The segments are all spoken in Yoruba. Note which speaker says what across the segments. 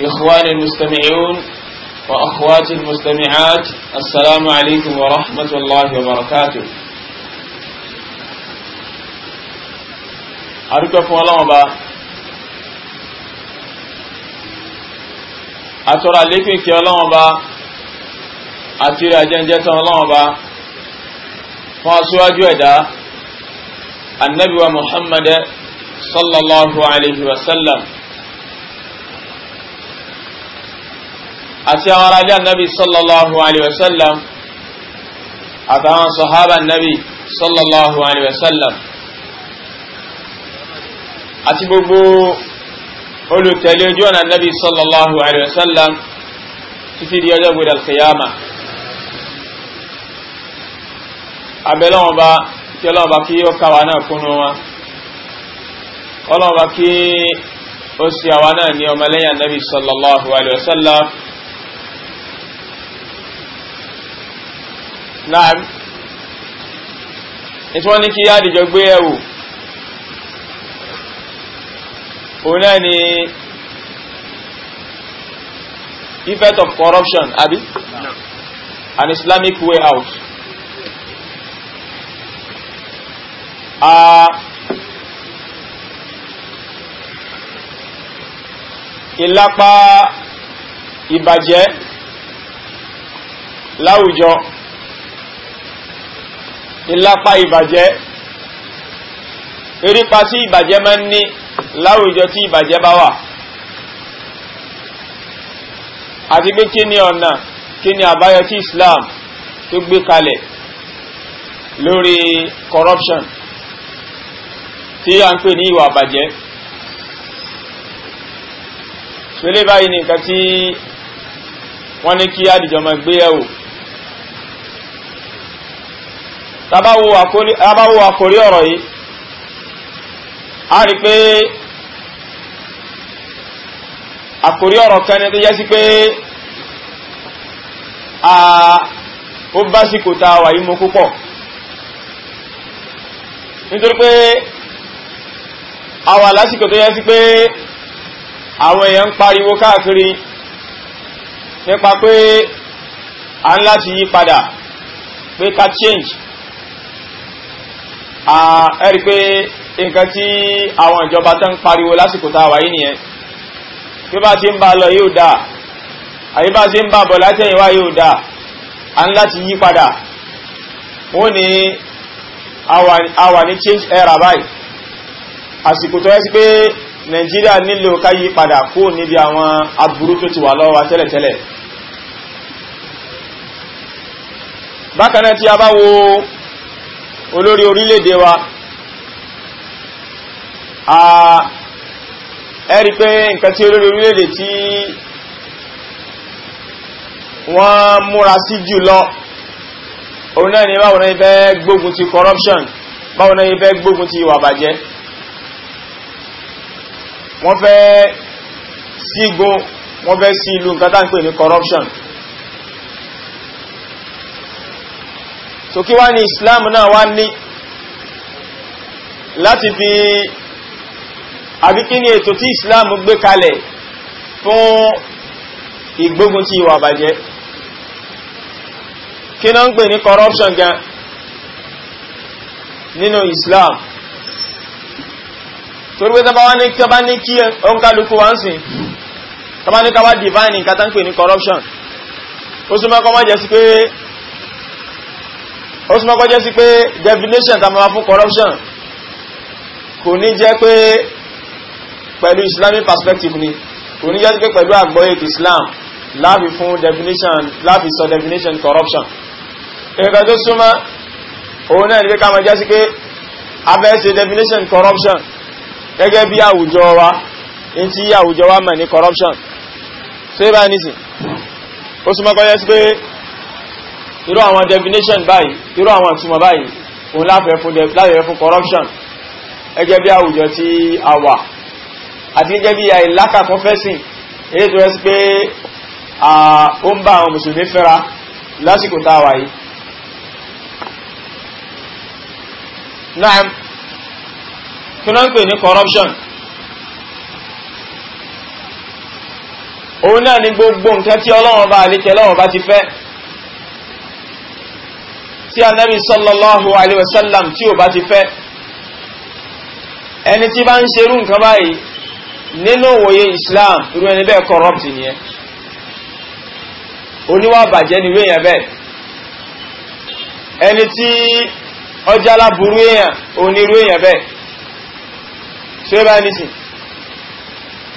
Speaker 1: إخواني المستمعون وأخواتي المستمعات السلام عليكم ورحمة الله وبركاته أرجو فوالله با أترى لكم كي الله با أترى جنجة الله با فأسواج ودا النبي محمد صلى الله عليه وسلم àti àwọn ará ilé ànábì sallallahu alayhi wa sallam àtàwọn sọ̀hábà ànábì sallallahu alayhi wa sallam àti gbogbo olùtẹ̀lé ojú ọ̀nà ànábì sallallahu alayhi wa sallam títí di ọjọ́ gbọdọ̀ alkiyama abẹ́lọ́wọ́ba kí ọlọ́wọ́ba kí ó kàwà náà kúnnú wọn ọlọ́wọ́ba kí ó sì àwa náà ní ọmọlẹ́yìn ànábì sallallahu alayhi wa sallam náà ìtí wọ́n ní kí yá dìjọ gbé ẹ̀wò òun náà ni effect of corruption àbí an Islamic way out ìlápa ìbàjẹ́ láwùjọ. Uh, ìlápá ìbàjẹ́ erípa sí ìbàjẹ́ máa ń ní láwùjọ tí ìbàjẹ́ bá wà àti pé kí ni ọ̀nà kí ni àbáyọ tí Islam tó gbé kalẹ̀ lórí corruption tí a ń pè ní ìwà àbàjẹ́ ṣẹlẹ̀ báyìí nìkan tí wọ́n ní kí àdìjọ́ máa gbé yẹ̀wò. tàbáwò àkórí ọ̀rọ̀ yìí a rí pé àkórí ọ̀rọ̀ kan ní tó yẹ a ó bá sí kò ta wà yìí mọ́ púpọ̀ nítorí pé a wà lásìkò tó yẹ sí pé pariwo káàkiri nípa pé a ń láti yí padà pé ká change ẹ̀rí pé nǹkan tí àwọn ìjọba tán pariwo lásìkò tá a wáyé nìyẹn bí bá ṣe ń bá lọ yóò dáa àbí bá ṣe ń bá bọ̀ látẹ̀yìnwá yóò dáa a ń láti yí padà wọ́n ní a wà ní change era báyìí àsìkò tó yẹ sí pé Nàìjíríà nílò ká yí padà kó níbi àwọn aburú tó ti wà lọ́wọ́ tẹ́lẹ̀tẹ́lẹ̀ bákan náà tí a bá wo olórí orílẹ̀-èdè wa a ẹ̀rí pé nǹkan tí olórí orílẹ̀-èdè tí wọ́n múra sí jù lọ òun náà ni báwọn náà fẹ́ gbógun ti corruption báwọn náà fẹ́ gbógun ti ìwà bàjẹ́ wọ́n fẹ́ sígun wọ́n fẹ́ sí ìlú nǹkan tá ń pè ní corruption so kí wá ní islam náà wá ní láti fi àbí kí ètò tí islam gbé kalẹ̀ fún ìgbógun ti ìwà bàjẹ́ kí náà ń pè ní corruption gan nínú islam torí pé tàbá wá ní tàbá ní kí ọkàlùkù wá ń sìn tàbá ní káwá divine nǹkan tán pè ní corruption ó súnmọ́ kọ́ jẹ́ sí pé ó súnmọ́ kọjá sí pé definition tá máa fún corruption kò ní jẹ́ pé pẹ̀lú islamic perspective ni kò ní jẹ́ sí pé pẹ̀lú àgbọ́yé ti islam láàfi fún definition láàfi sọ definition corruption nǹkan tó súnmọ́ òun náà ni pé ká máa jẹ́ sí pé abẹ́ definition corruption gẹ́gẹ́ bí àwùjọ wa ní tí àwùjọ wa mọ̀ ní corruption ṣé báyìí nìsín ó súnmọ́ kọjá sí pé irú àwọn definition báyìí irú àwọn ìtumọ̀ báyìí òun láfẹ́ fún corruption ẹgẹ́ bí àwùjọ tí a wà àti gẹ́gẹ́ bí àìlákà confessing èyí tó rẹ́sí pé ó ń bá àwọn mùsùlùmí fẹ́ra lásìkò tá a wà yìí náà corruption òun náà ni gbogbo nǹkan tí ọlọ́wọ́n bá àlékẹ́ lọ́wọ́ bá ti fẹ́ tí anabi sallallahu alayhi wa sallam tí o bá ti fẹ́ ẹni tí bá ń ṣerú nǹkan báyìí nínú òwòye islam irú ẹni bẹ́ẹ̀ corrupt nìyẹn oníwà bàjẹ́ ni wéèyàn bẹ́ẹ̀ ẹni tí ọjà aláburú èèyàn onírú èèyàn bẹ́ẹ̀ tí ó bá ní sí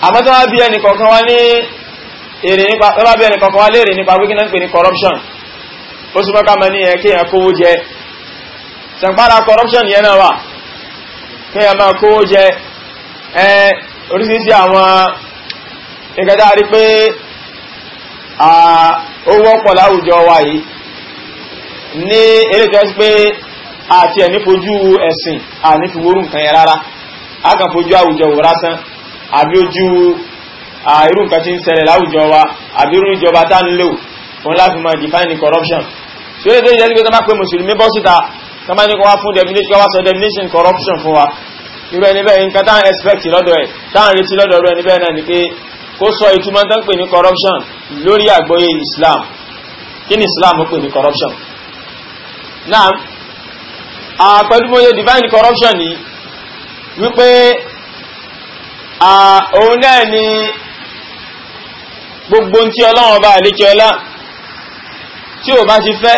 Speaker 1: àmọ́ tí bí ẹnì kọ̀ọ̀kan wá ní èrè nípa wọ́n bí ẹnì kọ̀ọ̀kan wá léèrè nípa wíkí ń pè ní corruption ó súnmọ́ ká mọ́ ní ẹ kí èèyàn kówó jẹ ṣàǹpára corruption yẹn náà wà kí èèyàn máa kówó jẹ ẹ oríṣiríṣi àwọn nǹkan tá a rí pé ó wọ́pọ̀ láwùjọ wa yìí ní eré tó ẹ́ sí pé àti ẹ̀mí fojú ẹ̀sìn àní fi wórú nǹkan yẹn rárá a kàn fojú àwùjọ wò lásán àbí ojú irú nǹkan tí ń ṣẹlẹ̀ láwùjọ wa àbí irú ìjọba tá ń lò òun láti mọ define corruption yóò dé ìjẹ́ pé pé mùsùlùmí bọ́ síta tọ́mà ní kọwàá fún definition kọwàá sọ definition corruption fún wa irú ẹni bẹ́ẹ̀ nǹkan táwọn expect lọ́dọ̀ ẹ̀ táwọn retí lọ́dọ̀ rẹ̀ níbẹ̀ náà ni pé kó sọ ìtumọ̀ tán pè ní corruption lórí àgbọ́yé Islam kí ni Islam pè ní corruption náà a pẹ̀lú mọ́yé divine corruption ni wípé òun náà ni gbogbo tí Ọlọ́run bá àlékẹ́ ọlá tí ò bá ti fẹ́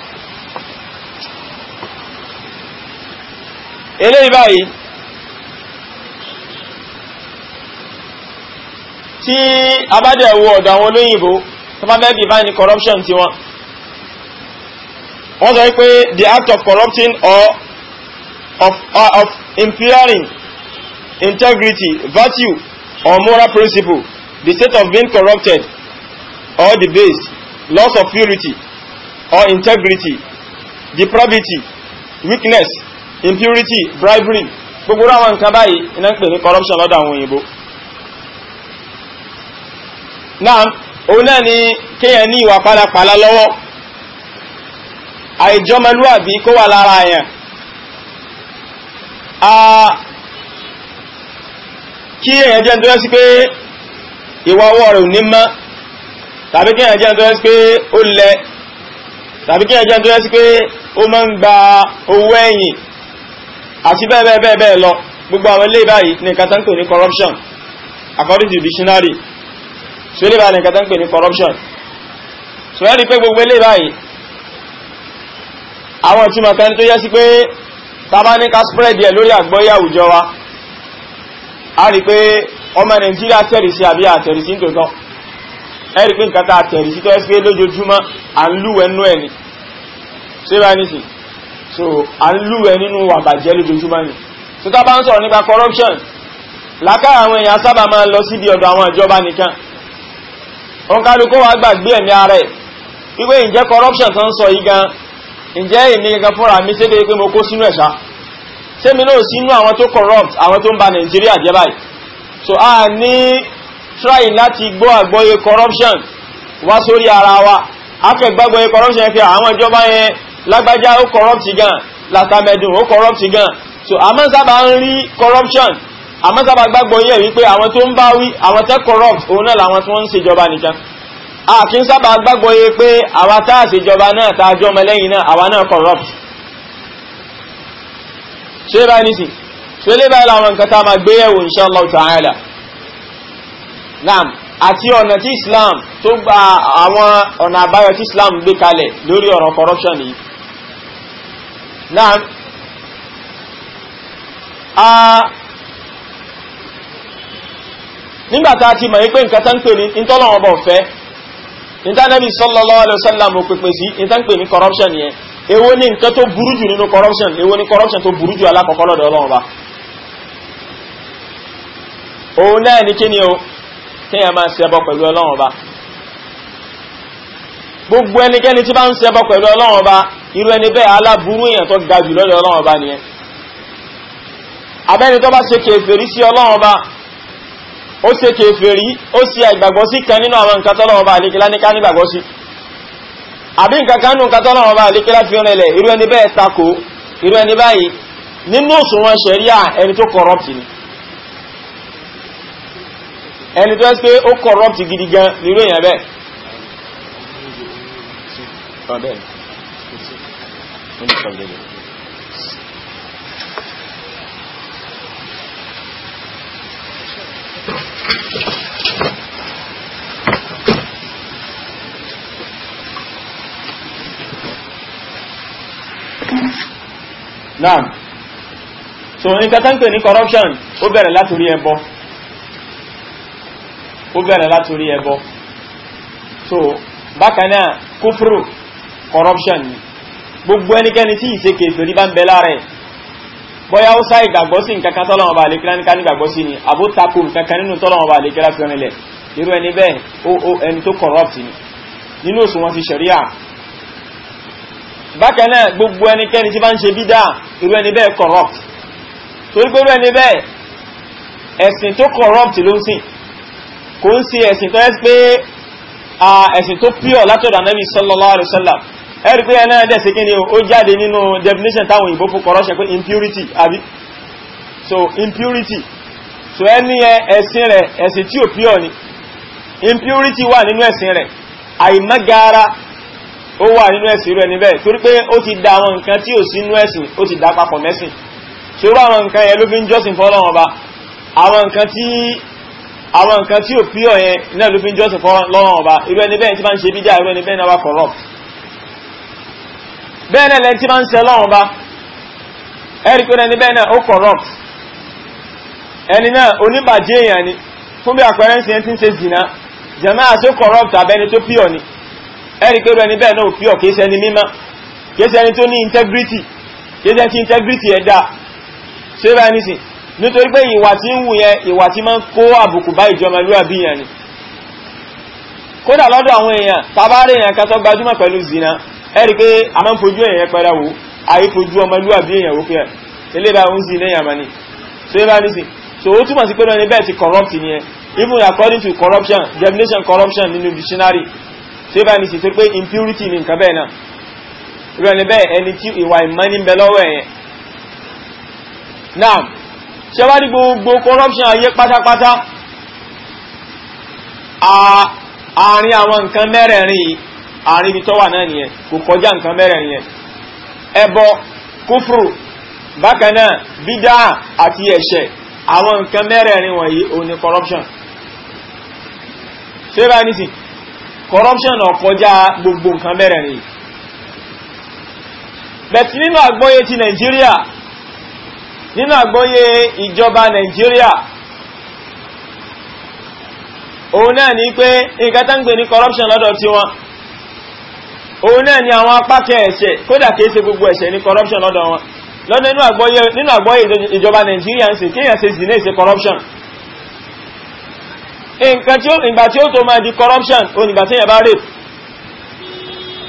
Speaker 1: eléyìí báyìí tí a bá dẹ̀ wo ọ̀dọ̀ àwọn olóyìnbó tó bá bẹ́ẹ̀ corruption ti wọn wọ́n sọ wípé the act of corrupting or of, or uh, of impairing integrity virtue or moral principle the state of being corrupted or debased loss of purity or integrity depravity weakness impurity bribery gbogbo àwọn nǹkan báyìí iná ń pè ní corruption lọ́dọ̀ àwọn òyìnbó náà òun náà ni kéèyàn ní ìwà pálapàla lọ́wọ́ àìjọmọlúwàbí kó wà lára àyàn kí èyàn jẹ́ nítorí sí pé ìwà ọwọ́ rẹ̀ ò ní mọ́ tàbí kí èyàn jẹ́ nítorí pé ó lẹ tàbí kí èyàn jẹ́ nítorí pé ó máa ń gba owó ẹ̀yìn àti bẹ́ẹ̀ bẹ́ẹ̀ bẹ́ẹ̀ lọ gbogbo àwọn ilé báyìí ní nǹkan tó ń pè ní corruption according to dictionary so ilé báyìí ní nǹkan tó ń pè ní corruption so ẹ́ rí pé gbogbo ilé báyìí àwọn ìtumọ̀ kan tó yẹ sí pé tàbá ní ká spread ẹ̀ lórí àgbọ́yé àwùjọ wa a rí pé ọmọ Nàìjíríà tẹ̀rì sí àbí àtẹ̀rì sí nítòótọ́ ẹ rí pé nǹkan tá àtẹ̀rì sí tó ẹ́ sí pé lójoojúmọ́ à ń lúwẹ̀ẹ́nú ẹ̀ ni ṣé báyìí nìsín so à ń lúwẹ̀ nínú àbàjẹ́ lójoojúmọ́ ni so tá bá ń sọ̀rọ̀ nípa corruption làákàyè àwọn èèyàn sábà máa lọ síbi ọ̀dọ̀ àwọn ìjọba nìkan òǹkàlùkọ́ wa gbàgbé ẹ̀mí ara ẹ̀ wípé ǹjẹ́ corruption tó ń sọ yìí gan ǹjẹ́ èmi gangan fúnra mi ṣé kéde pé mo kó sínú ẹ̀ṣá sẹ́mi náà sínú àwọn tó corrupt àwọn tó ń ba Nàìjíríà jẹ́ báyìí so a ní try láti gbọ́ àgbọ́yé corruption wá sórí ara wa afẹ́gbàgbọ́yé corruption fi àwọn ìjọba yẹn lágbájá ó corrupt gan látàmẹ́dùn ó corrupt gan so àmọ́ sábà ń rí corruption àmọ́ sábà gbàgbọ́ yẹ̀ wípé àwọn tó ń bá wí àwọn tẹ́ corrupt òun náà làwọn tí wọ́n ń ṣèjọba nìkan a kì í sábà gbàgbọ́ yẹ pé àwa tá a ṣèjọba náà tá a jọ ọmọ lẹ́yìn náà àwa náà corrupt ṣé báyìí nìsín ṣé lè báyìí làwọn nǹkan tá a máa gbé yẹ̀wò insha Allah ta'ala naam àti ọ̀nà tí Islam tó gba àwọn ọ̀nà àbáyọ tí Islam gbé kalẹ̀ lórí ọ̀rọ̀ corruption yìí náà a nígbàtà ti mọ̀ wípé nǹkan tán pè ní ìtọ́lọ̀wọ̀n bọ̀ fẹ́ ìtànẹ́bí sallallahu alaihi wasallam pèpè sí ìtàn pè ní corruption yẹn èwo ni nǹkan tó burú jù nínú corruption èwo ni corruption tó burú jù alákọ̀ọ́kọ́ lọ́dọ̀ ọlọ́run ba òun náà ni kí ni o kéèyàn máa ṣẹbọ pẹ̀lú ọlọ́run ba gbogbo ẹnikẹ́ni tí bá ń ṣẹbọ pẹ̀lú ọlọ́run ọba irú ẹni bẹ́ẹ̀ aláburú èèyàn tó ga jù lọ́dọ̀ ọlọ́run ọba nìyẹn abẹ́ni tó bá ṣe kèfèrí sí ọlọ́run ọba ó ṣe kèfèrí ó ṣe àìgbàgbọ́ sí kan nínú àwọn nǹkan tọ́lọ́run ọba àlékelá ní ká nígbàgbọ́ sí àbí nǹkan kan nínú nǹkan tọ́lọ́run ọba àlékelá fi rìnlẹ̀ irú ẹni bẹ́ẹ̀ takò irú ẹni báyìí nínú òṣùwọ̀n ṣẹ̀ríà ẹni tó corrupt ni ẹni tó ẹ́ pé ó corrupt gidi gan nírú èèyàn bẹ́ẹ̀
Speaker 2: kan bẹ́ẹ̀ ní nìkan bẹ́ẹ̀ Naam.
Speaker 1: So nǹkan tán pè ní corruption ó bẹ̀rẹ̀ látorí ẹbọ. Ó bẹ̀rẹ̀ látorí ẹbọ. So bákan kúfúrú corruption ni gbogbo ẹnikẹ́ni tí ìṣe kèfèrí bá ń bẹ lára ẹ̀ bóyá ó sáì gbàgbọ́ sí nǹkan kan tọ́lọ́wọ́n bá àlékírá ní ká ní gbàgbọ́ sí ni àbó tako nǹkan kan nínú tọ́lọ́wọ́n bá àlékírá fi rìn lẹ̀ irú ẹni bẹ́ẹ̀ ó ó ẹni tó corrupt ni nínú òṣùwọ̀n ti ṣẹ̀ríà bákan náà gbogbo ẹnikẹ́ni tí bá ń ṣe bídà irú ẹni bẹ́ẹ̀ corrupt torí pé irú ẹni bẹ́ẹ̀ ẹ̀sìn tó corrupt ló ń sìn kò ń ṣe ẹ̀sìn tó ẹ́ ẹ̀sìn tó pure látọ̀dọ̀ Ànábì sallallahu alaihi wasallam ẹ̀rí pé ẹ̀nà ẹ̀dẹ̀ sí kí ni ó jáde nínú definition táwọn òyìnbó fún corruption pé impurity àbí so impurity so ẹni ẹ̀sìn rẹ̀ ẹ̀sìn tí ò pure ni impurity wà nínú ẹ̀sìn rẹ̀ àìmágára ó wà nínú ẹ̀sìn rẹ̀ níbẹ̀ torí pé ó ti da àwọn nǹkan tí ò sínú ẹ̀sìn ó ti da papọ̀ mẹ́sìn so irú àwọn nǹkan yẹn ló fi ń jọ́sìn fọ́lọ́run ọba àwọn nǹkan tí àwọn nǹkan tí ò pure yẹn náà ló fi ń jọ́sìn fọ́lọ́run ọba irú ẹni bẹ́ẹ̀ tí bá ń ṣe bídíà irú ẹni bẹ́ẹ̀ náà wà corrupt bẹ́ẹ̀ náà lẹ́ni tí máa ń ṣe lọ́wọ́n bá ẹ̀rí pé ẹni bẹ́ẹ̀ náà ó corrupt ẹni náà oníbàjẹ́ èèyàn ni fún bí àpẹẹrẹ ń ṣe ti ń ṣe zina jẹ̀mọ́ àti ó corrupt abẹ́ni tó pure ni ẹ̀rí pé ẹni bẹ́ẹ̀ náà ò pure kìí ṣe ẹni mímọ́ kìí ṣe ẹni tó ní integrity kìí ṣe ẹni tí integrity ẹ̀ dá ṣé báyìí nìsín nítorí pé ìwà tí ń wù yẹn ìwà tí máa ń kó àbùkù bá ìjọmọlúwàbí yẹn ni kódà lọ́dọ̀ àwọn èèyàn tabarí èèyàn kan tó gbajúmọ̀ pẹ̀lú zina ẹ̀rí pé a máa ń fojú èèyàn padà wò ayé fojú ọmọlúwàbí èèyàn wò pé ẹ̀ eléba ń sí lẹ́yìn àmàní so ẹ bá ní sí so ó túmọ̀ sí pé lọ́ni bẹ́ẹ̀ ti corrupt ni ẹ even according to corruption definition corruption nínú dictionary so ẹ bá ní sí pé pé impurity ni nǹkan bẹ́ẹ̀ náà lọ́ni bẹ́ẹ̀ ẹni tí ìwà ìmọ̀ ní bẹ lọ́wọ́ ẹ̀yẹn now ṣe wá ní gbogbo corruption ayé pátápátá àárín àwọn nǹkan mẹ́rẹ̀ẹ̀rin yìí àríbi tó wà náà nìyẹn kò kọjá nǹkan mẹ́rẹ̀ nìyẹn ẹbọ kúfùrù bákanáà bídá àti ẹ̀ṣẹ̀ àwọn nǹkan mẹ́rẹ̀ẹ̀rin wọ̀nyí òun ni corruption ṣé bá corruption náà kọjá gbogbo nǹkan mẹ́rẹ̀ẹ̀rin yìí bẹ̀tí nínú àgbọ́yé ti nàìjíríà nínú àgbọ́yé ìjọba nàìjíríà òun náà ní pé nǹkan tá ń òun náà ni àwọn apákẹ́ ẹ̀ṣẹ̀ kódà kìí ṣe gbogbo ẹ̀ṣẹ̀ ní corruption lọ́dọ̀ wọn lọ́dọ̀ nínú àgbọ́yé ìjọba Nàìjíríà ń ṣe kéèyàn ṣe sì ní ṣe corruption nǹkan tí ó ìgbà tí ó tó máa di corruption ó nígbà tí èèyàn bá rape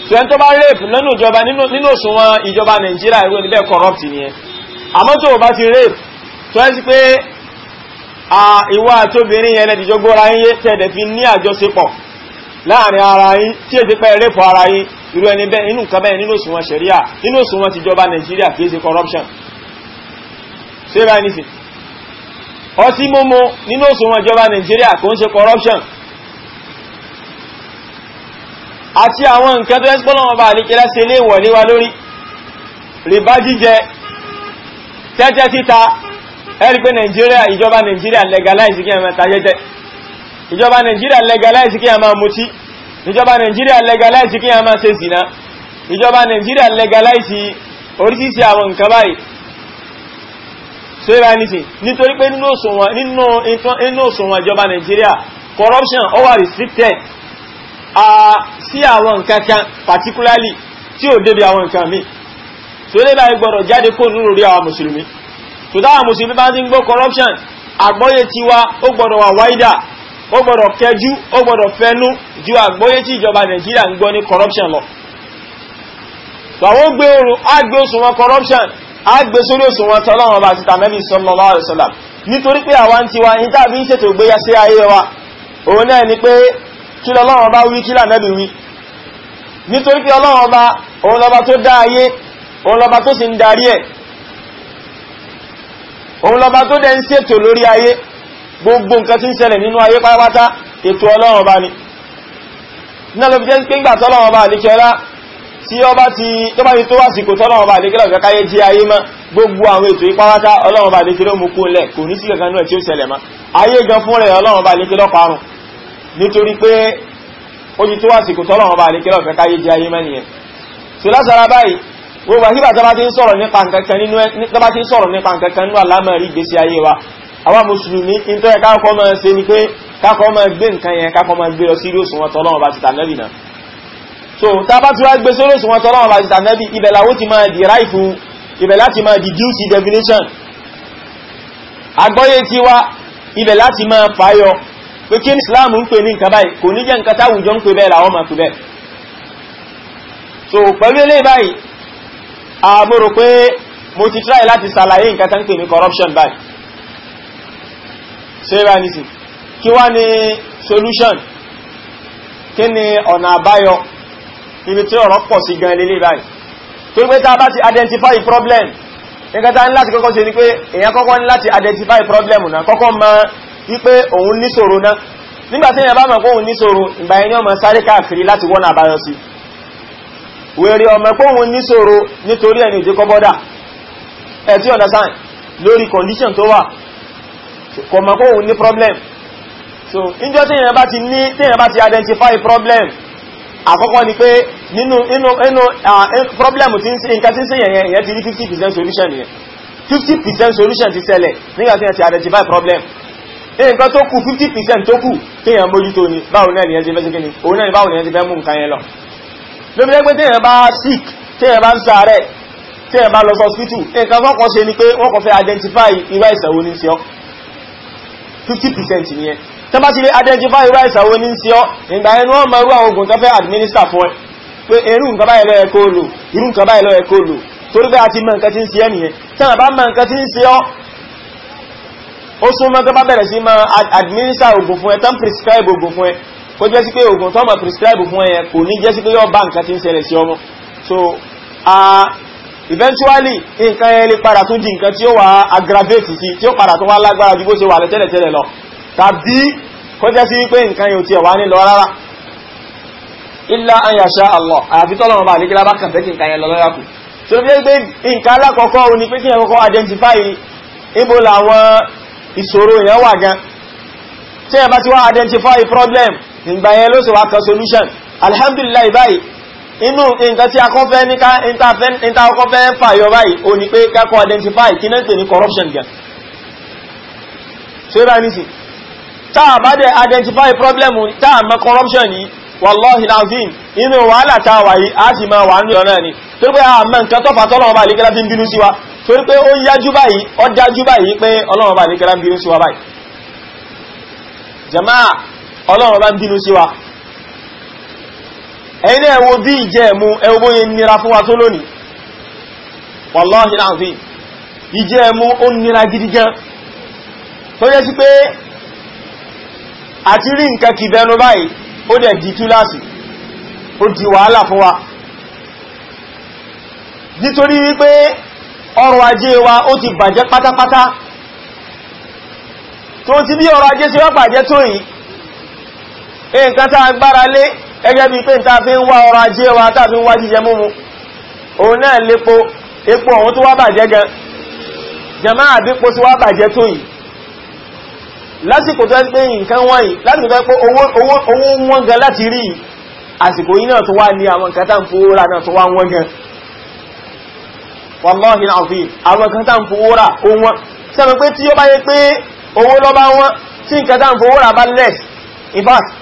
Speaker 1: tí wọ́n tó bá rape lọ́nà ìjọba nínú òṣùwọ̀n ìjọba Nàìjíríà ìwé níbẹ̀ corrupt nìyẹn àmọ́ tó o bá ti rape tó ẹ́ sí pé ìwọ àtobìnrin yẹn lẹ́dìjọ́gbóra yẹn tẹ̀dẹ̀ fi ní àjọṣepọ̀ láàrin ara yín tí è ti pẹ́ rẹ́pọ̀ ara yín irú ẹni bẹ́ẹ̀ inú nǹkan bẹ́ẹ̀ nínú òṣùwọ̀n ṣẹ̀ríà nínú òṣùwọ̀n ti jọba nàìjíríà kìí ṣe corruption ṣéra ẹni sí ọtí mímu nínú òṣùwọ̀n jọba nàìjíríà kò ń ṣe corruption àti àwọn nǹkan tó ẹ́sìpọ́ lọ́wọ́ bá àríkẹ́lá ṣe lé wọ̀ léwa lórí rìbá jíjẹ tẹ́tẹ́ títa ẹ̀rí pé nàìjíríà ìjọba nàìjíríà legalize kí ẹ̀mẹ́ta jẹ́jẹ́ ìjọba Nigeria legalize kí a máa mutí ìjọba Nàìjíríà legalize kí a máa ṣe zina ìjọba Nàìjíríà legalize oríṣiríṣi àwọn nǹkan báyìí so ìbá nìsí nítorí pé nínú òṣùwọ̀n ìjọba Nàìjíríà corruption over restricted sí àwọn nǹkan kan particularly tí ò débi àwọn nǹkan míì so ilé báyìí gbọ́dọ̀ jáde kó nínú orí àwọn mùsùlùmí so táwọn mùsùlùmí bá ti ń gbọ́ corruption àgbọ́yé tiwa ó gbọ́dọ̀ wà wáídà ó gbọ́dọ̀ kẹjú ó gbọ́dọ̀ fẹnu ju àgbóyé tí ìjọba Nàìjíríà ń gbọ́ ní corruption lọ àwọn gbé oòrùn àgbé òṣùwọ̀n corruption àgbé sórí òṣùwọ̀n tọ́lọ́wọ́n bá ti tàmẹ́bí sallallahu alaihi wasallam nítorí pé àwa ń tiwa ní tàbí ń ṣètò ìgbéyà sí ayé wa òun náà ni pé kí lọ́lọ́wọ́n bá wí kí lànàbí wí nítorí pé ọlọ́wọ́n bá òun lọ́ba tó dá ayé òun lọ́ba tó sì ń darí ẹ̀ òun lọ́ba tó dẹ̀ ń ṣètò lórí ayé gbogbo nǹkan tí ń ṣẹlẹ̀ nínú ayé pátápátá ètò ọlọ́run bá ni náà ló fi jẹ́ pé ńgbà tọ́lọ́run bá àlékẹ́lá tí ó bá ti tó bá ti tó àsìkò tọ́lọ́run bá àlékẹ́lá ọ̀gá káyé jí ayé mọ́ gbogbo àwọn ètò ìpáwátá ọlọ́run bá àlékẹ́lá mú kó lẹ̀ kò ní sí kankan náà tí ó ṣẹlẹ̀ mọ́ ayé gan fún rẹ̀ ọlọ́run bá àlékẹ́lá parun nítorí pé ó ti tó àsìkò tọ́lọ́run bá àlékẹ́lá ọ̀gá káyé jí ayé mọ́ nìyẹn so lásara báyìí gbogbo àkíbà tó bá ti ń sọ̀rọ̀ nípa nǹkan kan nínú àlámọ̀rí ìgbésí ayé wa àwa mùsùlùmí in tó yẹ káàkọ́ máa ṣe ni pé káàkọ́ máa gbé nǹkan yẹn káàkọ́ máa gbé lọ sí ìrìsùn wọn tọ́lọ́wọ́n bá ti tànẹ́bì náà so tá a bá ti wá gbé sí ìrìsùn wọn tọ́lọ́wọ́n bá ti tànẹ́bì ibẹ̀ làwọn ti máa derive ibẹ̀ láti máa deduce definition àgbọ́yé tiwa ibẹ̀ láti máa fàyọ pé kí Islam ń pè ní nǹkan báyìí kò ní jẹ́ nǹkan táwùjọ ń pè bẹ́ẹ̀ làwọn máa pè bẹ́ẹ̀ so pẹ̀lú eléyìí báyìí àmúrò pé mo ti try láti ṣàlàyé nǹkan tá ń pè corruption báyìí sẹ́rà nìsìn kí wá ní solution kí ni ọ̀nà àbáyọ ibi tí ọ̀rọ̀ pọ̀ sí gan lélẹ̀ báyìí tó pé tá bá ti identify problem nǹkan tá ní láti kọ́kọ́ ṣe ni pé èyàn kọ́kọ́ ní láti identify problem náà kọ́kọ́ mọ wípé òun níṣòro náà nígbàtí èyàn bá mọ̀ pé òun níṣòro ìgbà ẹni ọmọ sáré káàkiri láti wọ́n àbáyọ sí wèrè ọmọ pé òun níṣòro nítorí ẹni òjé kọ́bọ́dà ẹ̀ tí ọ̀nà sáà lórí condition tó wà kò mọ̀ kó òun ní problem so níjọ́ tí èèyàn bá ti ní tí èèyàn bá ti identify problem àkọ́kọ́ ni pé nínú inú inú problem tí ń ṣe nǹkan tí ń ṣe yẹn yẹn ti rí 50% solution yẹn 50% solution ti ṣẹlẹ̀ nígbà tí èèyàn ti identify problem nǹkan tó kù 50% tó kù tí èèyàn mójútó ni báwo náà ni ẹ ti fẹ́ sí kí ni òun náà ni báwo ni ẹ ti fẹ́ mú nǹkan yẹn lọ lóbi jẹ́ pé tí èèyàn bá sick tí èèyàn bá ń ṣàárẹ̀ tí èèyàn bá lọ sọ hospital nǹkan tó kọ́ ṣe ni pé wọ́n kọ́ fẹ́ identify irú àìsàn wo ni ṣe ọ́ 50% nìyẹn tó bá ti lè identify irú àìsàn wo ní ń ṣe ọ́ ìgbà ẹnu ọmọ irú àwọn oògùn tó fẹ́ administer fún ẹ pé irú nǹkan báyìí ló yẹ kó lò irú nǹkan báyìí ló yẹ kó lò torí pé a ti mọ nǹkan tí ń ṣe ẹ́ nìyẹn tí wọ́n bá mọ nǹkan tí ń ṣe ọ́ ó súnmọ́ tó bá bẹ̀rẹ̀ sí máa administer oògùn fún ẹ tán prescribe oògùn fún ẹ kó jẹ́ sí pé oògùn tó máa prescribe fún ẹ kò ní jẹ́ sí pé yóò bá nǹkan tí ń ṣẹlẹ̀ sí ọmọ so eventually nǹkan yẹn lè padà tún di nǹkan tí ó wà aggravate sí tí ó padà tó wá lágbára ju bó ṣe wà tẹ́lẹ̀tẹ́lẹ̀ lọ tàbí kó jẹ́ sí wípé nǹkan yóò tiẹ̀ wá ní lọ rárá illa an yasha Allah àyàfi tọ́lọ́run bá àlékílá bá kàfẹ́ kí nǹkan yẹn lọ lọ́yà kù tó fi gbé nǹkan alákọ̀ọ́kọ́ o ní pé kí yẹn kọ́kọ́ identify ibo làwọn ìṣòro yẹn wà gan tí yẹn bá ti wá identify problem ìgbà yẹn ló sì wá kan solution alhamdulillah báyìí inú nǹkan tí akọ́fẹ́ ní ká ìta ọkọ́fẹ́ fàyọ báyìí o ní pé kákọ́ identify kí náà pè ní corruption gan ṣe bá ní sí táà bá dẹ̀ identify problem táà mọ́ corruption yìí wallahi lazim inú wàhálà táà wà yìí a sì máa wà ní ọ̀nà ni tó pé a mọ́ nǹkan tọ́fà tọ́lọ́wọ́ bá lékẹ́lá fi ń bínú sí wa torí pé ó yájú báyìí ó dájú báyìí pé ọlọ́wọ́ bá lékẹ́lá ń bínú sí wa báyìí jama'a ọlọ́wọ́ bá ń bínú sí wa ẹ̀yin ẹ wo bí ìjẹ́ ẹ̀mú ẹwọ́ yẹn nira fún wa tó lónìí wàláhì láàfí ìjẹ́ ẹ̀mú ó nira gidi gan tó yẹ sí pé àti rí nǹkan kì bẹnu báyìí ó dẹ̀ di túláàsì ó di wàhálà fún wa nítorí wípé ọrọ̀ ajé wa ó ti bàjẹ́ pátápátá tó ti bí ọrọ̀ ajé sí wá bàjẹ́ tó yìí nǹkan tá a lé gẹ́gẹ́ bí pé ta fi ń wá ọrọ̀ ajé wa ta fi ń wá jíjẹ múmu òun náà lépo epo ọ̀hún tó wá bàjẹ́ gan jẹmá àbípo tó wá bàjẹ́ tó yìí lásìkò tó pé nǹkan wọ́n yìí lásìkò tó pé owó wọ́n gan láti rí àsìkò yìí náà tó wá ní àwọn nǹkan tá ń fowó rà náà tó wá wọ́n gan wàláhì náà fi àwọn nǹkan tá ń wọ́n sẹ́mi pé tí ó bá yẹ pé owó lọ́ bá wọ́n tí nǹkan tá ń bá less in fact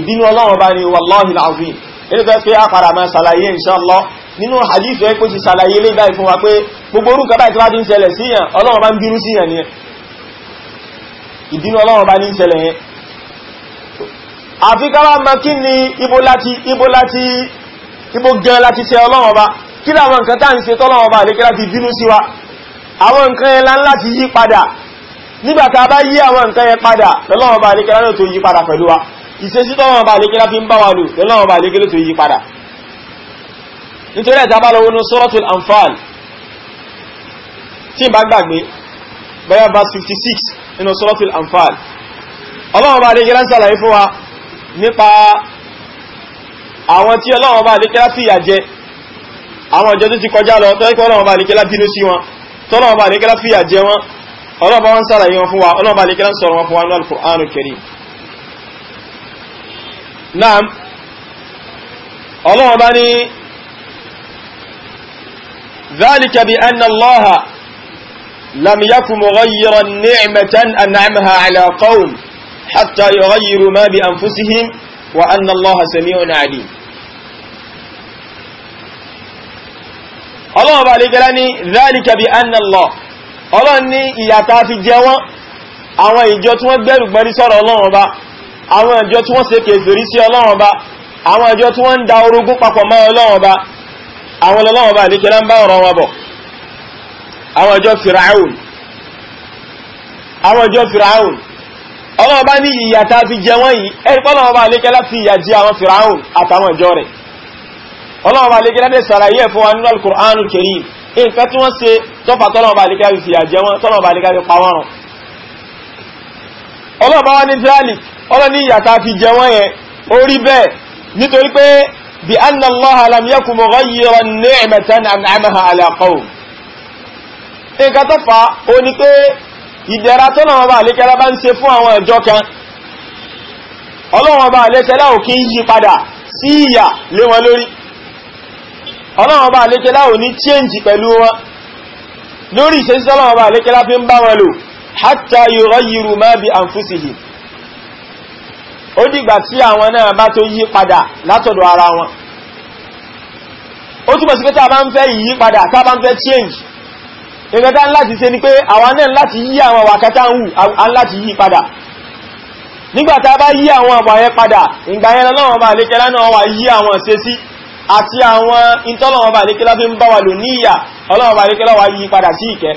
Speaker 1: ìbínú ọlọ́run bá ní wàláhì láàrin ilé tó pé àpàrà máa ṣàlàyé inshallah nínú hadith ẹ kó ti ṣàlàyé lè báyìí fún wa pé gbogbo orúkọ báyìí tó bá ti ń ṣẹlẹ̀ síyàn ọlọ́run bá ń bínú síyàn ni ìbínú ọlọ́run bá ní ṣẹlẹ̀ yẹn àfi káwà mọ kí ni ibo láti ibo láti ibo gan láti ṣe ọlọ́run bá kí ìṣesí tọ́wọ́n bá lékè láti ń bá wa lò lọ́wọ́n bá lékè ló tó yí padà nítorí ẹ̀ta bá lọ́wọ́ ní suratul Anfal tí n bá gbàgbé bóyá verse 56 nínú suratul Anfal ọlọ́wọ́n bá lékè láti sàlàyé fún wa nípa àwọn tí ọlọ́wọ́n bá lékè láti yà jẹ àwọn ọjọ́ tó ti kọjá lọ tọ́jú ọlọ́wọ́n bá lékè láti bínú sí wọn tọ́lọ́wọ́n bá lékè láti yà jẹ wọn ọlọ́wọ́n bá wọn sàlàyé wọn fún wa ọlọ́wọ́n bá lékè láti sọ̀rọ̀ wọn fún wa nínú Al-Qur'anul Karim náà ọlọ́wọ́ bá ní ذلك بأن الله لم يكن مغيرا نعمة أنعمها على قوم حتى يغيروا ما بأنفسهم وأن الله سميع عليم ọlọ́run bá lè gẹ́lá ní zálìkà bí annàlọ́ ọlọ́run ní ìyàtà fi jẹ wọ́n àwọn ìjọ tí wọ́n gbẹ́rùgbẹ́rí sọ́rọ̀ ọlọ́run bá àwọn ìjọ tí wọ́n ṣe kèfèrí sí Ọlọ́run bá àwọn ìjọ tí wọ́n ń da orogún papọ̀ mọ́ Ọlọ́run bá àwọn Ọlọ́run bá lè kẹ́lá ń bá ọ̀rọ̀ wọn bọ̀ àwọn ìjọ Firaun àwọn ìjọ Firaun Ọlọ́run bá ní ìyà tá fi jẹ wọ́n yìí ẹ̀rí pé Ọlọ́run bá lè kẹ́lá fi ìyà jẹ àwọn Firaun àtàwọn ìjọ rẹ̀ Ọlọ́run bá lè kẹ́lá dẹ̀ sàlàyé wa ní zalik ọlọ́ ní ìyàtà fi jẹ wọ́n yẹn ó rí bẹ́ẹ̀ nítorí pé bí anna Allaha lam yakun mughayyiran ni'matan an'amaha ala qawm nǹkan tó fà ó ní pé ìdẹ̀ra tó náà bá àlékẹ́lá bá ń ṣe fún àwọn ẹ̀jọ́ kan ọlọ́wọ́n bá àlékẹ́lá ò kí ń yí padà sí ìyà lé wọn lórí ọlọ́wọ́n bá ò ní pẹ̀lú wọn lórí ìṣesí ọlọ́wọ́n bá fi ń bá wọn lò hatta yughayyiru ma ó dìgbà tí àwọn náà bá tó yí padà látọ̀dọ̀ ara wọn ó túnbọ̀ sí pé tá a bá ń fẹ́ yí padà tá a bá ń fẹ́ change nǹkan tá ń láti ṣe ni pé àwọn náà láti yí àwọn wàkátá ń hù a ń láti yí padà nígbà tá a bá yí àwọn ọ̀bọ̀ yẹn padà ìgbà yẹn lọ́wọ́ bá lékelá náà wà yí àwọn ṣe sí àti àwọn ìtọ́lọ́wọ́ bá lékelá fi ń bá wà lò níyà ọlọ́wọ́ bá lékelá wà yí padà sí ìkẹ́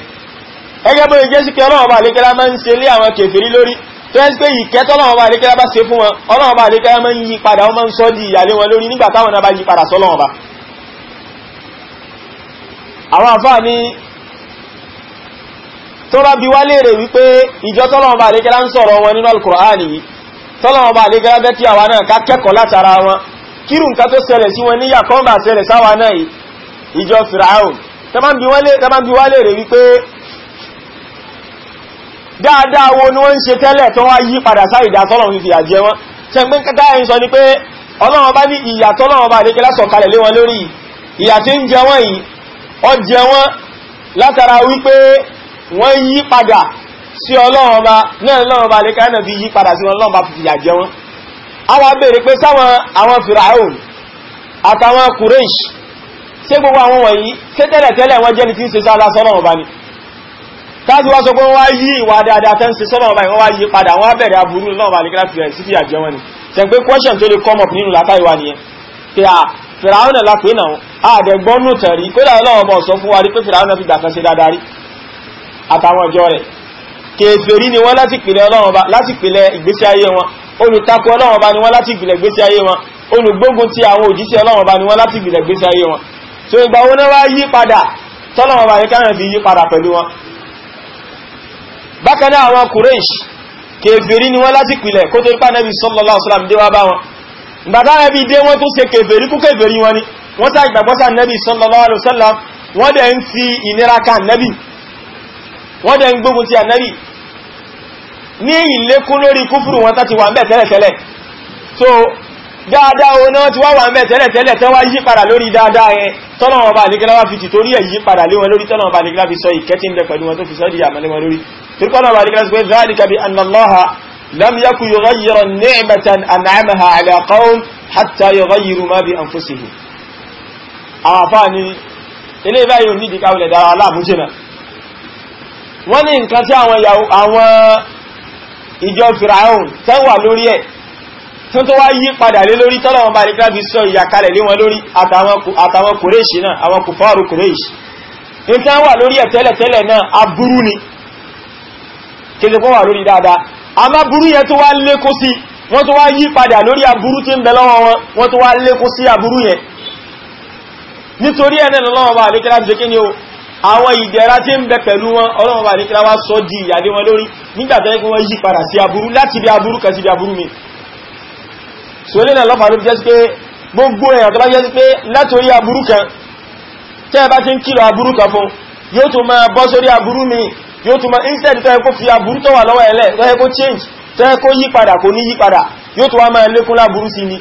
Speaker 1: ẹgẹ́ bó ṣe sí pé ọlọ́wọ́ bá lékelá máa ń ṣe lé àwọn kèfèrí lórí tó ẹ́ pé ìkẹ́ tọ́lọ́wọ́ bá lékẹ́ bá ṣe fún wọn ọlọ́wọ́ bá lékẹ́ máa ń yí padà ń sọ di wọn lórí nígbà táwọn náà bá yí padà sọ́lọ́wọ́ bá àwọn àfáà ní tó bá bi wípé ìjọ tọ́lọ́wọ́ bá ń sọ̀rọ̀ wọn nínú alukur'ani yìí tọ́lọ́wọ́ bá lékẹ́ bẹ́ kí àwa náà ká kẹ́kọ̀ọ́ látara wọn kírù nǹkan tó ṣẹlẹ̀ sí wọn níyà kọ́ńbà dáadáa wo ni wọ́n ń ṣe tẹ́lẹ̀ tó wá yí padà sáìdá sọ́lọ̀run fi àjẹ wọn ṣe pé kẹta ẹ̀yìn sọ ni pé ọlọ́run bá ní ìyà tọ́lọ́run bá àdékẹ́ lásọ̀kalẹ̀ lé wọn lórí ìyà tí ń jẹ wọ́n yìí ó jẹ wọ́n látara wípé wọ́n yí padà sí ọlọ́run bá náà lọ́run bá àdékẹ́ náà kureish ṣé gbogbo àwọn wọ̀nyí ṣé tẹ́lẹ̀tẹ́lẹ̀ wọ́n jẹ́ni táàtí wá sọ pé wọ́n yí ìwà dáadáa tẹ́ ń ṣe sọ́nà ọba ìwọ́n wá yí padà wọ́n bẹ̀rẹ̀ aburú náà wà nígbà fìyà sí fìyà jẹun ni tẹ̀ pé question tó lè come up nínú làkà ìwà nìyẹn pé à fìràwọn náà lápé náà àdẹ̀gbọ́n tẹ̀rí pé làwọn sọ fún wa rí pé fìràwọn fi gbà kan ṣe dáadáa ni wọ́n láti pìlẹ̀ Ọlọ́run ba láti pìlẹ̀ ìgbésí ayé wọn olùtakò Ọlọ́run ba ni wọ́n láti pìlẹ̀ ìgbésí ayé wọn olùgbógun ti àwọn òjíṣẹ́ Ọlọ́run ba ni wọ́n láti pìlẹ̀ so ìgbà wo náà wá ba yẹ káyọ̀ fi yí padà pẹ̀lú wọn bákanáà àwọn Quraysh kèfèrí ni wọ́n láti pìlẹ̀ kó tó ipá nẹ́bí sallallahu alaihi wasallam dé wá bá wọn ìgbàdá nẹ́bí dé wọ́n tó ṣe kèfèrí kú kèfèrí wọn ni sallallahu alaihi wasallam wọ́n dẹ̀ ń fi ìnira ka nẹ́bí wọ́n dẹ̀ ń gbógun ti so dáadáa o náà ti wá wà ń bẹ̀ tẹ́lẹ̀tẹ́lẹ̀ tẹ́ wá yí padà lórí dáadáa ẹ tọ́lọ̀wọ̀n bá àdíkẹ́lá wá fi tì torí ẹ̀ yí تركنا بعد كذا ذلك بأن الله لم يكن يغير نعمة أنعمها على قوم حتى يغيروا ما بأنفسهم àfáàní ilé ìbá yóò nídi káwẹ̀lẹ̀ dára aláàmújìnà wọ́n ní nǹkan tí àwọn ìjọ fìràún tẹ́wà lórí ẹ̀ tún tó wá yí padà lé lórí tọ́lọ̀wọ́n bá nígbà bí sọ ìyàkalẹ̀ lé wọn lórí àtàwọn kòrèṣì náà àwọn kòfàárù kòrèṣì ní tẹ́wà lórí ẹ̀ tẹ́lẹ̀tẹ́lẹ̀ náà aburú ni kéde kó wà lórí dáadáa àmá burú yẹn tó wá lékó sí wọ́n tó wá yí padà lórí aburú tí ń bẹ lọ́wọ́ wọn wọ́n ni o àwọn ìdẹ̀ra tí ń bẹ pẹ̀lú wọn ọlọ́wọ́ bá àríkẹ́lá wá sọ di ìyàlé wọn lórí nígbàtẹ́ kí wọ́n yí padà sí aburú láti bí aburú kan sí bí aburú mi sólé náà lọ́pàá ló jẹ́ sí pé gbogbo èèyàn tó bá jẹ́ sí yóò tún ma instead tó yẹ kó fi aburú tó wà lọ́wọ́ ẹ̀lẹ́ tó yẹ kó change tó yẹ kó yípadà kò ní yípadà yóò tún wá máa lékún láburú sí ni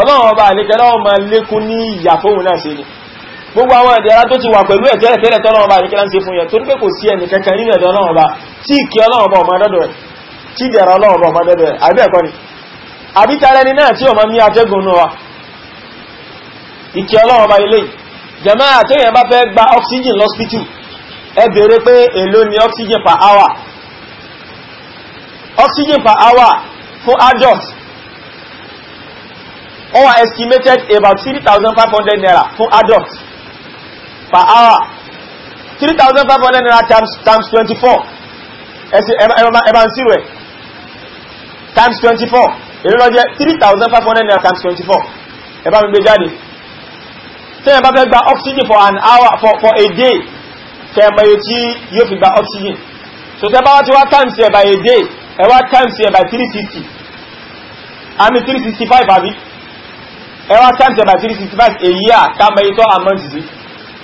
Speaker 1: ọlọ́run ọba àlékẹ́ náà máa lékún ní ìyà fóun náà sí ni gbogbo àwọn ìdẹ̀ra tó ti wà pẹ̀lú ẹ̀ tẹ́lẹ̀ tẹ́lẹ̀ tọ́lọ́run ọba àlékẹ́ láti fún yẹn torí pé kò sí ẹnì kankan nínú ẹ̀dọ́ ọlọ́run ọba tí ìkí ọlọ́run ọba ọmọ dọ́dọ̀ ẹ̀ tí ìdẹ̀ra ọlọ́run ọba ọmọ dọ́dọ̀ ẹ̀ àbí ẹ̀kọ́ ni àbí tara ẹni náà tí ọmọ ní atẹ́gùn náà wa ìkí ọlọ́run ọba ilé jẹ̀máà tẹ́yìn bá fẹ́ gba oxygen lọ́spítù ẹ bèèrè pé èló ni oxygen per hour oxygen per hour fún adult ó wà estimated about 3,500 naira fún adult per hour 3,500 naira times, times 24 ẹ̀bà ń sírò ẹ̀ times 24 èló ló jẹ́ 3,500 naira times 24 ẹ̀bà mi gbé jáde tí ẹ bá fẹ́ gba oxygen for an hour for, for a day kẹmọye tí yóò fi gba oxygen so tẹ́ bá wá ti wá times ẹ̀ by a day ẹ wá times ẹ̀ by 360 àmì 365 àbí ẹ wá times ẹ̀ by 365 a year kàmọye tó amount sí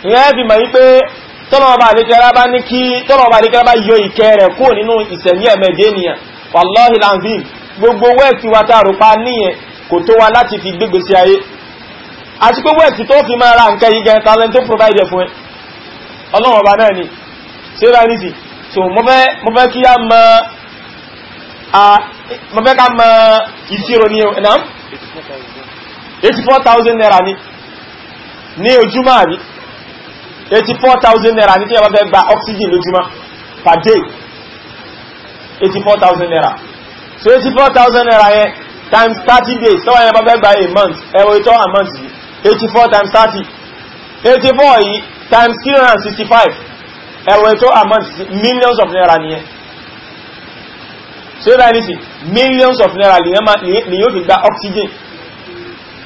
Speaker 1: ìyẹn fi mọ̀ wípé tọ́lọ́mọba àdékẹ́lá bá ní kí tọ́lọ́mọba àdékẹ́lá bá yọ ìkẹ́ rẹ̀ kúrò nínú ìsẹ̀mí ẹ̀mẹ̀dẹ́ ènìyàn wàláhì lanzim gbogbo wẹ́ẹ̀tì wa táàrù pa níyẹn kò tó wa láti fi gbégbèsè ayé àti pé wẹ́ẹ̀tì tó fi máa ra nǹkan yìí gẹ̀ẹ́ta lẹ́ni tó provide fún ẹ ọlọ́wọ̀n ọba náà ni síra nìsí so mo fẹ́ kí a mọ́ mo fẹ́ ká mọ́ ìṣirò ní ẹ̀nà 84,000 naira ni ní ojúmọ́ àrí 84,000 naira ní kí a bá fẹ́ gba oxygen lójúmọ́ per day 84,000 naira so 84,000 naira yẹn times 30 days tọ́wọ́ yẹn bá fẹ́ gba a month ẹwọ ìtọ́ a month yìí 84 times 30 84 yìí times 365 ẹ̀wọ̀n tó amount sí millions of naira nìyẹn so that is millions of naira ni yóò fi gba oxygen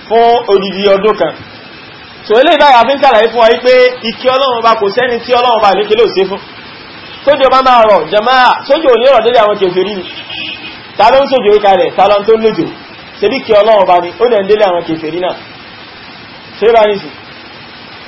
Speaker 1: fún odidi ọdún kan so ilé ìdáyà fi ń kàlàyé fún wa yí pé ìkẹ́ Ọlọ́run bá kò sẹ́ni tí Ọlọ́run bá lékè ló ṣe fún sójú ọba máa rọ̀ jẹmáà sójú òní ọ̀rọ̀ dédé àwọn kèfèrí ni ta ló ń sójú orí kalẹ̀ ta ló ń tó lójò ṣe bí kí Ọlọ́run bá ní ó dẹ̀ ń délé àwọn kèfèrí náà ṣe bá ní sí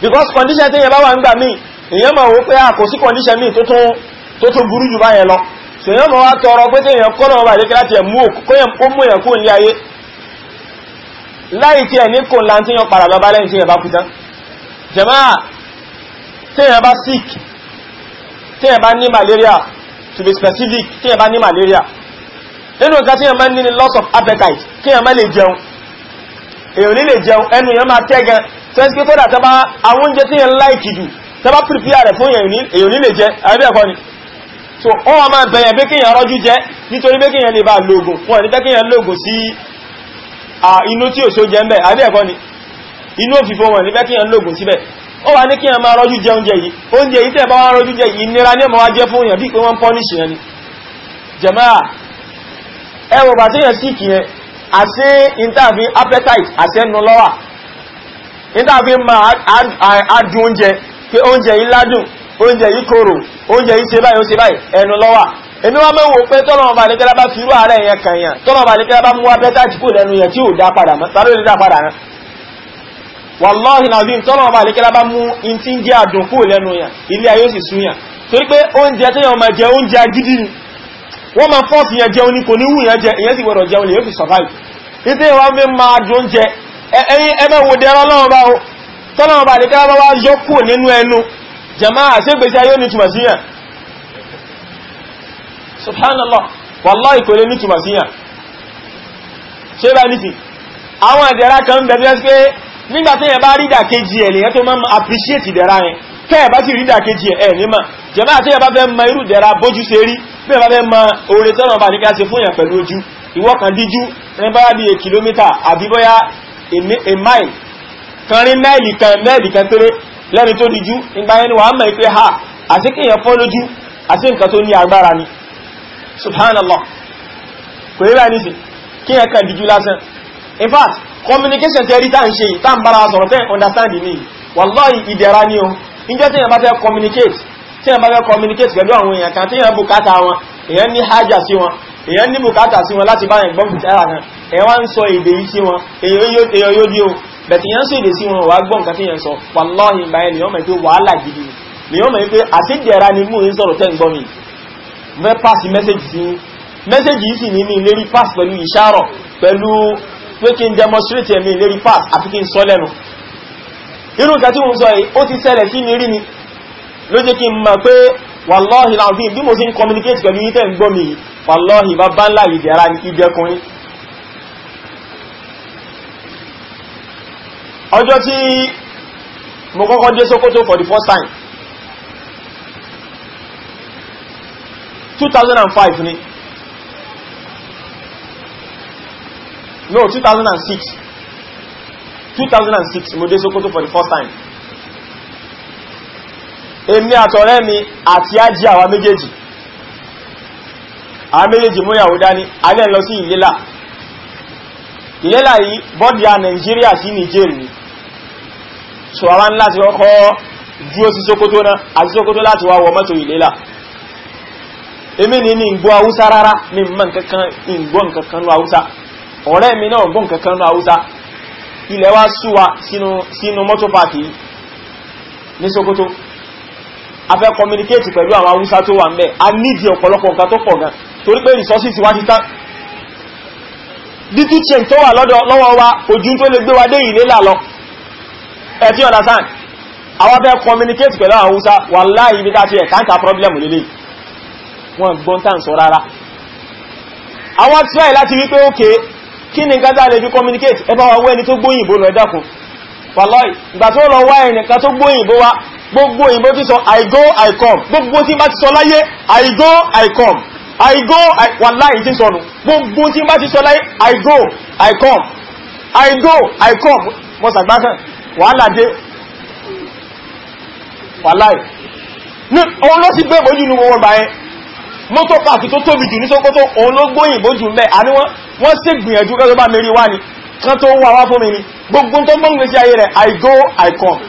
Speaker 1: because condition tí yẹn bá wà ń gbà míì èyàn mọ̀ wó pé a ah, kò sí condition míì tó tún burú jù báyẹn lọ so èyàn mọ̀ wá tọrọ pé tí èyàn kọ́nà wà lékè láti ẹ̀mú òkú èyàn kú ní ayé láì tí ẹ̀ ní kò ńlá tí yẹn padà bàbá lẹ́yìn tí yẹn bá kú tán jẹ̀má tí yẹn bá sick tí yẹn bá ní malaria to be specific tí yẹn bá ní malaria nínú nǹkan tí yẹn máa ń ní ni loss of appetite kí yẹn má lè jẹun èyàn nílè jẹun ẹnu yẹn máa tẹ́gẹ tẹ́sí pé kódà tẹ́bá àwọn oúnjẹ tí yẹn láìkì jù tẹ́bá pìrìpìà rẹ̀ fún èyàn nílè jẹ àbí ẹ̀kọ́ ni so ó wà máa bẹ̀yẹ̀ pé kíyàn rọ́jú jẹ nítorí pé kíyàn lè bá lògùn fún ẹ̀ní tẹ́kíyàn lògùn sí inú tí òṣò jẹ ńbẹ̀ àbí ẹ̀kọ́ ni inú òfìfo wọn ní tẹ́kíyàn lògùn síbẹ̀ ó wà ní wa jẹ fún èyàn bí pé wọ́n pọ́níṣì yẹn ni jẹ̀máà ẹwọ̀ bàtẹ́yàn síkì àṣẹ ìntàfi appetite àṣẹ nù lọ́wà ìntàfi ma adùn oúnjẹ pé oúnjẹ yìí ládùn oúnjẹ yìí korò oúnjẹ yìí ṣe báyìí ó ṣe báyìí ẹnu lọ́wà inú wọn mẹ́wọ́ pé tọ́lọ́wọ́n bá nìkẹ́lá bá fi irú ààrẹ yẹn kàn yàn tọ́lọ́wọ́n bá nìkẹ́lá bá mú appetite kò lẹ́nu yẹn tí ò dá padà mọ́ tàbí ò dá padà mọ́ wàláhì nàbí wọ́n ma fọ́ọ̀sì yẹn jẹun ní kò ní wù yẹn jẹ ìyẹn sì gbọ́dọ̀ jẹun lè yóò fi survive ìdí ìwà ń fi máa dùn jẹ ẹ̀yin ẹmẹ́wò dẹ̀rọ lọ́wọ́ bá o tọ́lọ́wọ́ bá dẹ̀kẹ́ bá wá yọ kúrò nínú ẹnu jẹ̀má àṣẹ́gbèsí ayé ní túmọ̀ síyàn subhanallah wallahi kò lè ní túmọ̀ síyàn ṣé bá nífi àwọn ìdẹ̀ra kan bẹ̀rẹ̀ pé nígbà tí yẹn bá rí appreciate ìdẹ̀ra yẹn tẹ́ẹ̀bá sí rí ìdàkejì ẹ̀ nímọ̀ jẹ̀má àti ẹ̀bá fẹ́ mọ irú ìdẹ̀ra bójú ṣe rí bí ẹ̀bá fẹ́ mọ oore tọ́nà bá nígbà ṣe fún yàn pẹ̀lú ojú ìwọ kan díjú ẹ̀bá bí i kìlómítà mile kan rí mẹ́ẹ̀lì kan mẹ́ẹ̀lì kan péré lẹ́ni tó díjú ni wàá mọ̀ pé ha àti kéèyàn fọ́ subhanallah kò yẹ báyìí nísìn kéèyàn kan díjú lásán in fact communication tẹ́rí tá à ń ṣe tá à ń sọ̀rọ̀ tẹ́ understand me wallahi ìdẹ̀ra ni o níjọ́ tí èèyàn bá fẹ́ communicate tí èèyàn bá fẹ́ communicate pẹ̀lú àwọn èèyàn kan tí èèyàn bùkátà wọn èèyàn ní hájà sí wọn èèyàn ní bùkátà sí wọn láti bá yẹn gbọ́ bùkátà kan èèyàn wá ń sọ èdè yìí sí wọn èèyàn yóò dí o bẹ̀tì yẹn ń sọ èdè sí wọn wàá gbọ́ nǹkan tí yẹn sọ wàláhì ìgbà yẹn lèyàn mọ̀ pé wàhálà gidi ni lèyàn mọ̀ pé àtẹ̀jẹ̀ra ni mú ń sọ̀rọ̀ tẹ́ ń gbọ́ mi fẹ́ pass message sí message yìí sì ní mi lérí pass pẹ̀lú ìṣàrọ̀ pẹ̀lú pé kí n demonstrate ẹ̀mí lérí pass àfi kí n sọ lẹ́nu irú nǹkan tí mo sọ yìí ó ti ṣẹlẹ̀ sí mi rí mi ló jẹ́ kí n mọ̀ pé wàláhì láàbí bí mo sì ń communicate pẹ̀lú yín tẹ́ ń gbọ́ mi yìí wàláhì bá bá ńlá ìdí ara ní ibi ẹkùnrin ọjọ́ tí mo kọ́kọ́ dé Sókótó for the first time 2005 ni no 2006 2006 mo dé sokoto for the first time èmi àtọ̀rẹ́ mi àti ájí àwa méjèèjì àwa méjèèjì mú ìyàwó dání alẹ́ lọ sí ìlélà ìlélà yìí bọ́dìá Nàìjíríà sí Niger ni so àwa ń láti kọ́kọ́ dúró sí Sókótó náà àti Sókótó láti wá wọ mọ́tò ìlélà èmi ní ní ìgbọ́ Haúsá rárá mi mọ́ nǹkankan ìgbọ́ nǹkankan ní Haúsá ọ̀rẹ́ mi náà gbọ́ nǹkankan ní Haúsá ilẹ̀ wá súwa sínú mọ́tò pàkì ní Sokoto a fẹ́ communicate pẹ̀lú àwọn Haúsá tó wà ń bẹ̀ a nídi ọ̀pọ̀lọpọ̀ nǹkan tó pọ̀ gan torí pé resources wá ti tán little chain tó wà lọ́wọ́ wa ojú tó lè gbé wa dé ilé lálọ ẹ̀tí understand àwọn fẹ́ communicate pẹ̀lú àwọn Haúsá wallahi ibi tá ti ẹ̀ problem lélẹ̀ wọ́n gbọ́n tàn kí ni nǹkan lè fi communicate ẹ bá wa wẹ́ni tó gbóyìnbó lọ ẹ̀dàkùn wàláì ìgbà tó lọ wá ẹnìkan tó gbóyìnbó wá gbogbo òyìnbó ti sọ i go i come gbogbo tí bá ti sọ láyé i go i come i go wàláì ti sọnù gbogbo tí bá ti sọ láyé i go i come i go i come mọ́sàgbásẹ̀ wàhálà dé wàláì ní òun ló sì gbé ìbójú gbà yẹn mọ́tò pàkì tó tóbi jù ní Sókótó òun ló gbóyìnbó jù mẹ́ àní wọ́n sì gbìyànjú kẹ́ bá mẹ́rí wá ní kan tó wà wá fún mi ní gbogbo tó mọ́ gbèsè ayé rẹ̀ I go I come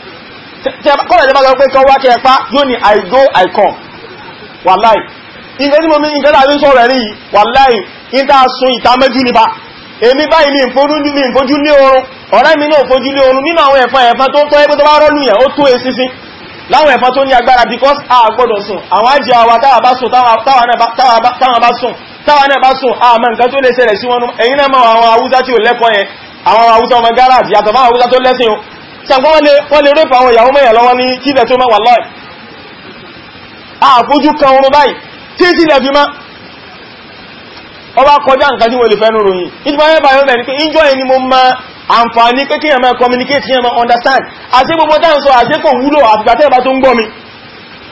Speaker 1: kọ́lẹ̀ lè bá sọ pé kan wá kẹ́ pa yóò ní I go I come wàláì ìgbẹ́ tí mo mi ìgbẹ́ tàbí sọ̀rọ̀ rí wàláì ìta sun ìta mẹ́jú nípa èmi báyìí mi ìfojú ní ìfojú ní oorun ọ̀rẹ́ mi náà fojú ní oorun nínú àwọn ẹ̀fọn ẹ̀fọn tó tọ́ ẹgbẹ́ tó bá rọ́lù yẹn ó tó esísín láwọn ẹ̀fọn tó ní agbára because a gbọ́dọ̀ sùn àwọn ajé àwa táwa bá sùn táwa bá sùn táwa náà bá sùn àmọ́ nǹkan tó lè ṣẹlẹ̀ sí wọn ẹ̀yin náà mọ̀ àwọn haúsá tí ò lẹ́kọ̀ọ́ yẹn àwọn haúsá ọmọ gáràjì àtọ̀fà haúsá tó lẹ́sìn o ṣàgbọ́n wọ́n lè rẹ́pọ̀ àwọn ìyàwó mẹ́yàn lọ́wọ́ ní kílẹ̀ tó mẹ́wàá ọba kọjá nǹkan tí wọ́n lè fẹ́nu ròyìn ìjọba ẹ̀bà yóò mẹ́rin pé ìjọ ẹni mo ma àǹfààní pé kíyàn máa communicate kíyàn máa understand àti gbogbo tẹ́ ń sọ àti kò wúlò àtìgbà tẹ́ẹ̀bá tó ń gbọ́ mi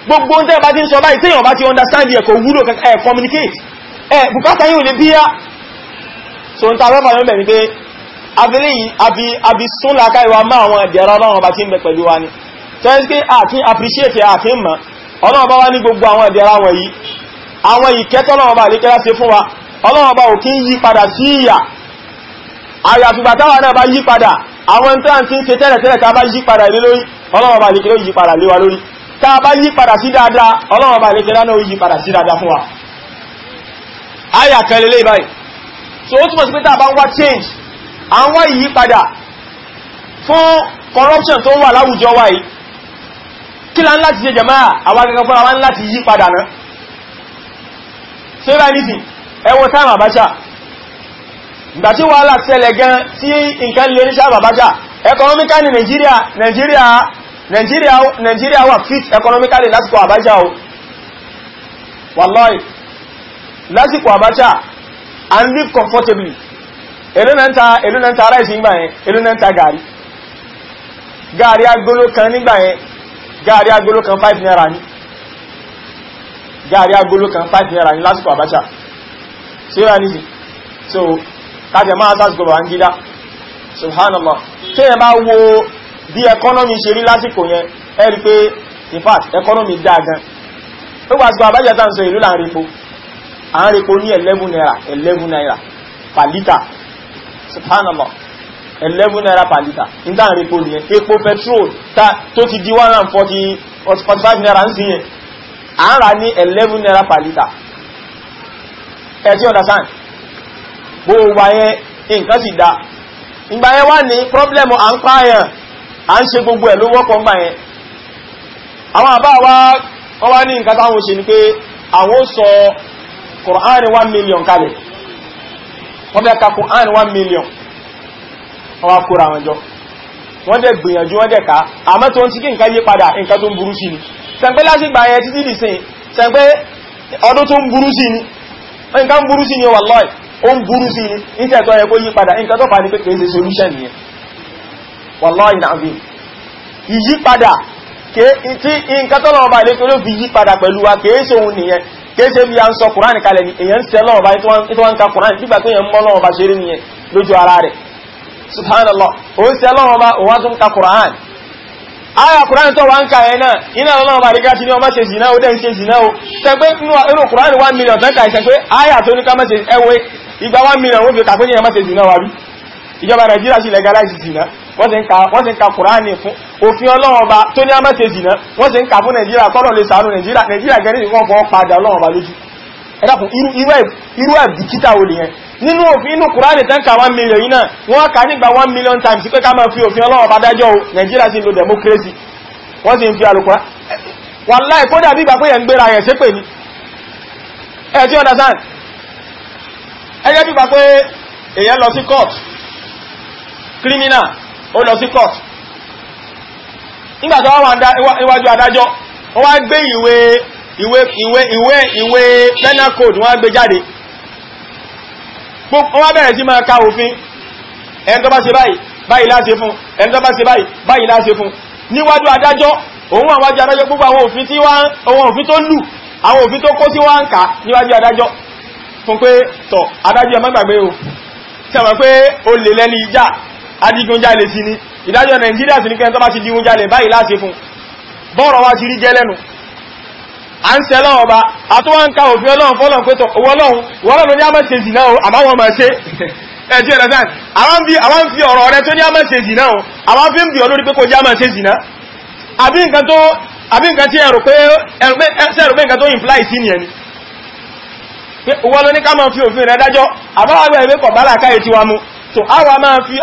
Speaker 1: gbogbo tẹ́ẹ̀bá ti ń sọ báyìí tẹ́yàn bá ti understand ẹ̀ wúlò communicate ẹ̀ bùkátà yóò lè bíyà so n tàbí ẹ̀bà yóò mẹ́rin pé abẹ́lẹ̀ yìí àbí àbí súnlá káìwá máa àwọn ẹ̀dẹ̀rọ ọlọ́run bá ti ń bẹ pẹ̀lú ni tẹ́ẹ̀sì pé àti appreciate àti mọ̀ ọlọ́run bá wá ní lè kẹ́lá ṣe fún wa ọlọ́wọ́ bá òkín yí padà sí ìyà àyàfìgbà táwa náà bá yí padà àwọn tán tí ń ṣe tẹ́lẹ̀tẹ́lẹ̀ tá bá yí padà ilé lórí ọlọ́wọ́ bá lè kí ló yí padà lé lórí tá bá yí padà sí dáadáa ọlọ́wọ́ bá lè kí lánà yí padà sí dáadáa fún wa so ó túnmọ̀ sí pé tá bá change àwọn ìyípadà fún corruption tó wà láwùjọ wa yìí kí la ń láti ṣe jẹ̀máà àwọn akẹ́kọ̀ọ́ fúnra ẹwọ sáàmà bájá ìgbà tí wàhálà ṣẹlẹ̀ gan tí nǹkan lè ní sáàmà bájá Nigeria Nigeria Nigeria fit economically lásìkò àbájá o wallahi lásìkò àbájá and live comfortably èlò náà ń rice yẹn gari kan nígbà yẹn agolo kan 5 naira ni gàrí agolo kan 5 naira lásìkò àbájá sí rà nìyí so kájẹ máa sásìkò bàbá ń gídá subhanallah tí ẹ bá wo bí ẹkọ́nọ́mì ṣe rí lásìkò yẹn ẹ rí pé in fact ẹkọ́nọ́mì dáa gan ó wà sọ àbájáta ń sọ ìlú là ń repo à ń repo ní 11 naira 11 naira per litre subhanallah 11 naira per ní tá à ń repo nìyẹn epo petrol tó ti di 140 45 naira ń sí yẹn à ní 11 naira per ẹ̀tí understand gbogbo ayẹ nǹkan sì dá ìgbà yẹn wá ní problem à ń pààyàn à ń ṣe gbogbo ẹ̀ ló wọ́pọ̀ ń gbà yẹn àwọn àbá wa wọ́n wá ní nǹkan táwọn ṣe ni pé àwọn ó sọ one million kalẹ̀ wọ́n bẹ́ẹ̀ ka Quran one million wọ́n wá kóra wọn jọ wọ́n dẹ̀ gbìyànjú wọ́n dẹ̀ ka àmọ́ tó ń tí nǹkan yí padà nǹkan tó ń burú sí ni yẹn títí nǹkan burú sí ni wallahi ó ń burú sí ní tẹ́ẹ̀tọ́ ẹ kó yí padà nǹkan tó fà ní pé kìí ṣe solution yẹn wallahi nàbí ìyípadà tí nǹkan tó lọ́wọ́ bá ilé tó fi yípadà pẹ̀lú wa kìí ṣe òun nìyẹn kìí ṣe bí a ń sọ Kùránì kalẹ̀ ni èyàn ń sẹ lọ́wọ́ bá ń ka Kùránì nígbà tó yẹn mọ́ lọ́wọ́ ṣeré nìyẹn lójú ara rẹ̀ subhanallah òun sẹ lọ́wọ́ òun wá tún ka Kùránì aya kùránì tó wá ń kààyẹ náà iná ọlọ́run bá dígá ti ní ọmọ ṣe zìná ó dẹ́ ń ṣe zìná tẹgbẹ́ inú kùránì 1 million tẹ́ka ìṣẹ́ pé aya tó ní ká má ṣe ẹwẹ́ igba 1 million ó fi kàpé ní ẹmọ́ ṣe zìná wà bí ìjọba nàìjíríà sí legalize zìná wọ́n sì ń ka kùránì fún òfin ọlọ́run bá tó ní ẹmọ́ ṣe zìná wọ́n sì ń ka fún nàìjíríà kọ́nà lè sàánú nàìjíríà gẹ́rẹ́ ìwọ̀n fọ́ padà ọlọ́run nínú òfin inú kùránì tẹ́ǹkà 1 million yìí náà wọ́n kà nígbà 1 million times pé ká máa fi òfin ọlọ́wọ́ bá dájọ́ o Nàìjíríà sì ń democracy wọ́n sì ń fi alùkùrá wàláhì kódà bí ìgbà pé yẹn ń gbéra yẹn ní ẹ̀ tí understand ẹgẹ́ bí ìgbà pé lọ sí court criminal ó lọ sí court nígbà tó wà iwájú adájọ́ wọ́n wá gbé ìwé ìwé ìwé ìwé penal code wọ́n gbé jáde ó wá bẹ̀rẹ̀ sí máa ka òfin ẹni tó bá ṣe báyìí báyìí láṣe fún ẹni tó bá ṣe báyìí báyìí láṣe fún níwájú adájọ́ òun àwọn ajá adájọ́ gbogbo àwọn òfin tí wọ́n àwọn òfin tó lù àwọn òfin tó kó sí wọ́n ń kà níwájú adájọ́ fún pé tọ̀ adájọ́ ẹ o sẹ́wọ̀n pé o lè lẹ́ni ìjà adigunjalè sí ni ìdájọ́ nàìjíríà sì ní kẹ́ni a ń sẹ́lọ́ ọba àtúwà ń ká òfin ọlọ́run fọ́lọ̀n pẹ́tọ̀ owọ́lọ́run wọ́lọ́run ní a máa ṣe zìnà o àmáwọn máa ṣe ẹ̀tí ẹ̀rẹ́sàn àwọn fi ọ̀rọ̀ rẹ tó ní àwọn fi ń bí so àwa máa fi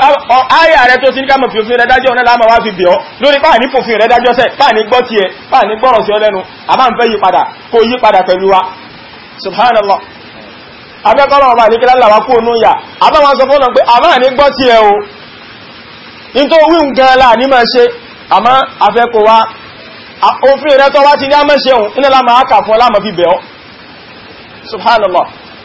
Speaker 1: àyà rẹ tó ti ní káàmù fi òfin rẹ dájọ́ ọ̀nà láàmà wá fi bẹ̀ ọ́ lórí páà ní fòfin rẹ dájọ́ sẹ́ páà ní gbọ́ tiẹ̀ páà ní gbọ́rọ̀ sí ọ lẹ́nu àbá ń fẹ́ yí padà kó yí padà pẹ̀lú wa subhanallah abẹ́kọ́lọ́ ọba àníkílá làwá kú ònú yà àbá wọn sọ fún ọ̀nà pé àbá ní gbọ́ tiẹ̀ o nítorí wíwù gan la ní máa ṣe àmọ́ afẹ́kọ̀ wa òfin rẹ tó wá ti ní àmọ́ ṣeun iná láàmà á kà fún ọ láàmà fi bẹ̀ ọ́ subhanallah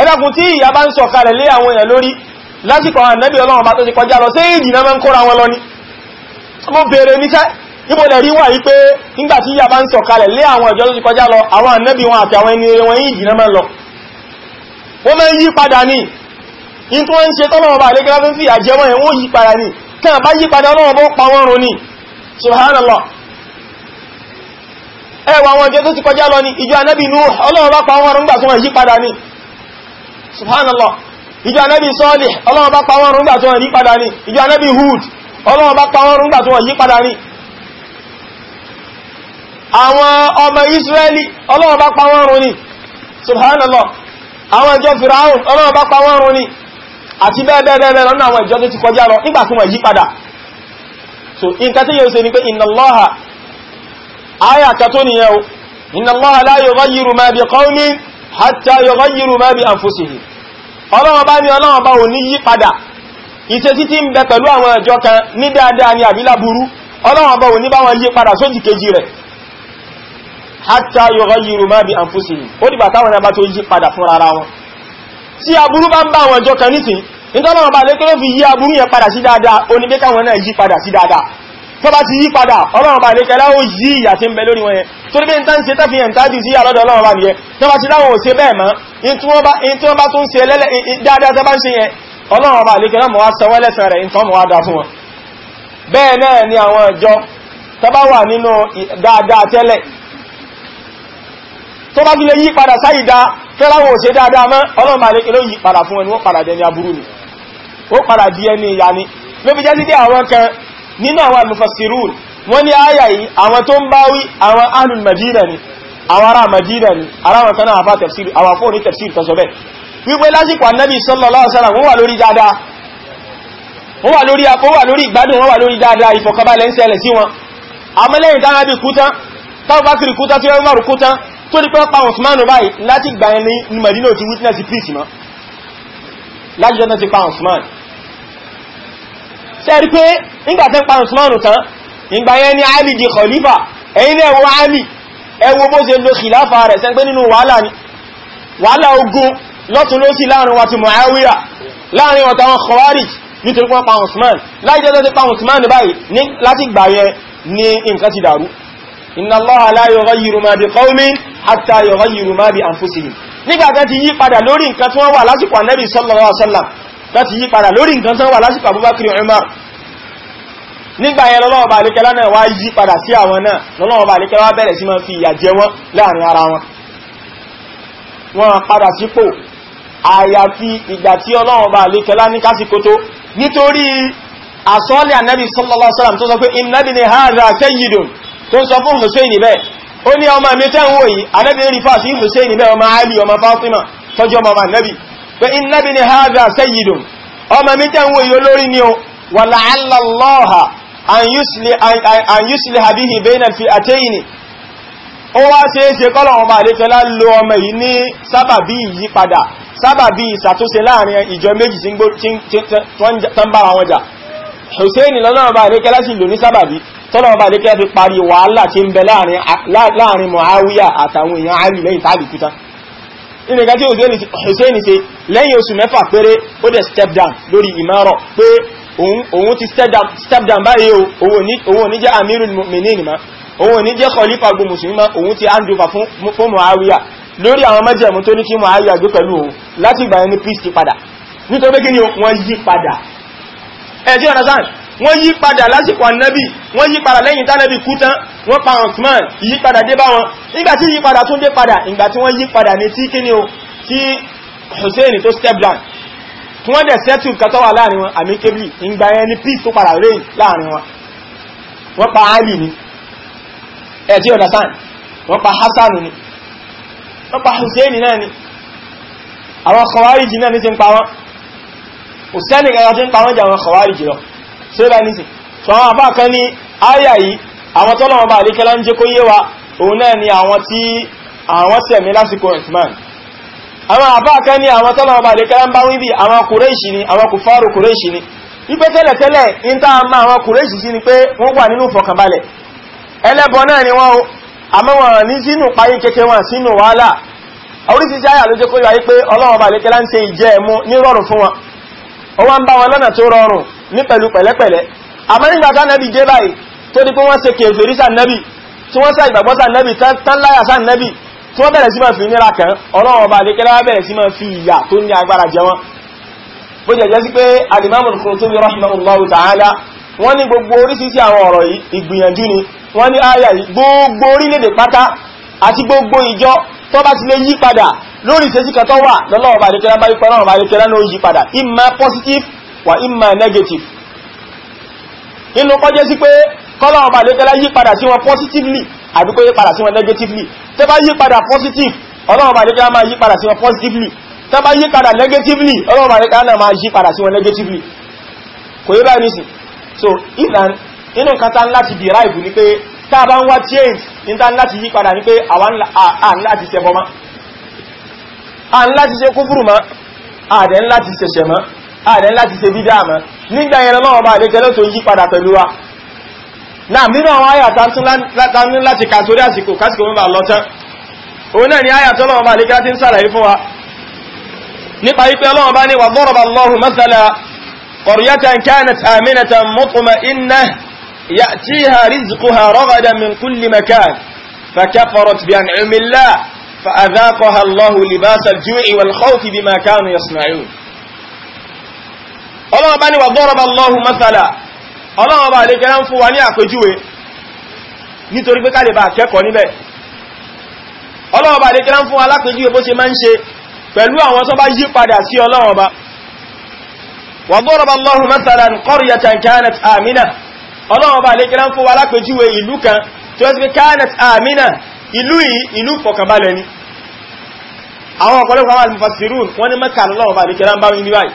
Speaker 1: ẹ̀dàkùn tí ìyà bá ń sọ kalẹ̀ lé àwọn èèyàn lórí lásìkò àwọn ànábì ọlọ́run bá tó ti kọjá lọ sí èjì mo bèèrè níṣẹ́ ìbòlẹ̀ rí wà yí pé nígbà tí ìyà bá ń sọ kalẹ̀ lé àwọn ìjọ tó ti kọjá lọ àwọn ànábì wọn àti àwọn ẹni wọn yìí jìnà máa lọ wọ́n máa ń yí padà ní in tó ń ṣe tọ́lọ́wọ́ bá lẹ́gbẹ́ láti ń fi àjẹ́ wọn ẹ̀wọ́n yí padà ní tí ẹwà àwọn ìjọ tó ti kọjá lọ ní ìjọ ànábì ọlọ́wọ́ bá pa wọn rún gbà tó wọn yí padà ní subhanallah ìjọ anábì Salih ọlọ́wọ́ bá pàwọn rúngbà tó wọ́n yí padà ní ìjọ anábì Hud ọlọ́wọ́ bá pàwọn rúngbà tó wọ́n yí padà ní àwọn ọmọ Israeli ọlọ́wọ́ bá pàwọn rún ní subhanallah àwọn ìjọ Firaun ọlọ́wọ́ bá pàwọn rún ní hatta yughayyiru ma bi anfusihim ọlọ́wọ́ bá ní ọlọ́wọ́ bá ò ní yí padà ìṣe títí ń bẹ pẹ̀lú àwọn ẹjọ́ kan ní dáadáa ní àbí láburú ọlọ́wọ́ bá ò ní bá wọn yí padà sójì kejì rẹ̀ hatta yughayyiru ma bi anfusihim ó dìgbà táwọn ẹbá tó yí padà fún ara wọn tí aburú bá ń bá tó bá ti yí padà ọlọ́run bá ilékẹ́ láwọ́ yí ìyà tí ń bẹ lórí wọn yẹn tó ní bí n tán ṣe tẹ́fì yẹn tájú sí àlọ́dọ̀ ọlọ́run bá nìyẹn tó bá ti láwọn ò ṣe bẹ́ẹ̀ mọ́ in tí wọ́n bá tún ṣe lẹ́lẹ́ dáadáa tó bá ń ṣe yẹn ọlọ́run bá ilékẹ́ náà mọ̀ wá sanwó lẹ́sàn rẹ̀ nǹkan mọ̀ wá dá fún wọn bẹ́ẹ̀ náà ni àwọn ìjọ tó bá wà nínú dáadáa tẹ́lẹ̀ tó bá tilẹ̀ yí padà sáyì dá fẹ́ láwọn ò ṣe dáadáa mọ́ ọlọ́run bá ilékẹ́ ló yí padà fún wọn ni wọ́n padà jẹ́ ní aburú ni ó padà di ẹni ìyá ni ló fi jẹ́ sí pé àwọn kan nínú àwọn mufassirun wọ́n ní àyà yìí àwọn tó ń bá wí àwọn ahlul madina ni àwọn ará madina ni ará wọn kanáà àfá tafsir àwọn afọ́ ní tafsir tọ́sọ bẹ́ wípé lásìkò annabi sallallahu alaihi wasallam wọ́n wà lórí dáadáa wọ́n wà lórí afọ́ wà lórí ìgbádùn wọ́n wà lórí dáadáa ìfọ̀kànbalẹ̀ ń ṣẹlẹ̀ sí wọn àmọ́lẹ́yìn tán ábí kútán táwọn bá kiri kútán tí wọ́n mọ̀rù tẹ́rí pé nígbàtẹ́ pa Usmanu tán ìgbà yẹn ni Ali di khalifa ẹ̀yìn ẹ̀wọ́ Ali ẹwọ́ bó ṣe lo khilafa rẹ̀ sẹ́gbẹ́ nínú wàhálà ni wàhálà ogun lọ́tún ló sí láàrin wa ti Muawiya láàrin wa táwọn Khawarij nítorí wọ́n pa Usman láìjẹ́ tó ti pa Usman báyìí láti gbà yẹn ni nǹkan ti dàrú inna Allaha la yughayyiru ma bi qawmin hatta láti yí padà lórí nǹkan tán wà lásìkò Abubakar Umar nígbà yẹn lọ́lọ́wọ́ bá alékẹ́lá náà wá yí padà sí àwọn náà lọ́lọ́wọ́ bá alékẹ́lá wá bẹ̀rẹ̀ sí máa fi ìyà jẹ wọ́n láàrin ara wọn wọ́n padà sípò àyàfi ìgbà tí ọlọ́wọ́ bá alékẹ́lá ní kásìkò tó nítorí àsọ́lẹ̀ ànábì sallallahu alaihi wasallam tó sọ pé inna ibni hadha sayyidun tó sọ fún Hussein bẹ́ẹ̀ ó ní fa inna bi ni haza sayyidun ọmọ mi tẹ́ ń wo yóò lórí ni o wà la'alla Allaha an yusli habihi bainal fi'atayni ó wá ṣe é ṣe kọ́lọ̀ ọmọ àlékẹ́lá lo ọmọ yìí ní sábàbí ìyípadà sábàbí ìṣàtúnṣe láàrin ìjọ méjì tí ń bára wọn jà Hussein lọ́nà ọba àlékẹ́lá sì lò ní sábàbí tọ́lọ̀ ọba àlékẹ́lá fi parí wàhálà tí ń bẹ láàrin Muawiya àtàwọn èèyàn Ali lẹ́yìn ìnìkà tí Hussein ṣe lẹ́yìn oṣù mẹ́fà péré ó dẹ̀ step down lórí ìmọ̀ràn pé òun ti step down báyìí o òun ò ní jẹ́ amirul ni ma òun ò ní jẹ́ khalifa gbogbo musulmi ma òun ti handover fún Muawiya lórí àwọn mẹ́jẹ̀mú tó ní kí Muawiya gbé pẹ̀lú òun láti ìgbà ẹni peace ti padà nítorí kí ni wọ́n yí padà ẹ̀jẹ̀ ọ̀nà sáà wọ́n yí padà lásìkò ànábì wọ́n yí padà lẹ́yìn tánàbì kú tán wọ́n pa Usman yí padà dé bá wọn nígbàtí yí padà tún dé padà ìgbà tí wọ́n yí padà ní tí kí ni o tí Hussein tó step down tí wọ́n dẹ̀ settle kẹtọ́ wà láàrin wọn àmì kébìlì ìgbà yẹn ni peace tó padà reign láàrin wọn wọ́n pa Ali ni ẹ̀tí ọ̀dásán wọ́n pa Hassan ni wọ́n pa Hussein náà ni àwọn Khawarij náà ní ti ń pa wọn Hussein kẹta ti ń pa wọn jẹ àwọn Khawarij lọ sẹ́lá ní sí so àwọn àbá kan ní àyà yìí àwọn tọ́lọ́wọ́n bá àlékẹ́lá ń jẹ́ kó yé wa òun náà ni àwọn tí àwọn sẹ̀mí lásìkò ẹ̀tìmáà àwọn àbá kan ní àwọn bá ń bá wí bí àwọn kùrẹ́ṣì ni àwọn kùfárò kùrẹ́ṣì ni wípé tẹ́lẹ̀tẹ́lẹ̀ ń tá a àwọn kùrẹ́ṣì sí ni pé wọ́n wà nínú ìfọ̀kànbalẹ̀ ẹlẹ́bọ náà ni wọ́n àmọ́ wọn ní sínú parí kéke wọn sínú wàhálà oríṣiríṣi ló jẹ́ kó ní pẹ̀lú pẹ̀lẹ́pẹ̀lẹ́ àmọ́ nígbà tá nẹ́bì dé báyìí tó di pé wọ́n ṣe kèfèrí sàn nẹ́bì tí wọ́n sá ìgbàgbọ́ sàn nẹ́bì tán láyà sàn nẹ́bì tí wọ́n bẹ̀rẹ̀ sí máa fi nira kan ọlọ́run ọba àdékẹ́lá bẹ̀rẹ̀ sí máa fi ìyà tó ní agbára jẹ wọn bó jẹ́ jẹ́ sí pé ni wọ́n ní àyà yìí gbogbo orílẹ̀-èdè pátá àti gbogbo ìjọ tó bá ti lè yí padà lórí ìṣesí kan tó wà ìmà negative inú kọjẹ́ sí pé kọ́lọ̀ ọba lẹ́tẹ́lá yí padà sí wọn positively àbí kó yí padà sí wọn negatively tẹ́ bá yí padà positive ọlọ́run ọba lẹ́tẹ́lá máa yí padà sí wọn positively tẹ́ bá yí padà negatively ọlọ́run ọba lẹ́tẹ́lá máa yí padà sí wọn negatively kò yí báyìí nísìn so ìtàn inú nǹkan tá ń láti derive ni pé tá a bá ń wá change ní tá ń láti yí padà ní pé àwa à láti ṣẹbọ mọ́ à láti ṣe kúfùrù mọ́ àdẹ̀ láti ṣẹ̀ṣẹ̀ mọ́ ààrẹ láti ṣe bídá àmọ́ nígbà yẹn lọ́wọ́ bá àdékẹ́ lọ́tọ̀ yí padà pẹ̀lú wa náà nínú àwọn àyà tán láti kà sórí àsìkò kásìkò mọ́ bà lọ́tán òun náà ni àyà lọ́wọ́ bá àdékẹ́ láti ń sàlàyé فأذاقها الله لباس الجوع والخوف بما كانوا يصنعون ọlọ́wọ́ bá ní wà dọ́rọ̀bà lọ́hùn mọ́sàlá ọlọ́wọ́ bá lè gẹ́rán fún wa ní àpèjúwe nítorí pé kálẹ̀ bá kẹ́kọ̀ọ́ níbẹ̀ ọlọ́wọ́ bá lè gẹ́rán fún wa lápèjúwe bó ṣe máa ń ṣe pẹ̀lú àwọn tó bá yí padà sí ọlọ́wọ́ bá wà dọ́rọ̀bà lọ́hùn mọ́sàlá qaryatan kanat amina ọlọ́wọ́ bá lè gẹ́rán fún wa lápèjúwe ìlú kan tí ó ti kanat amina ìlú yìí ọ̀pọ̀lọpọ̀ àwọn almufassirun wọ́n ní mẹ́kà bá lè gẹ́rán bá wí níwáyìí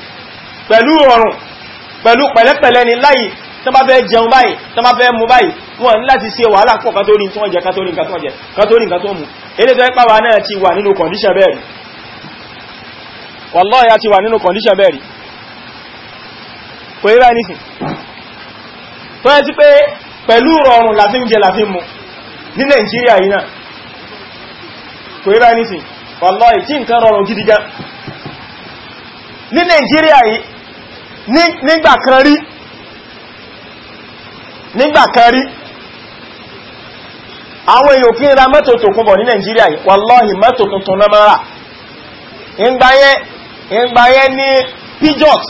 Speaker 1: pẹ̀lú ọrùn pẹ̀lú pẹ̀lẹ́pẹ̀lẹ́ ni láì tán bá fẹ́ jẹun báyìí tán bá fẹ́ mú báyìí wọ́n ní láti ṣe wàhálà pọ̀ kátórí tí wọ́n jẹ kátórí nǹkan tó jẹ kátórí nǹkan tó mú èdè tó ẹ́pàwà náà ti wà nínú kọ̀ndíṣàn bẹ́ẹ̀ rí wàlláhì ti wà nínú kọ̀ndíṣàn bẹ́ẹ̀ rí kò yíra nísìn tó yẹ sí pé pẹ̀lú rọrùn la fi ń jẹ la fi ń mu ní nàìjíríà yìí náà kò yíra nísìn wàlláhì tí nǹkan rọrùn gidi gan ní nàìjíríà yìí nígbà kan rí nígbà kan rí àwọn èèyàn kí ra mọ́tò tó kúbọ̀ ní Nàìjíríà yìí tuntun náà mọ́ra ìgbàyẹ ní pijot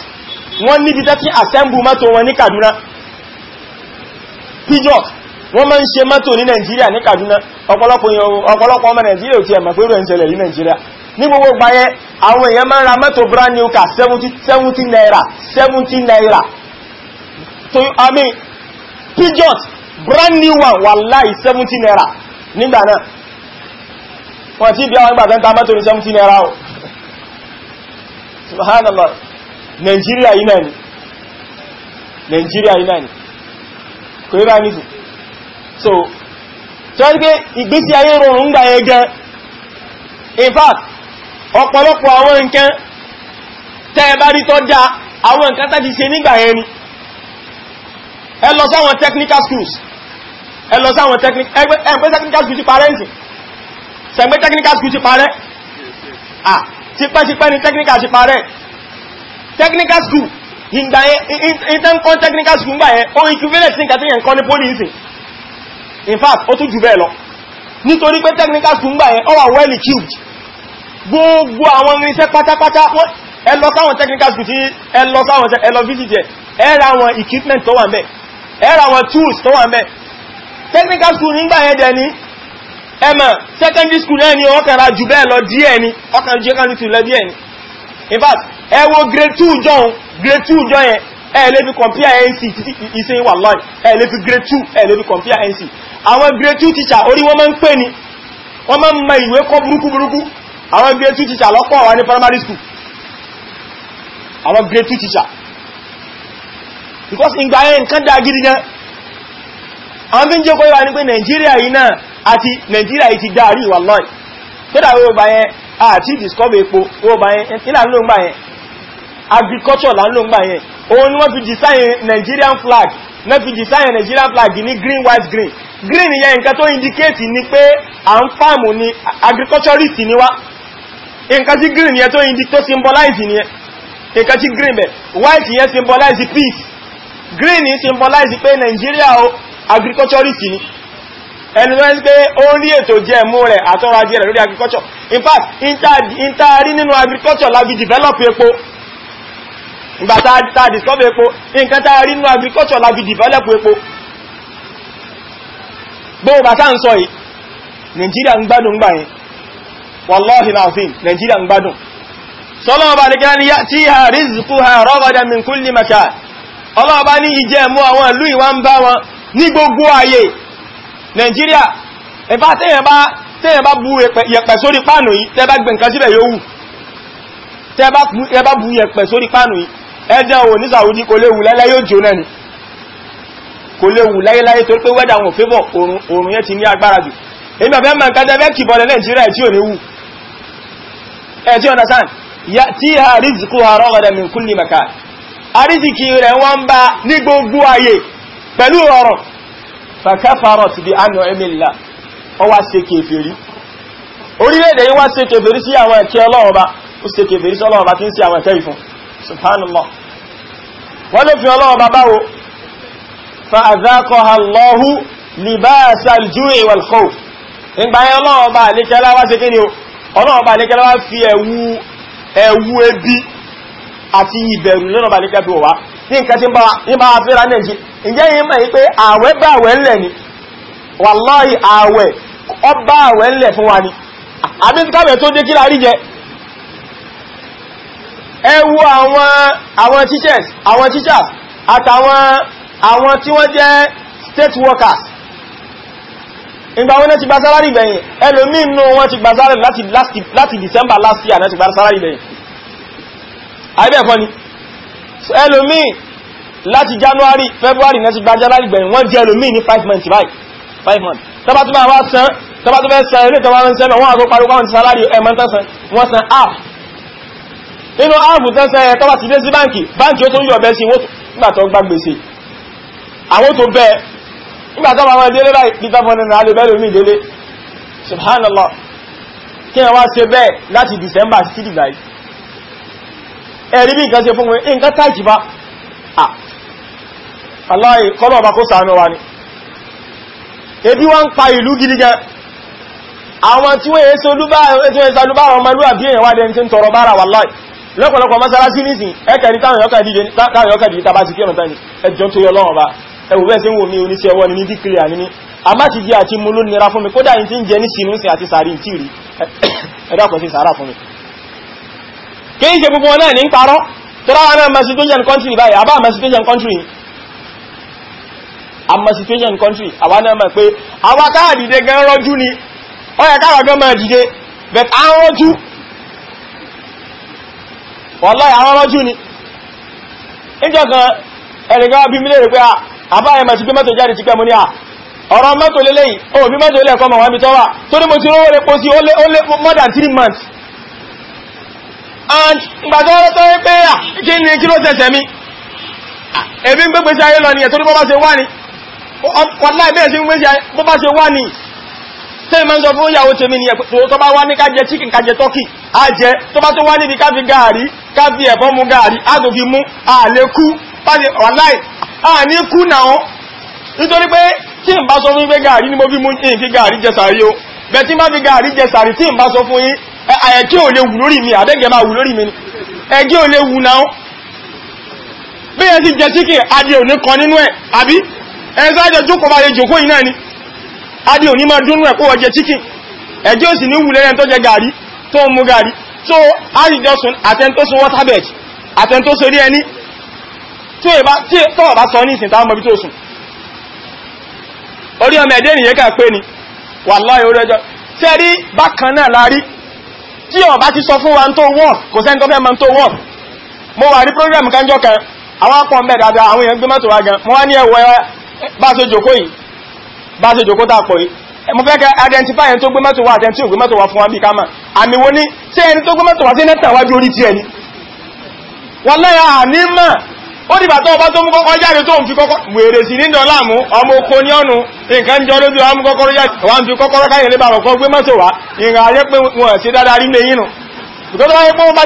Speaker 1: wọ́n níbi tẹ́tí assembly mọ́tò wọn ní Kaduna pijot wọ́n máa ń ṣe mọ́tò ní Nàìjíríà ní Kaduna ọ̀pọ̀lọpọ̀ ọmọ Nàìjíríà ò ti ẹ̀mọ̀ pẹ̀lú ẹ̀ ní gbogbo gbáyẹ àwọn èèyàn máa ń ra mọ́tò brand new car seventy naira seventy naira so i mean pigeon brand new one wallahi seventy naira nígbà náà wọ́n tí bí àwọn ìgbà tẹ́ntà mọ́tò ní 70 naira o subhanallah Nigeria yìí náà ni Nigeria yìí náà ni kò yíra ní sí so tí wọ́n ti pé ìgbésí ayé rọrùn ń gbà yẹ gan in fact ọ̀pọ̀lọpọ̀ àwọn nǹkan tẹ́ẹ̀bá rí tọ́ dá àwọn nǹkan tàbí ṣe nígbà yẹn ni ẹ lọ sáwọn technical schools ẹ lọ sáwọn technical schools ti parẹ́ ǹsìn sẹ̀gbẹ́ technical schools ti parẹ́ à tipẹ́tipẹ́ ni technical ti parẹ́ technical school ìgbà yẹn ìtẹ́ǹkan technical school gbà yẹn ó equivalent sí nǹkan tí yẹn kọ́ ní police in fact ó tún jù bẹ́ẹ̀ lọ nítorí pé technical school gbà yẹn ó well equipped gbogbo àwọn irinṣẹ́ pátápátá ẹ lọ sáwọn technical school tí ẹ lọ sáwọn ẹ visit ẹ ra àwọn equipment tó wà ńbẹ̀ ẹ ra tools tó wà ńbẹ̀ technical school nígbà yẹn dẹ̀ ẹmọ̀ secondary school náà ni jù bẹ́ẹ̀ lọ díẹ̀ ni ka jẹ́ kan lọ ẹ grade 2 grade 2 nc grade 2 teacher wọ́n máa ń ma ìwé kọ burúkú àwọn great two teacher lọ́pọ̀ wà ní primary school àwọn great two teacher because ìgbà yẹn nǹkan dá gidi gan àwọn tí ń jẹ́ kọ́yọ́ ní pé nigeria yìí náà àti Nàìjíríà yìí ti dáàrí ìwà lọ́ì tó dà gbà yẹn discover epo wọ́n gbà yẹn ló ń gbà yẹn agriculture là ń ló ń gbà yẹn fi design Nigerian flag wọ́n fi design Nigerian flag ní green white green green yẹn nǹkan tó indicate ni pé à ń fáàmù ni nǹkan tí green yẹn tó indi to symbolize ni nǹkan nkasi green bẹ̀ white yẹn symbolize peace green symbolize pe Nigeria o agriculturist ni ẹni lọ́wọ́ sí pé ó ní ètò jẹ́ mú rẹ̀ àtọ́rọ̀ ajé rẹ̀ lórí agriculture in fact ìtaari nínú agriculture lábi develop epo ìgbà tá discover epo nǹkan tá rí nínú agriculture lábi develop epo gbogbo bàtà ń sọ yìí Nigeria ń gbádùn gbà yìí wallahi alazim Nigeria ń gbádùn
Speaker 2: sọ́lọ́wọ́ bá ní kí ní tí ha rizquha ragadan
Speaker 1: min kulli makan ọlọ́wọ́ bá ní ìjẹ́ mú àwọn ìlú ìwá ń bá wọn ní gbogbo ayé Nigeria ẹ̀bá tẹ́yẹ̀ bá bu yẹ̀pẹ̀ sórí páànù yìí tẹ́ bá gbẹ̀ nǹkan síbẹ̀ yóò wù tẹ́ bá bu yẹ̀pẹ̀ sórí páànù yìí ẹ̀dẹ̀ wò ní Saudi kò léwu láyé yóò jò náà ni kò léwu láyé torí pé wẹ́dà wọn ò fẹ́bọ̀ yẹn ti ní agbára jù èyí bàbá mọ̀ nǹkan tẹ́ fẹ́ kìbọ̀lẹ̀ Nigeria tí ò ní wù ẹ̀tí eh, understand ya tí ha rizikú ha rọ́gọ̀dẹ̀ min kulli maka arizikí rẹ̀ wọ́n bá ní gbogbo ayé pẹ̀lú ọ̀rọ̀ bi an'amillah emila wá ṣe kèfèrí orílẹ̀-èdè yìí wá si kèfèrí sí àwọn ẹ̀kẹ́ ọlọ́ọ̀ba ó ṣe fi o ọlọ́run bá nígbà wá fi ẹ̀wù ẹ̀wù ebi àti ìbẹ̀rù lọ́nà bá nígbà bí wà ní nǹkan tí ń bá fẹ́ra nẹ́jì ǹjẹ́ yìí mọ̀ pé ààwẹ̀ bá ààwẹ̀ ńlẹ̀ ni wàláhì ààwẹ̀ ọba ààwẹ̀ ńlẹ̀ fún wa ni àbí tí káàbẹ̀ tó dé kí lárí jẹ ẹwu àwọn àwọn teachers àwọn teachers àtàwọn àwọn tí wọ́n jẹ́ state workers ìgbà wọn ti gba sálárì gbẹ̀yìn ẹlòmí inú wọn ti gba sálárì láti December last year náà ti gba sálárì gbẹ̀yìn àìbẹ̀ẹ̀kọ́ ni ẹlòmí láti January February náà ti gba January gbẹ̀yìn wọ́n jẹ́ ẹlòmí ní 5 months báyìí 5 months tọ́bá tó bá wá san tọ́bá tó fẹ́ san ilé tọ́bá ń sẹ́mẹ̀ wọ́n àgó parí wọ́n ti nígbàtọ́ ma wọ́n délé báyìí pítà fún ẹnà alẹ́bẹ̀lẹ̀ omi délé subhanallah kí ẹ wá ṣe bẹ́ẹ̀ láti December sí dìgbà yìí ẹ̀rí bí nǹkan ṣe fún wọn nǹkan táìkì bá aláì kọ́lọ̀ ọba kó sàánú wa ni ebi wọ́n ń pa ìlú gidi gan àwọn tí wọ́n èso lúbá àwọn ọmọlúwàbí èèyàn wá dẹni tí ń tọrọ bára wà láì lọ́pọ̀lọpọ̀ ẹwù bẹ́ẹ̀ sí wò mí oníṣẹ́ ọwọ́ ni ní díkìrì àní ní a má ti jẹ́ àti mú ló nira fún mi kódà ní ti ń jẹ ní sinú sí àti sàárì tí rí ẹ̀dàpọ̀ sí sàárà fún mi kí ṣe gbogbo náà ní parọ́ tó náà ma country báyìí àbá ma country a ma country àwa náà ma pé àwa káà dìde gan rọjú ni ó yẹ káà gan máa dìde but a rọjú wallahi àwọn rọjú ni níjọ bí mílẹ̀ rẹ̀ pé ah, àbáyẹ̀ mẹ́tí gbé mẹ́tò jáde ti kẹ́ mú ní à ọ̀rọ̀ mẹ́tò lélẹ̀ yìí o bí mẹ́tò lélẹ̀ kọmọ̀ wọ́n bí tọ́wà tó ní mo ti rówó repo sí ó lé more than three months a ah, kú náà nítorí pé tí n bá sọ fún yín pé gààrí ni mo fi mú yín fi gààrí jẹ sàárì o bẹ́ẹ̀ tí n bá fi gààrí jẹ sàárì tí n bá sọ fún yín ẹ̀kí ò lè wù lórí mi àbẹ́gẹ̀ máa wù lórí mi ni ẹ̀kí ò lè wù náà bí ẹ ti jẹ síkì adìẹ ò ní kan nínú ẹ̀ ni adìẹ ò ní máa dúnú ẹ̀ kó wọ́n jẹ síkì ẹ̀kí ò sì ní wù lẹ́yìn tó jẹ gààrí tó ń mu gààrí ẹni tọ́wọ̀ bá sọ ní ìsìn táwọn mọ̀bí tó sùn orí ọmọ ẹ̀dẹ́ kà pé ni wàláhì orí ẹjọ́ tí ẹ rí bákan náà lárí tí ó bá ti sọ fún wa tó wọ́n kò sẹ́ni tó fẹ́ mọ́ tó wọ́n mo wà ní program kanjọ́ kan àwọn mẹ́ àwọn èèyàn wa gan mo wá ní bá jòkó yìí bá jòkó tá pọ̀ yìí mo fẹ́ kẹ́ identify ẹni tó ó dìbà tó ọba tó mú kọ́kọ́ jáde tó ń fi kọ́kọ́ wèrè sí ní dọ́láàmù ọmọ oko ní ọ̀nù nǹkan jọ lójú ọmọ kọ́kọ́rọ́ jáde wà ń fi kọ́kọ́rọ́ káyẹ̀ lé bàbọ̀ kọ́ gbé mọ́tò wá ìrìn ayé pé wọ́n ṣe dáadáa rí lè yínú ìkọ́ tó wáyé pé wọ́n bá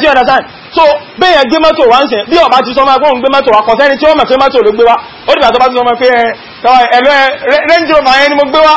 Speaker 1: jí mọ́ so bẹ́yẹn gbé mọ́tò wá ń sẹ̀ bí ọba ti sọ máa gbóhùn gbé mọ́tò wá kọ̀ sẹ́ni tí ó mọ̀ pé mọ́tò ló gbé wá ó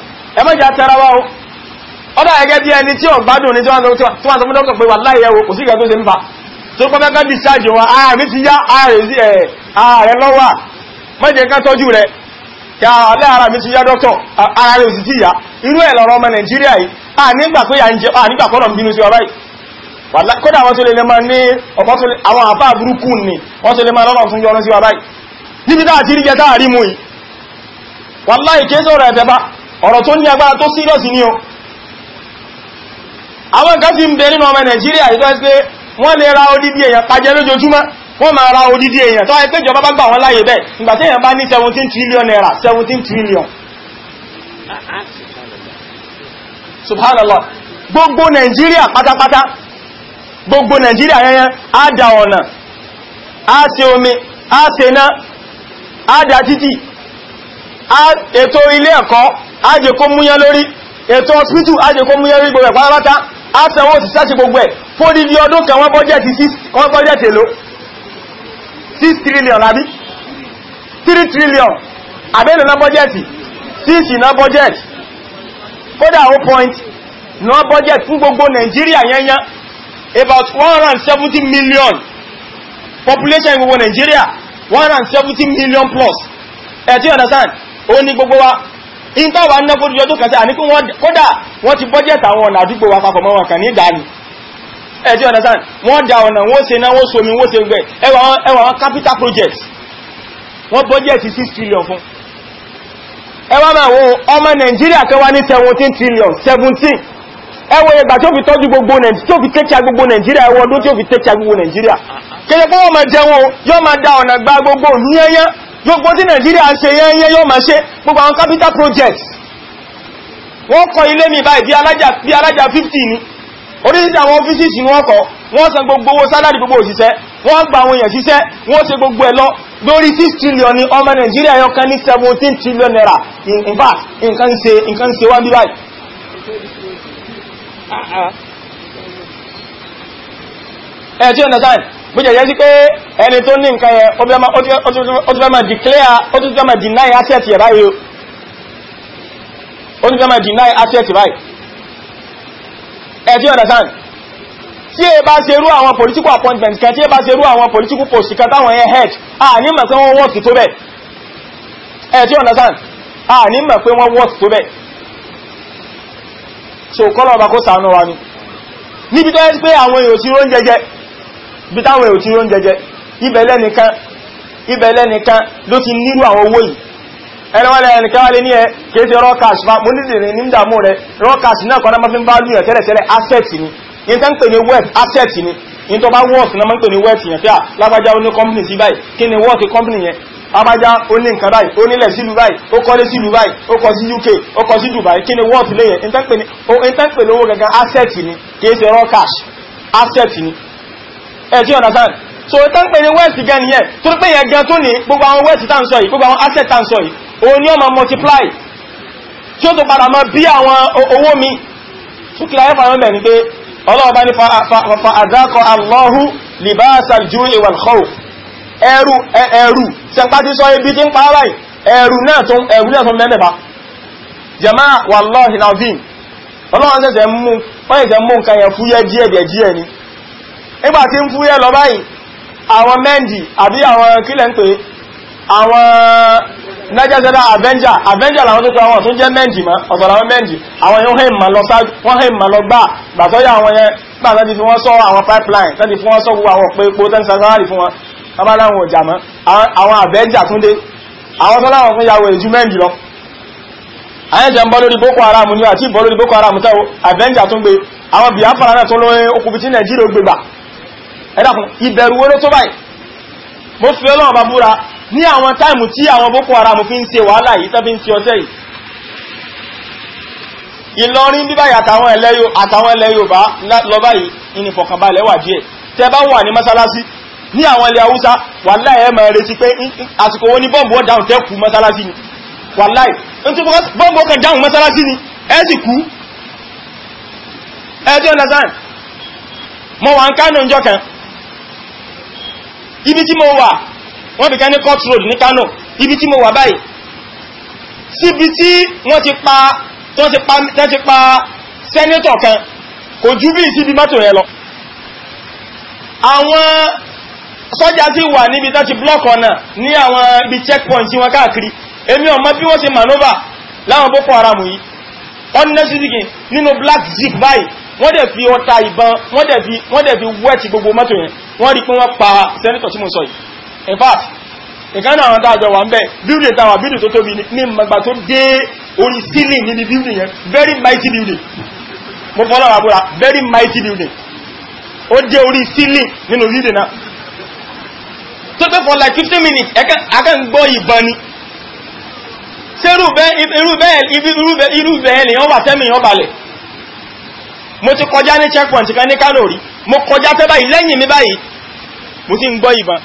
Speaker 1: ẹ mọ́jà tẹ́ra wá o ó bá ẹgẹ́ bí ẹni tí ó gbádùn ní tí wọ́n sọ fún dókítà pé wà láì ẹwọ kò discharge wọn ààrẹ ti yá ààrẹ lọ́wọ́ mọ́jẹ̀ ká tọ́jú rẹ̀ yàrá ara mi ti yá dókítà ara rẹ̀ sì ti yá irú ẹ̀ lọ́rọ̀ ọmọ Nàìjíríà yìí a nígbà pé à nígbà kọ́nà ń bínú sí ọba yìí kódà ni wọ́n tó lè máa lọ́nà tún yọrún sí ọba yìí níbi táà ọ̀rọ̀ tó ní agbára tó serious ní o àwọn nǹkan sì ń bẹ nínú ọmọ Nàìjíríà ìtọ́ ẹ́ wọ́n lè ra odidi èèyàn pàjẹ́ lójoojúmọ́ wọ́n máa ra odidi èèyàn tó ẹgbẹ́ ìjọba bá gbà wọ́n láyé bẹ́ẹ̀ ìgbà tí 17 trillion gbogbo gbogbo n'igeria ètò ilé ẹ̀kọ́ ajẹ́ kó múyán lórí ètò hospital ajẹ́ kó múyán lórí gbogbo ẹ̀ pátápátá àtẹ̀wọ́ òṣìṣẹ́ ti gbogbo ẹ̀ fódí ní ọdún kan wọ́n bọ́jẹ̀ èlò 6 trillion àbí 3 trillion àbẹ́lò ná bọ́jẹ̀tì 6 ná bọ́jẹ̀tì kódà 0 point ná bọ́jẹ̀tì fún gbogbo Nàìjíríà yẹnyán about 170 million population gbogbo Nàìjíríà 170 million plus ẹ̀ tí understand ó ní gbogbo wa in tó wà fójú ọdún kẹta àní koda kódà wọ́n ti bọ́jẹ́ta àwọn ọ̀nà àdúgbò wa papọ̀ mọ́ wọn ní ìdáni ẹ ti understand wọ́n da ọ̀nà wọ́n ṣe náà wọ́n somi wọ́n ṣe gbẹ ẹwà capital project wọ́n 6 trillion fún ẹwà máa wo ọmọ Nàìjíríà kẹwa ní 17 trillion 17 ẹwọ ẹgbà tó fi tọ́jú gbogbo Nàìjíríà tó fi tẹ́kíà gbogbo Nàìjíríà ẹwọ ọdún tó fi gbogbo tí Nàìjíríà ń ṣe yẹ́yẹ́ yọ́ ma ṣe gbogbo àwọn capital projects wọ́n kọ́ ilé mi báyìí bí alájà bí alájà 50 ni oríṣìí àwọn offices ni wọ́n kọ́ wọ́n san gbogbo owó sálárì gbogbo òṣìṣẹ́ wọ́n gba àwọn èèyàn ṣiṣẹ́ wọ́n ṣe gbogbo ẹ̀ lọ lórí 6 trillion ni ọmọ Nàìjíríà yọ kan ní 17 trillion naira in fact nǹkan ṣe nǹkan ṣe wá bí báyìí ẹ̀ tí ọ̀nà sáyẹ̀ bó jẹ́ jẹ́ sí pé ẹni tó ní nǹkan yẹ ó declare ó deny asset yẹ báyìí ó deny asset báyìí ẹ̀ tí understand tí ẹ bá ṣerú àwọn political appointment kan tí ẹ bá ṣerú àwọn political post kan táwọn yẹn head a ní mọ̀ pé wọ́n work tó bẹ̀ ẹ̀ tí understand a ní mọ̀ pé wọ́n work tó bẹ̀ so kọ́lọ̀ ọba kó sàánú wa ni níbi tó yẹ pé àwọn èèyàn tí ó ń jẹjẹ bí táwọn èrò tí ó ń jẹjẹ ibẹ̀lẹ́ nìkan ló ti nírú àwọn owó yìí ẹnìwọ́lẹ̀ ẹnìkan wálé ní ẹ kéèsè rọ́kàṣì ma mú nídìrí ní ìdàmú rẹ rọ́kàṣì náà kọ́nà máa fi ń bá lùyàn tẹ́lẹ̀tẹ́lẹ̀ asset ni in tẹ́ ń pè ní wealth asset ni in bá worth náà máa ń pè ní wealth yẹn fíà lágbájá oní company sí báyìí kí ni worth company yẹn abájá oní nǹkan báyìí onílẹ̀ sílùú báyìí ó kọ́lé sílùú báyìí ó kọ́ ẹ̀tí eh, ọ̀dásán so tán pè ní west gan nìyẹn tó pè yẹn gan tó ní gbogbo àwọn west tá ń sọ yìí gbogbo àwọn asset tá ń sọ yìí òun ni ó máa multiply tí ó tó padà mọ́ bí àwọn owó mi tó kìlá yẹ́ fàwọn mẹ́rin pé Ọlọ́run bá ní fa àdákọ Allahu libasa al-ju'i wal-khawf ẹ̀rù ẹ̀rù sẹ́ńpátí sọ ibi tí ń pa ara ẹ̀rù náà tó ẹ̀rù náà tó mẹ́mẹ́ba jama'a wallahi alazim Ọlọ́run sẹ́sẹ̀ mú nǹkan yẹn fúyẹ́ díẹ̀ díẹ̀ ni nígbà tí ń fúyẹ́ lọ báyìí àwọn mẹ́ndì àbí àwọn kílẹ̀ ń pè àwọn nẹ́jẹ́sẹ́dá avenger avenger làwọn tó tó àwọn tó jẹ́ mẹ́ndì ma ọ̀tọ̀ làwọn mẹ́ndì àwọn yóò hẹ́ ma lọ sáájú ma lọ gbà gbàtọ́yà àwọn yẹn gbà tẹ́ti fi wọ́n sọ àwọn pipeline tẹ́ti fi wọ́n sọ gbogbo àwọn pé epo tẹ́ni sasárì fún wọn sábà avenger tún dé àwọn tó láwọn fún yàwó èjú mẹ́ndì lọ àyẹ́jẹ̀ ń bọ́ lórí ni àti ìbọ́ lórí boko haram tẹ́wọ́ avenger tún gbé àwọn biafra náà tó lóyún okùnfin tí nàìjíríà ẹ dákun ìbẹ̀rù wọlé tó báyìí mo fi ọlọ́run bá búra ní àwọn táìmù tí àwọn boko haram fi ń ṣe wàhálà yìí tán fi ń ṣe ọṣẹ́ yìí ìlọrin bí àtàwọn ẹlẹ́yò àtàwọn ẹlẹ́yò bá lọ báyìí wà díẹ̀ tẹ bá wà ní mọ́sálásí ní àwọn ilẹ̀ haúsá wàláì ẹ máa ni bọ́ọ̀bù ni wàláì nítorí bọ́ọ̀bù ọkọ̀ dáhùn mọ́sálásí ni ẹ sì kú ẹ tí ọ̀nà sáà mọ́ wà ń kánú ìjọ kan ibi tí mo wà wọ́n bí kẹ́ court road ní Kano ibi tí mo wà báyìí síbi tí wọ́n ti pa wọ́n ti pa wọ́n ti pa sẹ́nẹ́tọ̀ kan kò jú bí síbi mọ́tò yẹn lọ àwọn sọ́jà sì wà níbi tó ti block ọ̀nà ní àwọn ibi checkpoint tí wọ́n káàkiri èmi ò bí wọ́n ṣe manova láwọn Boko Haram yìí honestly nínú black zip báyìí wọ́n dẹ̀ fi ọta ìbọn wọ́n dẹ̀ fi wọ́n dẹ̀ fi wẹ́ẹ̀tì gbogbo mọ́tò yẹn wọ́n rí pé wọ́n pa sẹ́nitọ̀ tí mo sọ yìí in fact nǹkan náà àwọn dájọ wà ń bẹ building tàwà building tó tóbi ní mọ̀gbà tó dé orí ceiling níbi building yẹn very mighty building mo fọ́lọ́ àbúrà very mighty building ó dé orí ceiling nínú building náà tó pé for like 15 minutes akẹ́ ń gbọ́ ìbọn ni ṣé irú bẹ́ẹ̀ ni wọ́n wà tẹ́mì yọ́n balẹ̀ mo ti kọjá ní checkpoint kan ní Kano rí mo kọjá tẹ́ báyìí lẹ́yìn mi báyìí mo sì ń gbọ́ ìbọn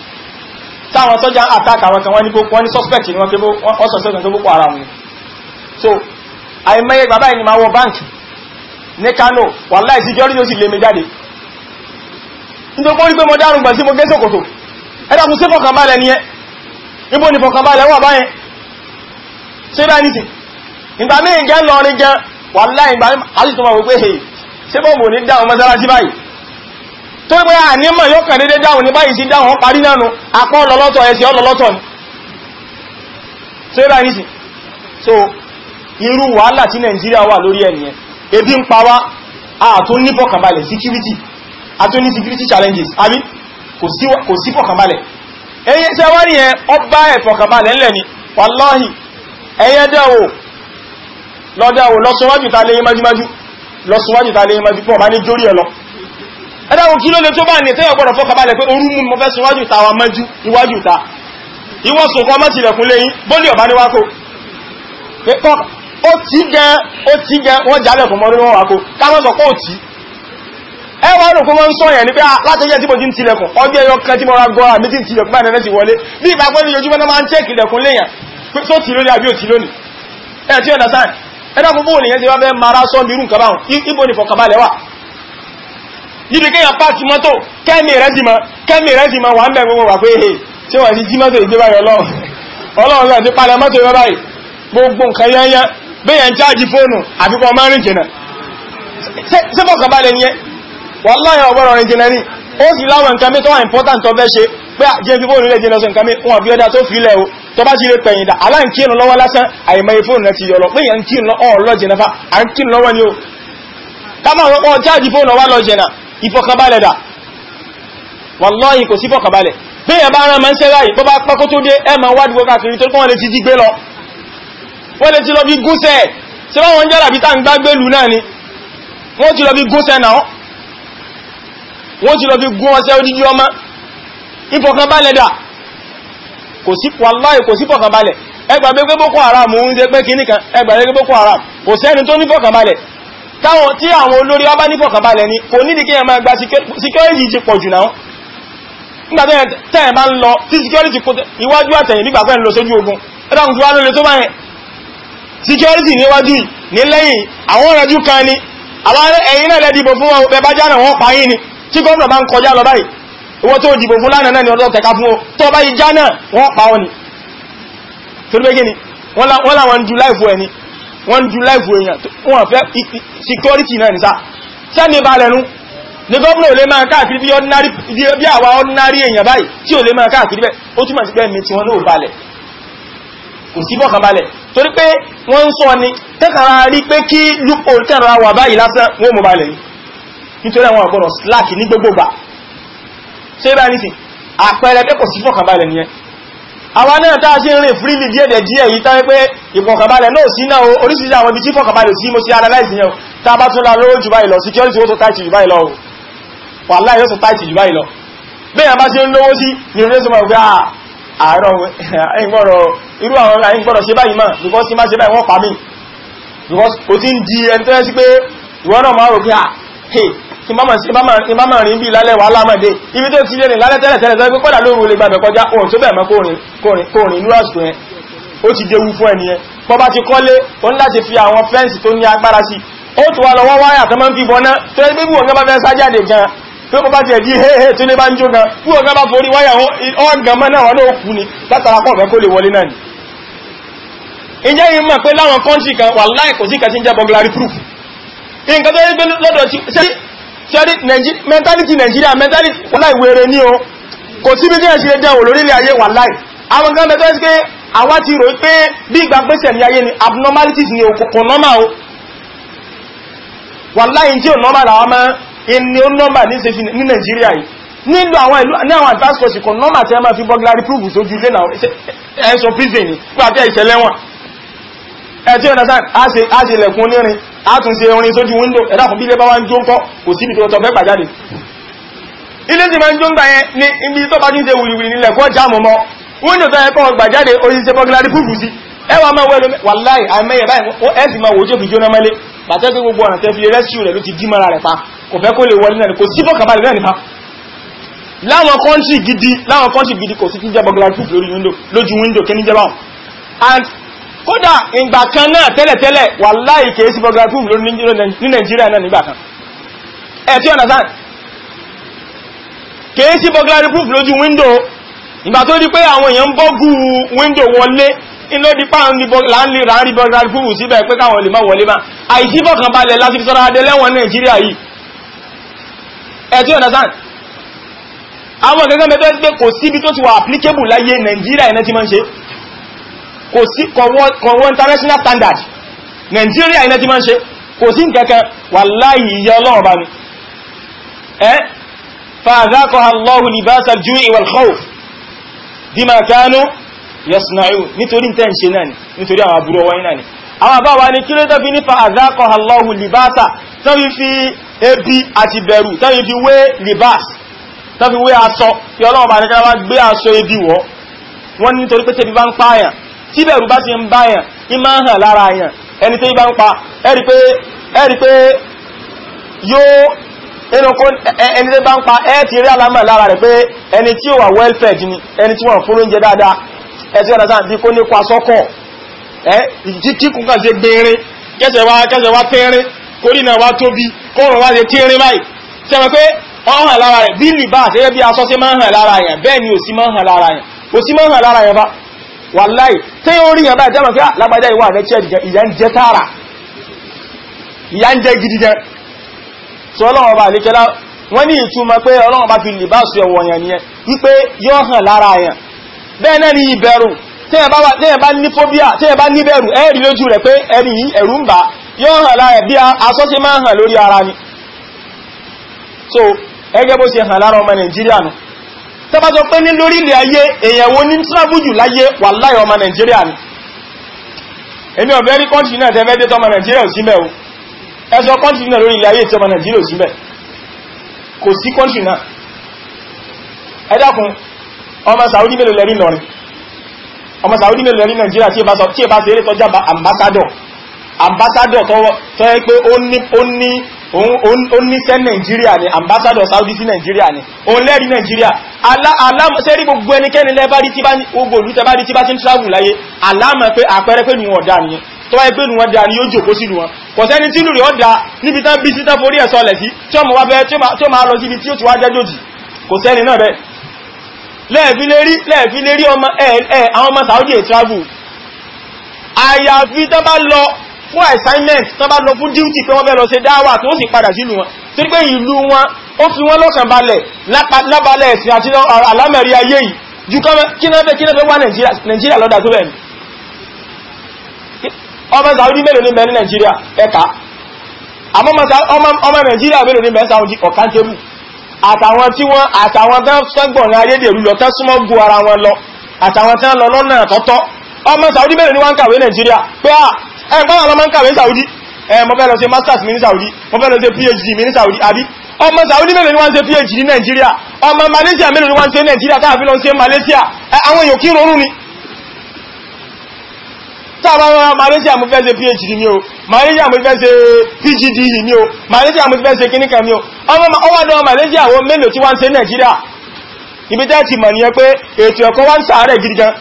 Speaker 1: táwọn sọ́jà attack àwọn kan wọ́n ní wọ́n ní suspect ni wọ́n pé wọ́n tó so àìmọye bàbá yìí ni máa wọ báǹkì ní Kano wàláì sí jọ́rí yóò sì lè mi jáde nítorí wọ́n rí pé mo dárùn gbọ̀n sí mo gé sòkòtò sí fọkànbalẹ̀ ni ẹ ni fọkànbalẹ̀ wà báyẹn ṣé bá ní ìgbà tó pé à ní mọ̀ yóò kàn dédé dáhùn ní báyìí sí dáhùn parí náà nù ọlọ́lọ́tọ̀ ẹ̀sì ọlọ́lọ́tọ̀ so irú wàhálà tí Nàìjíríà wà lórí ẹ̀nìyàn ebi ń pa wá àtún security security challenges ọba ni lọ́sùnwájú ta lẹ́yìn májúmájú lọ́sùnwájú májú pọ̀ ní jórí lọ ẹ̀dàwò kí ló lè tó bá ní tẹ́yọ̀ gbọ́dọ̀ fọ́kàbalẹ̀ pé orú mú mọ́fẹ́ síwájú ta wa mẹ́jú iwájú ta ìwọ́n sọ̀kọ́ ọmọ ti lẹ̀kún lẹ́yìn bóní ọ̀bá níwákó ó ti gẹ ó ti gẹ wọ́n jálẹ̀ fún mọ́ níwákó káwọn sọ pé ó ti ẹwà rò fún wọn sọ yẹn ni pé ah, látẹ́jẹ́ tí mo ti ń tilẹ̀kùn ọjọ́ ẹyọ kan tí mo ra gọ́ra mi ti ń tilẹ̀kùn báyìí nẹ́nẹ́ ti wọlé bí ìgbà pẹ́ ní ojúmọ́ náà máa ń tẹ́ẹ̀kì lẹ̀kùn léyàn tó ti lónìí àbí òtí níbi kéyàn pàtí mọ́tò kẹ́mì rẹ̀ sì máa kẹ́mì rẹ̀ sì máa wà mẹ́ gbogbo wà pé he tí wọ́n ti jí mọ́tò ìgbé báyìí ọlọ́run ọlọ́run náà ti padà mọ́tò ìwọ́ báyìí gbogbo nǹkan yányá bẹ́yàn chájì fóònù àbíkọ márùn jìnà sífọ̀kà balẹ̀ ni ẹ́ wàláyà ọgbọ́rọ̀ rìn jìnà ní ó sì láwọn nǹkan mi tó wà important tó fẹ́ ṣe pé jẹ́ fi fóònù lè jìnà sí nǹkan mi wọn àbí ọdá tó fi ilẹ̀ o tó bá sì lè pẹ̀yìndà aláǹkírun lọ́wọ́ lásán àìmọ̀ ìfóònù rẹ̀ ti yọ lọ pé yẹn kírun lọ́wọ́ jìnà fa àǹkírun lọ́wọ́ ni o ká máa rọ́pọ̀ chájì fóònù wá lọ jìnà ìfọkànbalẹ̀ dà wallahi kò sí fọkànbalẹ̀ bẹ́yàn bá rán ma ń sẹ́ ráyìí bọ́bá pẹ́kó tó dé ẹmà wádìí káàkiri tó kọ́ wọ́n lè ti jí gbé lọ wọ́n lè ti lọ bí gúnṣẹ́ ṣe wọ́n wọ́n jẹ́rà bí tá ń gbágbé lù náà ni wọ́n ti lọ bí gúnṣẹ́ náà wọ́n ti lọ bí gún ọṣẹ́ odidi ọmọ ìfọkànbalẹ̀ dà kò Boko Haram ń ṣe pé kìnnìkan táwọn tí àwọn olórí wá bá ní fọ̀kànbalẹ̀ ni kò ní dìkẹ́ ẹ̀mà gba security ti pọ̀ jù náà nígbàtí tẹ́ẹ̀ bá ń lọ tí security kò iwájú àtẹ̀yìn bí gbàgbẹ́ ń lọ sójú ogun ẹ̀dàkùn tí wá lórí tó báyẹn security níwájú ní lẹ́yìn àwọn ọ̀rẹ́jú kan ni àwọn ẹ̀yìn náà lẹ́dìbò fún wọn bẹ bá jára ni tí gómìnà bá ń kọjá lọ báyìí owó tó dìbò fún ni wọ́n ju láìfò èèyàn wọ́n fẹ́ security náà nìsá sẹ́ni bá lẹ́nu ní gọ́ọ̀nà olè máa káàkiri bí ordinary bí àwa ordinary èèyàn báyìí tí olè máa káàkiri bẹ́ ó túnmọ̀ sí pé ẹ̀mí tí wọ́n náà balẹ̀ kò sí bọ́kàn balẹ̀ torí pé wọ́n ń sọ ni kẹ́kàrà rí pé kí lúpọ̀ tẹ́rọ wà báyìí lásán wọ́n mú balẹ̀ nítorí àwọn ọ̀gbọ̀nà slack ní gbogbo gbà ṣé bá ní sí àpẹẹrẹ pé kò sí bọ́kàn balẹ̀ nìyẹn àwa náà tá a ṣe ń rìn frílì díẹ̀dẹ̀ díẹ̀ yìí tán pé ìfọ̀kànbalẹ̀ náà sí náà oríṣìíṣẹ́ àwọn ibi tí ìfọ̀kànbalẹ̀ sí mo sí analyze yẹn tá a bá tún lọ lówó jù báyìí lọ security ó tó tight jù báyìí lọ wàláhì ó tó tight jù báyìí lọ bẹ́ẹ̀ bá ṣe ń lówó sí ni orí ẹ̀sùn máa gbé àárọ̀ ìgbọ́rọ̀ irú àwọn ọ̀la ìgbọ́rọ̀ ṣe báyìí mà because má because ó ti ń di ẹni tó yẹ sí pé ìwọ náà ah, hey tí bá máa rìn bí lálẹ́ wà lámàdé ibi tó ti lè rìn lálẹ́ tẹ́lẹ̀ tẹ́lẹ̀ tẹ́lẹ̀ kọ́dà lóru olè gbàbẹ̀ kọjá ohun tó bẹ̀rẹ̀ mọ́ kóòrìn inú àsìkò yẹn ó ti dé wú fún ẹni yẹn pọ́bá ti kọ́lé ó ní láti fi àwọn fẹ́ǹsì tó ní agbára sí ó tó wà lọ́wọ́ wáyà tó máa ń fi bọ́ná tó ẹgbẹ́ bí wọ́n bá fẹ́ ni látara pọ̀ mẹ́kó lè wọlé náà ni ìjẹ́ yìí mọ̀ pé láwọn kọ́ńtì kan wà láì kò sí kan tí ń jẹ́ burglary tó yẹ pé lọ́dọ̀ tí sẹ́rí mentality Nigeria mentality wọ́láì wèrè ní o kò sí bí kíyàn sí lè dẹ̀wò lórílẹ̀ ayé wà láì àwọn kan bẹ̀tọ́ sí pé àwa ti rò pé bí ìgbà ní ayé ni abnormalities ni òkùnkùn nọ́mà o wà láì tí ò normal làwọn mọ́ ní ó nọ́mà ní Nigeria yìí nílò àwọn ìlú ní àwọn advanced course kò nọ́mà tí wọ́n máa fi burglary proof sójú ilé náà ẹ̀ prison ní pàtẹ́ ìṣẹ̀lẹ́wọ̀n ẹ̀tí ọ̀dásán a ṣe lẹ̀kùn onírin a tún ṣe orin sójú wíńdò ẹ̀dá fún bílé bá wá ń jó ń kọ́ kò sí ibi tó tọ́ fẹ́ pàjáde ilé ti máa ń jó ń gbà yẹn ní ibi tó bá ti ń ṣe wìrìwìrì nílẹ̀ kọ́ já mọ́mọ́ wíńdò tó yẹ kọ́ gbàjáde oyin ṣe bọ́gílárì púpù sí ẹwà máa wẹ́lú wàláì àmẹ́yẹ báyìí ẹ sì máa wòójó fi jóná mọ́lé bàtẹ́ pé gbogbo ọ̀nà tẹ́ fi rẹ́síù rẹ̀ ló ti dí mọ́ra rẹ̀ pa kò fẹ́ kó lè wọlé náà ni kò sí fọ́kàbalẹ̀ náà nípa láwọn kọ́ńtì gidi láwọn kọ́ńtì gidi kò sí ti jẹ́ bọ́gílárì púpù lójú wíńdò kí ní jẹ́ báwọn kódà ìgbà kan náà tẹ́lẹ̀tẹ́lẹ̀ wà láì kèé sí bọ́gbàkú ní Nàìjíríà náà nígbà kan ẹ̀ tí ọ̀nà sáà kèé sí bọ́gbàkú lójú wíńdò ìgbà tó di pé àwọn èèyàn bọ́gù wíńdò wọlé inú di pa láńlì rárí bọ́gbàkú síbẹ̀ pé káwọn lè má wọlé má àìsí bọ́kàn balẹ̀ láti sọ́ra adé lẹ́wọ̀n Nàìjíríà yìí ẹ̀ tí ọ̀nà sáà àwọn gẹ́gẹ́ mẹ́tọ́ pé kò síbi tó ti wà applicable láyé Nàìjíríà ẹ̀nà ti máa ń ṣe kò sí kọ̀wọ́ international standard Nigeria iná tí máa ń ṣe kò sí nkẹ́kẹ́ wallahi ìyẹ ọlọ́run bá ní ẹ́ fa'adhaqaha Allahu libasa al-ju'i wal khawf bima kanu yasna'un nítorí tẹ́ ń ṣe náà ni nítorí àwọn àbúrò wáyé náà ni àwọn àbá ní kí ló tẹ́ fi ní fa'adhaqaha Allahu libasa tán fi ebi àti bẹ̀rù tán fi wé libas tán wé aṣọ kí ọlọ́run bá ní kí gbé aṣọ ebi wọ̀ wọ́n nítorí pé tẹ́bi bá ń pààyàn tí bẹ̀rù bá ṣe ń bá yàn ní máa hàn lára yàn ẹni tí bá ń pa ẹ̀rí pé ẹ̀rí pé yóò inú kó ẹni tí bá ń pa ẹ́ ti rí alámọ̀ lára rẹ̀ pé ẹni tí ó wà welfare ni ẹni tí wọ́n fún oúnjẹ dáadáa ẹ̀sí ọ̀dá sáà bí kó ní kwa sọ́kọ̀ ẹ́ kíkùn kan ṣe gbẹ̀rin kẹsẹ̀ wá kẹsẹ̀ wá tẹ́rin kórì náà wá tóbi kọ́rùn wá ṣe tẹ́rin báyìí sẹ́wọ̀n pé wọ́n hàn lára rẹ̀ bí lìbá àṣẹ́yẹ́ bí asọ́sẹ́ máa hàn lára yẹn bẹ́ẹ̀ ni òsì máa hàn lára yẹn òsì máa hàn lára yẹn bá wàláì tí ó rí yàn báyìí jẹ́mọ̀ fí ah, lágbàjá ìwà àrẹ́kẹ́ ìyà ń jẹ tààrà ìyà ń jẹ gidi jẹ tí ọlọ́run bá àlékẹ́lá wọ́n ní ìtumọ̀ pé ọlọ́run bá fi lè bá sọ ẹ̀wọ̀n yàn nìyẹn wípé yóò hàn lára yàn bẹ́ẹ̀ náà ní ìbẹ̀rù téèyàn bá ní fóbíà téèyàn bá ní ma ni tọba sọ pé ní lórílẹ̀ ayé èèyàn wo ní tíráàbù jù láyé wà láyé ọmọ nàìjíríà ni èmi ọ̀bẹ́ rí kọ́ntì náà tẹ́fẹ́ dé tọmọ nàìjíríà ò síbẹ̀ o ẹ sọ kọ́ntì náà lórílẹ̀ ayé tọmọ nàìjíríà ò síbẹ̀ kò sí kọ́ntì náà ẹ dákun ọmọ saudi mélòó lẹ́rí lọrin ọmọ saudi mélòó lẹ́rí nàìjíríà tí ẹ bá ṣe ó ní sẹ́ nàìjíríà ni ambassador saudi sí nàìjíríà ni òun lẹ́rí nàìjíríà aláàmọ́sẹ́rí gbogbo ẹnikẹ́ni lẹ́bárí tí bá ní ogbò olú tẹ́bárí tí bá ti ń travel láyé aláàmọ́ pé àpẹẹrẹ pé ní wọ́n dá nìyẹn tó wáyé pé ní wọ́n dá ní yóò jòkó sínú wọn kò sẹ́ni tí lùrì ọ̀dà níbi tán bí sítán forí ẹ̀sọ́ lẹ̀ sí tí ọmọ wa bẹ tí ó máa lọ síbi tí ó ti wá jẹ́ jòjì kò ẹ̀ àwọn fún assignment tó bá lọ fún duty pé wọ́n fẹ́ lọ ṣe dáwà tó sì padà sílù wọn tí pé ìlú wọn ó fi wọ́n lọ́kàn balẹ̀ lábalẹ̀ ẹ̀sìn àti alámẹ̀rí ayé yìí ju kínáfẹ́ wá nàìjíríà lọ́dà tó bẹ̀rẹ̀ ọmọ Saudi mélòó ní bẹ̀rẹ̀ nàìjíríà ẹ̀ka ọmọ nàìjíríà mélòó ní bẹ̀rẹ̀ Saudi ọ̀kántébù àtàwọn tí wọ́n àtàwọn tán sẹ́gbọ̀n ayédèrú lọ tán súnmọ́ gu ara wọn lọ àtàwọn tán lọ lọ́nà àtọ́tọ́ ọmọ Saudi mélòó ní wọ́n ń kàwé nàìjíríà pé à ẹgbọ́n àwọn ọmọ ń kàwé Saudi ẹ eh, mo fẹ́ lọ ṣe masters mi ní Saudi mo fẹ́ lọ ṣe PhD mi ní Saudi àbí ọmọ Saudi mélòó ni wọ́n ṣe PhD ní Nàìjíríà ọmọ Malaysia mélòó ni wọ́n ṣe Nàìjíríà táàfi lọ ṣe Malaysia eh, àwọn èèyàn kí ronú ni táàbá wọn Malaysia mo fẹ́ ṣe PhD mi o Malaysia mo fẹ́ ṣe PGD mi e o Malaysia mo fẹ́ ṣe kíníkà mi o ọmọ ọwọ́dọ̀ Malaysia wọn mélòó tí wọ́n ṣe Nàìjíríà ibi tẹ́ẹ̀tì mọ̀ nìyẹn pé ètò ẹ̀kọ́ wá ń sàárẹ̀ gidi gan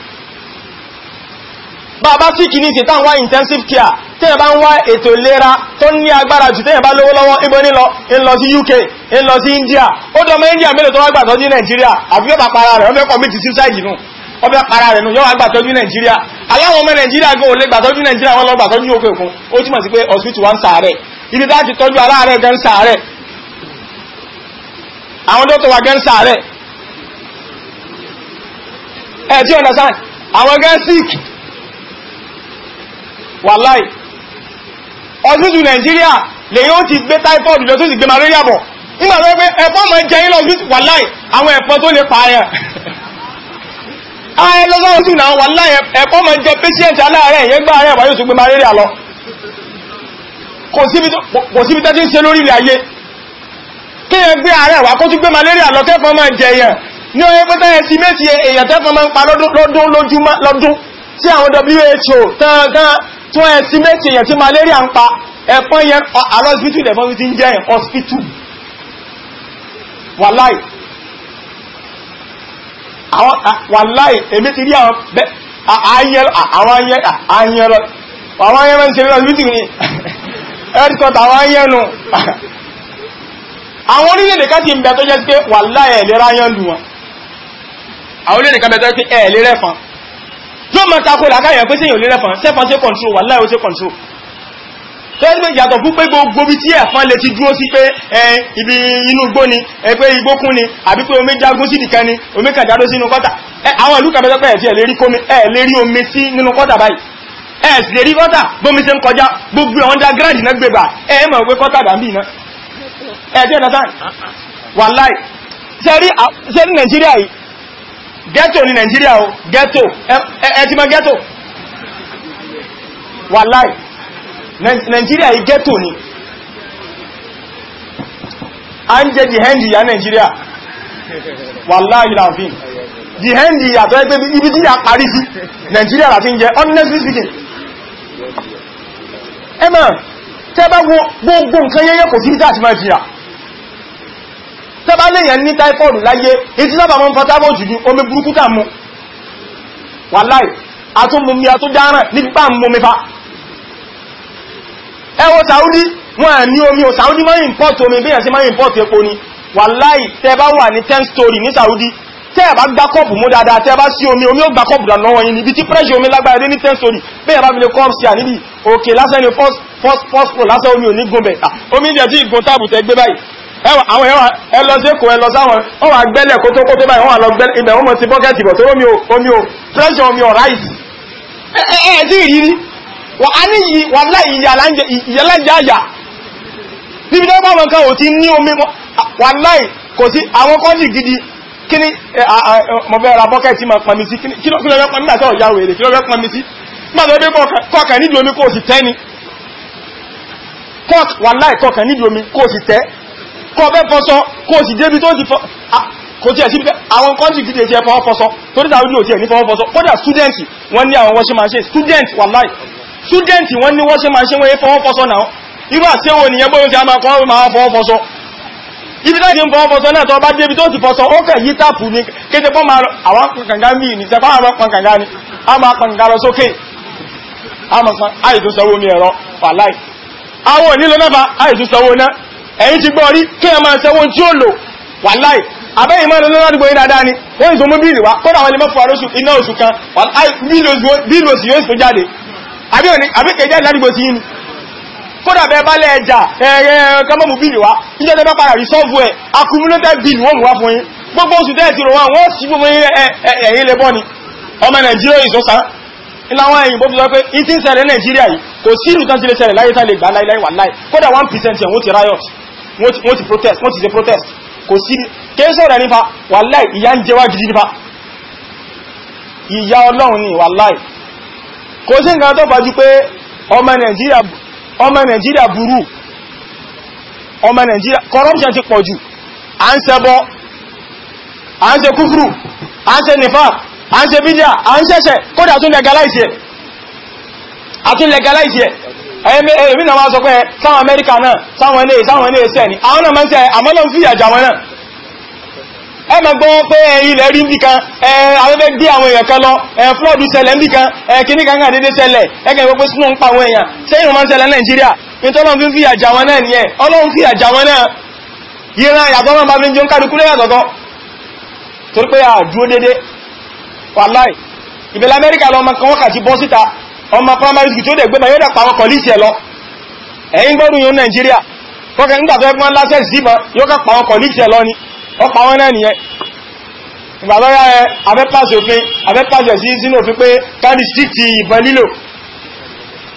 Speaker 1: bàbá sí kìí sí tán wá intensive care tẹ́yẹ̀ bá ń wá ètò ìlera tó ní agbára jù tẹ́yẹ̀ bá lówó lọ́wọ́ ibo nílọ ìlọ sí UK ìlọ sí India ó dọmọ India mélòó tó wá gbà tọ́jú Nigeria àbí yóò bá para rẹ̀ ọmọ commit suicide nù ọbẹ̀ para rẹ̀ nù yóò wá gbà tọ́jú Nàìjíríà aláwọ̀ ọmọ Nigeria gan ò lè gbà tọ́jú Nàìjíríà wọn lọ gbà tọ́jú òkè òkun ó túmọ̀ sí pé hospital wa ń sàárẹ̀ ibi tá ti tọ́jú aláàrẹ̀ gan sàárẹ̀ àwọn dókítà wa understand àwọn gan sick wàláì ọ̀sítù nàìjíríà lè yóò ti gbé typhoid lọ tó sì gbé malaria bọ̀ nígbà tó pé ẹ̀fọ́ mọ̀ jẹ́ yín lọ́sítù wàláì àwọn ẹ̀fọ́ tó lè pààyàn ààrẹ ah, lọ́sọ́sítù náà wàláì ẹ̀fọ́ mọ̀ jẹ́ patient aláàárẹ̀ yẹn gbá ààrẹ wà yóò sì gbé malaria lọ kò síbi tó ti ń ṣe lórí ilẹ̀ ayé kí ẹ gbé ààrẹ wà kó tún gbé malaria lọ kẹ́fọ́ mọ̀ jẹ́ yẹn ní ọyẹ́ pẹ́tẹ́ ẹ̀ sí méjì èèyàn tẹ́fọ́ mọ̀ ń pa lọ́dún lójúmọ́ lọ́dún tí àwọn WHO tán-tán tí wọ́n ẹ̀sí méjì èyàn tí malaria ń pa ẹ̀fọn yẹn alọ́sibítù lẹ̀fọn ti ń jẹ́ hospital wàláì wàláì èmi ti rí àwọn ayẹ́rọ àwọn ayẹ́rọ ń ṣe lọ́sibítù ní ẹ́dìkọ́ta àwọn ayẹ́nu àwọn orílẹ̀-èdè ká ti ń bẹ̀ tó jẹ́ pé wàláì ẹ̀lẹ́ra yẹn lù wọn àwọn orílẹ̀-èdè ká bẹ̀ tó jẹ́ pé ẹ̀lẹ́rẹ̀fọn yóò máa takò làkáyàn pé séyàn lè rẹ́fàn sẹ́fàn sí control wà láì ó sí control tó ẹ́sì pé yàtọ̀ fún pé gbogbo bí tí ẹ̀fán lè ti dúró sí pé ibi inú igbó ni ẹgbẹ́ igbókún ni àbí pé omi jágún sí nìkan ni omi kàjádó sínú kọ́tà àwọn ìlú kàbẹ́sọ́pẹ́ ẹ̀ tí ẹ̀ lè rí omi sí nínú kọ́tà báyìí ẹ̀ sì lè rí kọ́tà bómi ṣe ń kọjá gbogbo underground náà gbégbà ẹ̀ mọ̀ pé kọ́tà dàbí iná ẹ̀ tí ẹ̀ nàtàn wàláì ṣe rí Nàìjíríà yìí ghetto ní Nigeria, o ghetto ẹ̀tí ma ghetto wàláì Nigeria yìí ghetto ni a ń jẹ jihandi ya Nàìjíríà Di láàfin ya yàtọ̀ ẹgbẹ́ ibi tí a parí sí Nàìjíríà láti ń jẹ honestly speaking ẹmà tẹ́bá gbogbo nǹkan yẹ́yẹ́ kò sí ìtàtí máa tẹ́bá lèyàn ní táífọ́ọ̀dù láyé ìtí sábà mọ́ fọ́tábọ̀ jùjú omi burúkú tà mú wàláì àtúnmùmí àtúndáràn ní pípà mọ́mífà ẹwọ Saudi wọ́n à ní omi o Saudi máa import omi bí ẹ̀sí máa import epo ni wàláì tẹ́bá wà ní 10 story ní Saudi tẹ́ẹ̀bá gbá kọ́ọ̀pù mú dáadáa tẹ́ẹ̀bá sí omi omi ó gbá kọ́ọ̀pù dà lọ́wọ́ yìí níbi story bẹ́ẹ̀ bá bílé kọ́ọ̀pù sí à níbi òkè lásán ní first omi ò ní ah, omi ìdẹ̀ tí ìgùn táàbù àwọn ẹwà ẹlọ sí èkó ẹlọ sáwọn wọ́n wà gbẹ́lẹ̀ kó tó kó tó báyìí wọ́n wà lọ gbẹ́lẹ̀ ibẹ̀ wọ́n mọ̀ sí bọ́kẹ́tì bọ̀ tó omi omi o pressure omi ọ̀ráìsì ẹ̀ẹ́ sí ìrírí wà á ní yìí wà láì ìyàlájẹ́ àyà níbi tó báwọn kan ò ti ní omi wà láì kò sí àwọn kọ́lì gidi kí ni mo fẹ́ ra bọ́kẹ́tì máa pàmì sí kí ló fẹ́ pàmì àti ọ̀yà wèrè kí ló fẹ́ pàmì sí gbàtọ̀ bí kọ́ọ̀kà nídìí omi kó o sì tẹ́ ni kọ́ọ̀kà nídìí omi kó o sì tẹ́ kọ́ bẹ́ fọ́sọ́ kó sì débi tó ti fọ́ kò tí ẹ̀ sí àwọn kọ́ntì gidi èsì ẹ̀fọ́ fọ́sọ́ tó ní Saudi òtí ẹ̀ ní fọ́wọ́ fọ́sọ́ kódà student wọ́n ní àwọn washing machine student wallahi student wọ́n ní washing machine wọ́n yẹ fọ́wọ́ náà irú àṣẹ́wò nìyẹn bóyọ́ sí a máa kọ́ máa ibi láti ń náà tó bá débi tó ó kẹ̀ yí tàpù a máa kànga lọ sókè àìtúnsanwó mi ẹ̀rọ fàláì àwọn ẹ̀yìn ti gbọ́ rí kí ẹ máa sẹ́wọ́n tí ó lò wà láì abẹ́yìn máa lọ́lọ́ àdúgbò yìí dáadáa ni wọ́n ìsọ mú bíìlì wá kódà wọn lè mọ́ fún àrósù iná oṣù kan bíìlì oṣù yóò sún jáde àbíkẹjá ìlàdúgbò sí yìí kódà bẹ bá lẹ́ẹ̀jà ẹ̀ẹ́ kọmọ́ mú bíìlì wá níjẹ́ tẹ́ bá padà rí sọ́ọ̀fù ẹ̀ accumulated bill wọ́n mú wá fún yín gbogbo oṣù tẹ́ẹ̀ ti rò wọn wọ́n sí gbogbo ẹ̀yìn lẹ́bọ́ ni ọmọ nàìjíríà yìí sọ́sán ìlàwọn ẹ̀yìn bó fi sọ pé ìtí ń ṣẹlẹ̀ nàìjíríà yìí kò sí ìrù tán ti lè ṣẹlẹ̀ láyé tá lè gbà láyé wà láyé kódà 1% ẹ̀wọ́n ti riot wọ́n ti protest wọ́n ti ṣe protest kò sí kéèsọ̀ rẹ̀ nípa wàláì ìyá ń jẹwà gidi nípa ìyá ọlọ́run ni wàláì kò sí nǹkan tó fàájú pé ọmọ Nàìjíríà ọmọ Nàìjíríà burú ọmọ Nàìjíríà corruption ti pọ̀ jù à ń ṣẹbọ à ń ṣe kúfùrù à ń ṣe nìfà à ń ṣe bídíà à ń ṣẹ̀ṣẹ̀ kódà tún legalize ẹ̀ ẹ̀mí náà wá sọ pé sáwọn amẹ́ríkà náà sáwọn ilé sáwọn ilé ẹsẹ̀ ni àwọn náà máa ń tẹ́ àmọ́lọ́n sí ìyàjà wọn náà ẹ mọ̀ gbọ́ pé ilẹ̀ rí nbì kan afẹ́fẹ́ gbé àwọn èèyàn kan lọ flọ́ọ̀dù ṣẹlẹ̀ nbì kan kìíní kan kan dédé ṣẹlẹ̀ ẹgbẹ́ gbogbo sínú ń pa àwọn èèyàn sẹ́yìn máa ń ṣẹlẹ̀ nàìjíríà ìtọ́lọ́n fi ń fìyà jà wọn náà nìyẹn ọlọ́run fìyà jà wọn náà yíran yàtọ̀ náà bá fi ń jẹun kálukú lẹ́yà tọ̀tọ̀ torí pé àdúró dédé wàláì ìbẹ̀lẹ̀ amẹ́ríkà lọ ọmọ kan wọ́n kà ti bọ́ síta ọmọ primary school tí dẹ̀ gbé ma yóò dàpọ̀ àwọn ẹ̀ lọ ẹ̀yìn gbọ́dún yóò Nàìjíríà kọ́kẹ́ nígbà tó ẹgbọ́n lásẹ̀ sí ma yóò kà pàwọn ẹ̀ lọ ni ó náà nìyẹn ìgbà lọ́yà ẹ abẹ́pàṣẹ òfin abẹ́pàṣẹ sí sínú òfin pé sí ti ìbọn lílò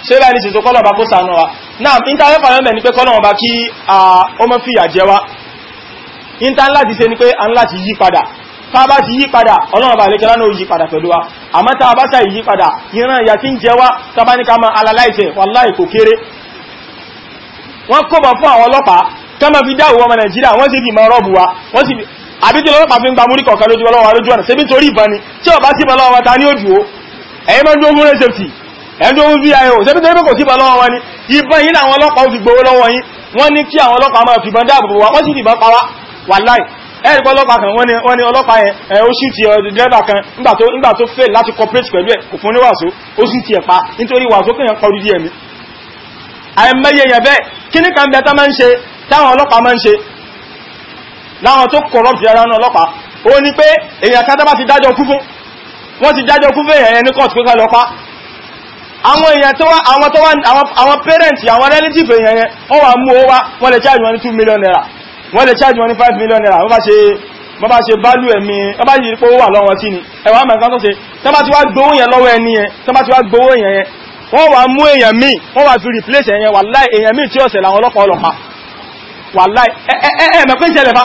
Speaker 1: ṣé ní ṣètò kọ́nà sànù wa náà tába ti yí padà ọlọ́ọ̀bà àlékẹ́lá náà yí padà pẹ̀lú wa àmọ́ tá a bá sá yí padà ìran ìyà tí ń jẹ wá tába ní ká máa alaláìsẹ̀ wàláì kò kéré wọ́n kóbọ̀ fún àwọn ọlọ́pàá kẹ́mọ̀ fi dáwọ́ ọmọ nàìjíríà wọ́n sì fi máa rọ́ọ̀bù wa wọ́n sì àbíkí lọ́pàá fi ń gba múrí kọ̀ọ̀kan lójú ọlọ́wà lójú ọ̀nà ṣebí torí ìbọn ni tí ọba sí ìbọn lọ́wọ́ ta ní òjò ẹ̀yìn mọ́ dúró múrẹ́ safety ẹ̀yìn tó ń fi ayò ṣebí torí kò sí ìbọn lọ́wọ́ wọn ni ìbọn yìí làwọn ọlọ́pàá fi gbowó lọ́wọ́ yín wọ́n ní kí àwọn ọlọ́pàá máa fìbọn dáàbò wa wọ́n sì fìbọn pa wá wàláì ẹ̀rí pọ́ ọlọ́pàá kan wọ́n ni ọlọ́pàá yẹn ó sì ti ọdún dẹ́bà kan nígbà tó fail láti cooperate pẹ̀lú ẹ̀ kò fún níwàásó ó sì ti ẹ̀pa nítorí wàásó kìyàn kọ orí díẹ̀ mi àìmọye yẹn bẹ́ẹ̀ kí ní kan bẹ tá máa ń ṣe táwọn ọlọ́pàá máa ń ṣe láwọn tó corrupt ara náà ọlọ́pàá ó ní pé èèyàn kan dábà ti dájọ́ kú fún wọ́n ti dájọ́ kú fún èèyàn parents àwọn relative èèyàn yẹn wọ́n wà mú owó charge wọn ní million naira wọ́n lè charge wọn ní 5 million naira wọ́n bá ṣe bọ́bá ṣe bálú ẹ̀mí ọba yìí pé ó wà lọ́wọ́ tí ni ẹ̀wọ̀n àmà ìkan tó ṣe tán bá ti wá gbowó yẹn lọ́wọ́ ẹni yẹn tán bá ti wá gbowó yẹn yẹn wọ́n wá mú èèyàn míì wọ́n wá fi replace ẹ̀yẹn wàláì èèyàn míì tí ọ̀sẹ̀ làwọn ọlọ́pàá ọlọ́pàá wàláì ẹ̀ẹ̀mẹ̀ pé ìṣẹ̀lẹ̀ fa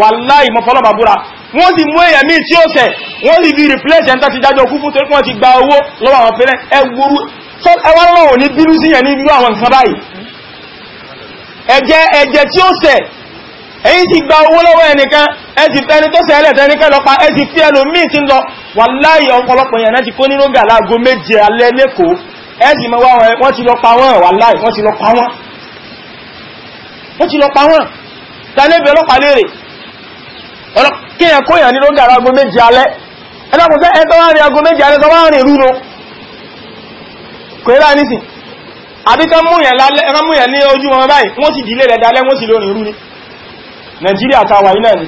Speaker 1: wàláì mọ̀fọ́lọ́pàá búra wọ́n sì mú èèyàn míì tí ọ̀sẹ̀ wọ́n sì fi replace ẹ̀ńtà ti dájọ́ kú fún torí wọ́n ti gba owó lọ́wọ́ àwọn fẹ́rẹ́ ẹgbúrú ẹwà lọ́wọ́ ní bínú sí yẹn ní irú àwọn nǹkan báyìí ẹjẹ ẹjẹ tí ó sẹ èyí ti gba owó lọ́wọ́ ẹnìkan ẹ̀sì ẹni tó sẹ ẹlẹ́tẹ̀ ẹnìkan lọ pa ẹ̀sì fi ẹlòmí ti lọ wàláhì ọ̀pọ̀lọpọ̀ yẹn náà ti kó nínú gàlá méje alẹ́ lẹ́kọ̀ọ́ ẹ̀sì ma wọ́n ti lọ wọ́n wọ́n ti ọlọ́pàá àbí kan múyàn ní ojú wọn báyìí wọ́n sì dìlé rẹ̀ dalẹ́ wọ́n sì lórí rú ní Nàìjíríà tàwà iná ni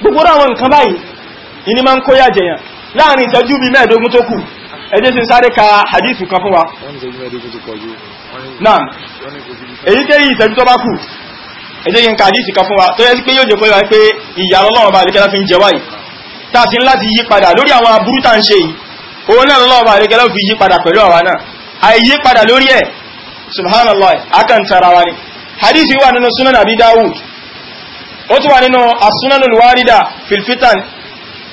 Speaker 1: gbogbo àwọn nǹkan báyìí ìní máa ń kó yà jẹyàn láàrin ìṣẹ́jú bí mẹ́ẹ̀dógún tó kù ẹ sí sáré ka hadithu kan fún wa náà èyíkéyìí ìṣẹ́jú tó bá kù ẹ jẹ́ yín hadithu kan fún wa tó yẹ sí pé yóò jẹ́ kó yà pé ìyà Ọlọ́run bá àríkẹ́lá fi ń jẹ wáyìí tá a sì ń láti yí padà lórí àwọn aburú tá ń ṣe yìí òun náà Ọlọ́run bá àríkẹ́lá fi yí padà pẹ̀lú àwa náà àìyí padà lórí ẹ̀ subhanallah akan tara wa ni hadisi wà nínú sunan abi dawud ó tún wà nínú as-sunanul warida fil fitan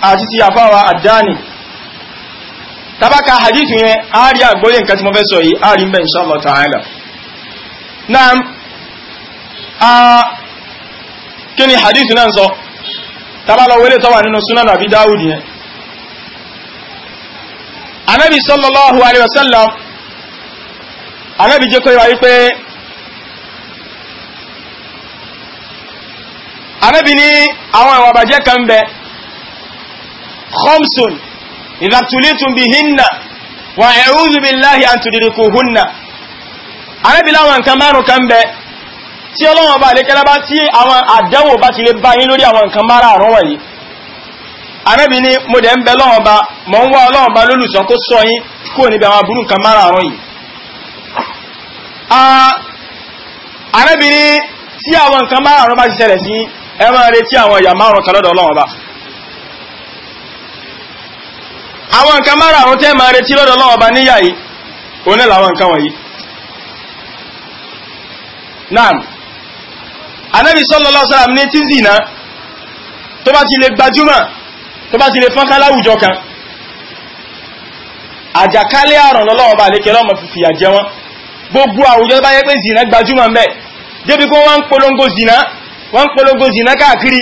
Speaker 1: àti ti àfáwà àdáni tabaka hadisi yẹn a rí àgbóyé nǹkan tí mo fẹ́ sọ yìí a rí mẹ́ inshallah ta'ala naam a kí ni hadisi náà sọ tabala wọlé tó nínú sunan abi dawud yẹn anabi sallallahu alaihi wasallam anábì jẹ́ kọ́ wípé anábì ní àwọn ìwà bàjẹ́ kan bẹ khamsun ìdàtúlítún bí hinna wà ẹ̀rúzù bí láhì àtùdìrìkù hunna anábì láwọn nǹkan márùn kan bẹ tí ọlọ́wọ̀n bá lè kẹ́lá bá tí àwọn àdánwò bá ti lè bá yín lórí àwọn nǹkan márùn wọ̀nyí anábì ní mo dẹ̀ ń bẹ lọ́wọ́n bá mọ̀ ń wá ọlọ́wọ́n bá lólùsọ kó sọ yín kúrò níbi àwọn aburú nǹkan márùn yìí Ah, arábìnrin tí àwọn nǹkan bá àrọ́ bá ti ṣẹlẹ̀ sí ẹ máa retí àwọn ìyà márùn kan lọ́dọ̀ ọlọ́run ọba àwọn nǹkan bá àrọ́ tẹ́ máa retí lọ́dọ̀ ọlọ́run ọba níyà yìí òun náà làwọn nǹkan wọ̀nyí naam anábì sallallahu alaihi wasallam ní tí zina tó bá ti lè gbajúmọ̀ tó bá ti lè fọ́nká gbogbo àwùjọ bá yẹ pé zina gbajúmọ̀ ń bẹ débi kó wọ́n ń polongo zina wọ́n ń polongo zina káàkiri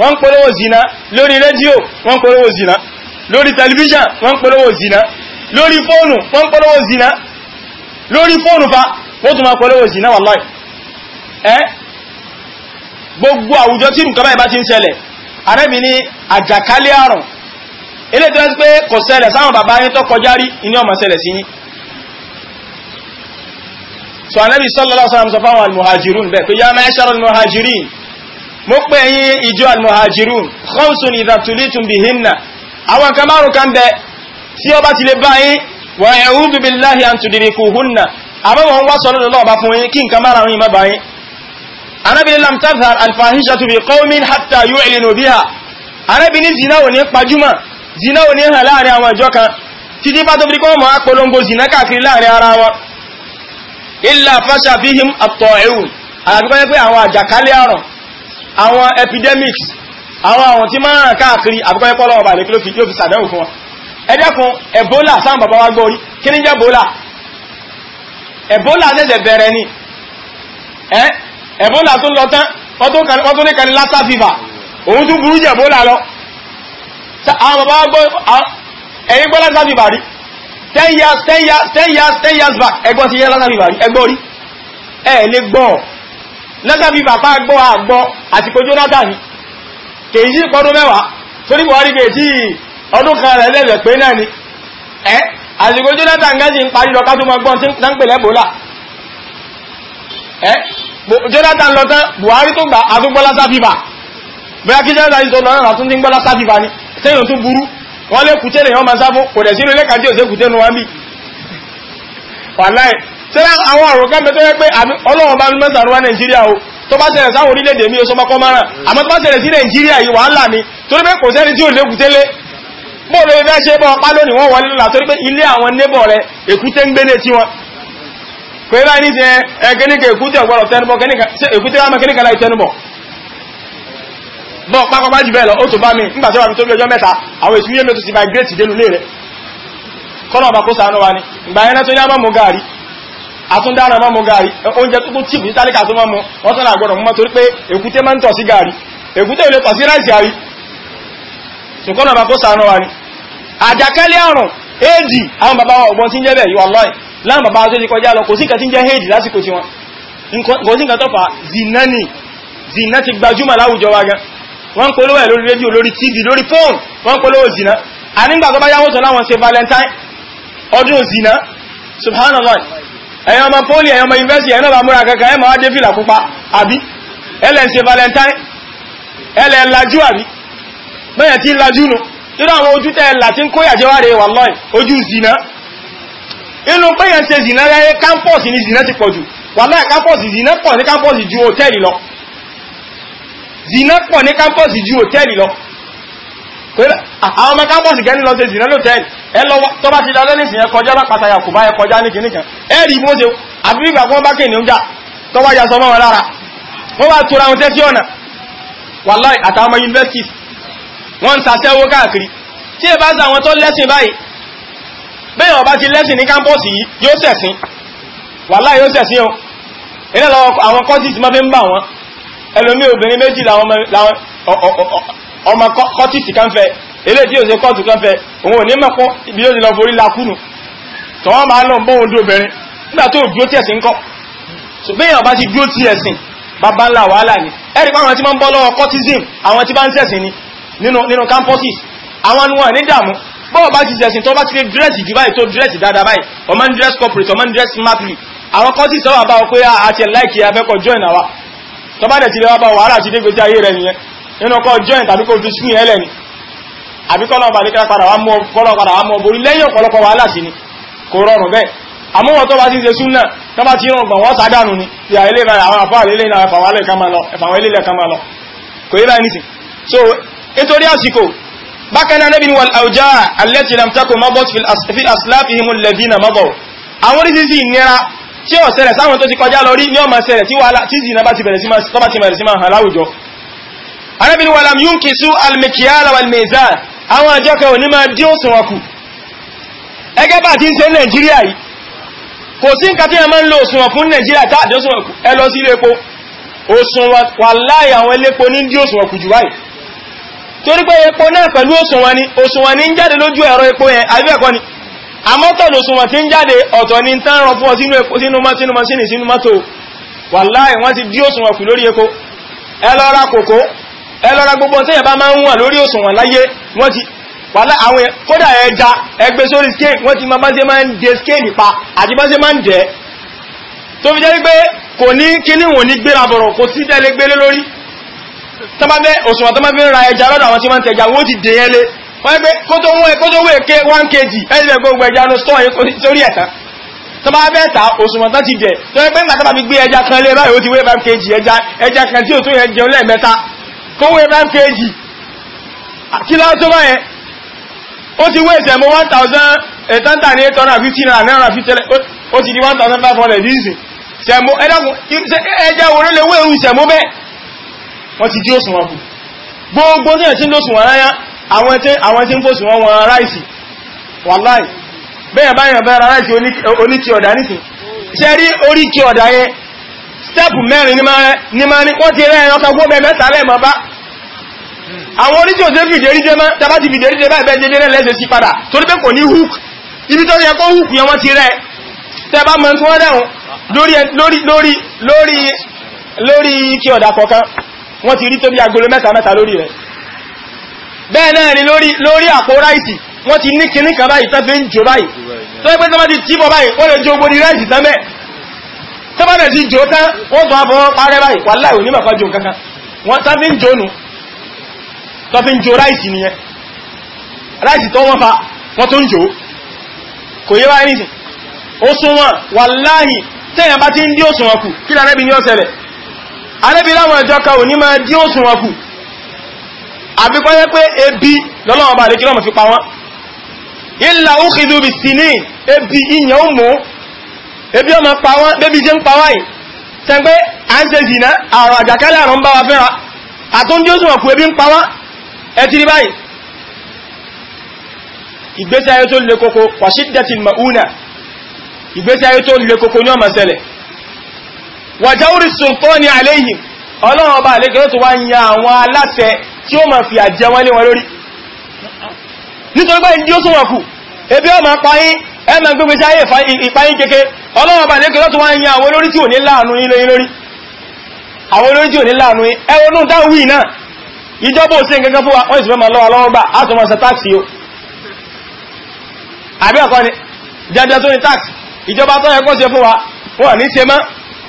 Speaker 1: wọ́n ń polówó zina lórí rédíò wọ́n ń polówó zina lórí tẹlifíṣàn wọ́n ń polówó zina lórí fóònù wọ́n ń polówó zina lórí fóònù fa wọ́n tún máa polówó zina wallahi ẹ́ gbogbo àwùjọ tí nǹkan báyìí bá ti ń ṣẹlẹ̀ arẹ́bì ní àjàkálẹ̀ àrùn eléyìí tó ń pẹ́ kò sáwọn bàbá yín tó kọjá rí iní ọmọ ṣẹlẹ̀ sí yín so anabi sallallahu alaihi wasallam sọ fáwọn almuhajirun bẹ́ẹ̀ pé ya ma'ashara almuhajirin mo pè yín ìjọ almuhajirun khawsun idha tulitum bihinna àwọn kan márùn kan bẹ tí ó bá ti lè báyìí wa a'udhu billahi an tudrikuhunna àwọn wọn wá sọ̀rọ̀ lọ́wọ́ bá fún yín kí nǹkan márùn yín má báyìí anabi lam tazhar alfahishatu bi qaumin hatta yu'linu biha anabi ní zina ò ní zina ò ní hàn láàrin àwọn kan títí bá tó fi kọ́ mọ́ apolongo zina káàkiri láàrin ara wọn illa fasha fihim at-ta'un àyàfikọ́ yẹ́ pé àwọn àjàkálẹ̀ àrùn àwọn epidemics àwọn àwọn tí máa ràn káàkiri àbúkọ́ yẹ́ pọ́lọ́wọ́ bàlẹ̀ kí ló fi tí ó fi sàdẹ́wò fún wọn ẹ dákun Ebola sáà bàbá wa gbọ́ kí ní jẹ́ Ebola Ebola ṣẹ̀ṣẹ̀ bẹ̀rẹ̀ ni ẹ́ Ebola tó lọ tán wọ́n tó ní kan ní lassa fever òun tún burú jẹ́ Ebola lọ àwọn bàbá wa gbọ́ ẹ̀yìn gbọ́ ten years ten years ten years ten years back ẹgbọ́n ti yẹ́ lọ́dàbíbà ẹgbọ́ rí ẹ̀ lè gbọ́ lọ́dàbíbà pa gbọ́ àgbọ́ àsìkò Jonathan kèyí sí pọ́dún mẹ́wàá torí Buhari pé tí ọdún kan rẹ̀ lẹ́lẹ̀ pé náà ni ẹ́ àsìkò Jonathan gẹ́sì ń parí lọ́ká tó mọ gbọ́n tí ń pè lẹ́bọ̀ọ́lá ẹ́ Jonathan lọ tán Buhari tó gbà àtúgbọ́lá sáfífà bẹ́ẹ̀ kí Jonathan tó lọ́rọ̀ àtúndíngbọ́lá sáfífà ni sẹ́yìn tó burú wọ́n lé kùté lè yọ́n ma sáfún kò dẹ̀ sínú ilé kàtí òsè kùté nù wá bí wàláì tí àwọn ọ̀rọ̀ kan mẹ́tọ́ yẹ pé ọlọ́run bá mẹ́sàn àrùwá nàìjíríà o tó bá ṣẹlẹ̀ sáwọn orílẹ̀ ni torí pé kò sẹ́ni tí ò lé kùté lé bó lè fẹ́ ṣe bọ́ ọpá lónìí wọ́n wọlé lọ́la torí ní ti bọ́ pápápá jù bẹ́ẹ̀ lọ ó tó bá mi nígbà tí wà mí tó bí ọjọ́ mẹ́ta àwọn èsì yémi tó ti migrate dénú lé rẹ̀ kọ́nà ọba kó sànú wa ni ìgbà yẹn tó ní àmọ́ mu gaari àtúndára mọ́ mu gaari oúnjẹ tó tún tìbù tálíkà tó mọ́ mu wọ́n tún àgbọ̀dọ̀ mọ́ torí pé èkúté máa ń tọ̀ sí gaari èkúté tọ̀ sí àrí ọba kó wa ni àjàkálẹ̀ àrùn éèdì àwọn bàbá ọ̀gbọ́n tí ń jẹ́ wọ́n polówó ẹ̀ lórí rédíò lórí tv lórí fóònù wọ́n polówó zina ànígbà tó bá yáwó tó láwọn ṣe valentine ọdún zina subhanallah ẹ̀yàn ọmọ poli ẹ̀yàn ọmọ university ẹ̀yàn ọmọ amúra kankan ẹ̀mọ̀ wá dé fìlà àbí ẹlẹ̀ ṣe valentine ẹlẹ̀ ń lajú àbí bẹ́yẹn tí ń lajú nù nínú àwọn ojú tẹ́ ẹ̀là tí ń kó yàjẹ́wà rẹ̀ wà lọ́ì ojú zina inú bẹ́yẹn ṣe zina rẹ̀ campus ni zina ti pọ̀ jù wà láì campus zina pọ̀ ní campus ju hòtẹ́ẹ̀lì lọ zina pọ̀ ní kámpọ̀sì ju hòtẹ́ẹ̀lì lọ àwọn ọmọ kámpọ̀sì gẹ́ni lọ sí zina lótẹ́ẹ̀lì ẹ lọ tó bá ti da lẹ́nì sí ẹ kọjá lápáta ya kò bá ẹ kọjá ní kìnnì kan ẹ rí bó ṣe àbí ìgbà fún bá kìnnì ń jà tó bá yasọ mọ́ wọn lára wọ́n bá tura wọn tẹ́sí ọ̀nà wàláì àtàwọn ọmọ universities wọ́n ń sasẹ́wó ẹlòmí obìnrin méjì làwọn ọmọ kọ́tìsì kan fẹ́ eléyìí ò ṣe kọ́ọ̀tù kan fẹ́ òun ò ní mẹ́kọ́ ibi yóò ti lọ forí lakúnù tọ́wọ́n máa lọ bọ́ odò obìnrin nígbà tó dúró tí ẹ̀sìn kọ́ ṣùgbẹ́yàn bá ti dúró tí ẹ̀sìn bàbá ńlá wàhálà ni ẹ̀rí pa àwọn tí máa ń bọ́ lọ́wọ́ cortism àwọn tí bá ń ṣẹ̀sìn ni nínú campuses àwọn ni wọ́n ní dààmú bọ́ọ̀ bá ti ṣẹ̀sìn tó bá ti lè dírẹ́sì jù báyìí tó dírẹ́sì dáadáa báyìí ọmọ ń dírẹ́sì corporate ọmọ ń dírẹ́sì smartly àwọn cortism sọ́wọ́ àbáwọ̀ pé àti ah, ẹ̀ láìkì afẹ́kọ̀ọ́ join àwa tọ́bádẹ̀ ti lè wá bá wàhálà ti dégbé tí ayé rẹ̀ nìyẹn nínú kọ́ joint àbí kò fi sún yẹn lẹ́ni àbí kọ́lọ̀ bàdé kẹ́lá padà wá mọ́ kọ́lọ̀ padà wá mọ́ borí lẹ́yìn ọ̀pọ̀lọpọ̀ wàhálà sí ni kò rọrùn bẹ́ẹ̀ àmúwọ̀n tó bá ti ṣe sún náà tó bá ti rọrùn wọ́n sádànù ni ti àìlè rẹ̀ àwọn àfáà lélẹ̀ náà ẹ̀fà wálẹ̀ kan máa lọ ẹ̀fà wọ́n lélẹ̀ kan máa lọ kò yí báyìí nìsín so nítorí àsìkò bákan náà níbi wọn àwùjá alẹ́tì lam takò mabọ́t fi asláfihimul lẹ́bí na mabọ́ àwọn oríṣiríṣi ìnira tí ó ṣẹlẹ̀ sáwọn tó ti kọjá lọ rí ní ọmọ ṣẹlẹ̀ tí wàhálà tí zina bá ti bẹ̀rẹ̀ sí máa tọ́bá ti bẹ̀rẹ̀ sí máa hàn láwùjọ arábìnrin wà lam yún kìsú almekiyala walmezan àwọn àjọ kan ò ní máa dí òsùn wọn kù ẹgẹ́ bá ti ń ṣe nàìjíríà yìí kò sí nǹkan tí a máa ń torí pé epo náà pẹ̀lú òsùn ni òsùn ni ń jáde lójú ẹ̀rọ epo yẹn àbí ni àmọ́tọ̀lù súnmọ̀ tí ń jáde ọ̀tọ̀ ní tán rán fún ọ sínú masínú sínú mọ́tò wàláì wọ́n ti dí òsùnwọ̀n kù lórí epo ẹlọ́ra kòkó ẹlọ́ra gbogbo tí ẹ̀bá máa ń wà lórí òsùnwọ̀n láyé wọ́n ti wàlá àwọn kódà ẹja ẹgbẹ́ sórí scale wọ́n ti máa máa ń de scale pa àti bá ṣe máa ń dẹ̀ tó fi jẹ́ wípé kò ní kíní wọ́n ní gbéra bọ̀rọ̀ kò sí tẹ́lẹ̀ gbélé lórí tọ́bá bẹ́ òsùnwọ̀n tọ́bá ra ẹja lọ́dọ̀ àwọn tí wọ́n ti ẹja wọ́n ti dẹ̀ wọ́n pé kó tó wọ́n kó wé ké 1 kg ẹ̀sìnlẹ̀ gbogbo ẹja ló sọ sórí ẹ̀ta tó bá bẹ́ẹ̀ ta òṣùwọ̀n tán ti jẹ tó yẹ pé tó bá fi gbé ẹja kan lé báyìí ó ti wé 5 kg ẹja ẹja kan tí ò tó yẹ jẹun lẹ́ẹ̀mẹ́ta kó wé 5 kg kí lọ́wọ́ tó báyẹn ó ti wé ìṣẹ̀mú 1000 ẹ̀tọ́ntà ní 850 naira náírà fi tẹ́lẹ̀ ó ti di 1500 díìsì ṣẹ̀mú ẹ̀dàkùn ẹja wo lè wé ìṣẹ̀mú bẹ́ẹ̀ wọ́n ti dí òṣùwọ̀n kù gbogbo ní ẹ̀sìn lóṣùwọ̀n ráyá àwọn tí ń fòsùn wọn wọn ráìsì wàláì bẹ́yàn báyàn bẹ́ra ráìsì oníkí ọ̀dà nìsìn ṣe rí oríkí ọ̀dà yẹn stẹ́pù mẹ́rin ní máa ní wọ́n ti rẹ́ ẹran kagbó bẹ mẹ́ta rẹ̀ mọ́ bá àwọn oríkí ò sí fìdí oríjẹ mọ́ tàbá ti fìdí oríjẹ báyìí bẹ́ẹ̀ dédé lẹ́sẹ̀ sí padà torí pé kò ní hook ibi tó yẹ kó hook yẹn wọ́n ti rẹ́ tẹ́ bá mọ́ tí wọ́n dẹ̀hùn lórí lórí lórí lórí lórí kí ọ̀dà kọ̀ọ̀kan wọ́n ti rí tó bí agolo mẹ́ta mẹ́ta lórí rẹ̀ bẹ́ẹ̀ náà ni lórí àpò ráìsì wọ́n ti ní kìíní kan báyìí tán fi ń jò báyìí tó ẹgbẹ́ tó bá ti jíbọ̀ báyìí wọ́n lè jó gbóni ráìsì tán bẹ́ẹ̀ tó bá lè ti jò tán wọ́n tó àfọwọ́ parẹ́ báyìí wà láì onímọ̀ kan jò kankan wọ́n tán fi ń jò nù tán fi ń jò ráìsì nìyẹn ráìsì tó wọ́n fa wọ́n tó ń jò kò yé báyìí nìsín ó súnwọ̀n wà láì tẹ́yàn bá ti ń dí òsùnwọ̀n kù kí lárẹ́bí àbí kọ́ yẹ pé ebi lọ́lọ́wọ́n bá lè kí lọ́mọ̀ fi pa wọ́n ìlà òkèdè òbí sí ní ebi ìyàn ó mú ebi ọmọ pa wọ́n bébí jẹ́ ń pa wáyìí tẹ́gbẹ́ à ń ṣe zìnà àrùn àjàkálẹ̀ àrùn bá wa fẹ́ra àtúndí ó sì wọ̀n ebi ń pa wọ́n ẹ ọlọ́wọ́ bá lè kéré tó wá ya àwọn aláṣẹ tí ó ma fi àjẹ wọn lé wọn lórí nítorí pé ìdí ó tún kù ebi ọmọ pàáyín ẹmọ gbogbo sí ayé kéke ọlọ́wọ́ bá lè kéré tó wá ya àwọn olórí tí ò ní láàánú yín lórí náà ìjọba gẹ́gẹ́ fún a táàkì o àbí ọ̀kọ́ ni jẹjẹ tó ní táàkì ìjọba tó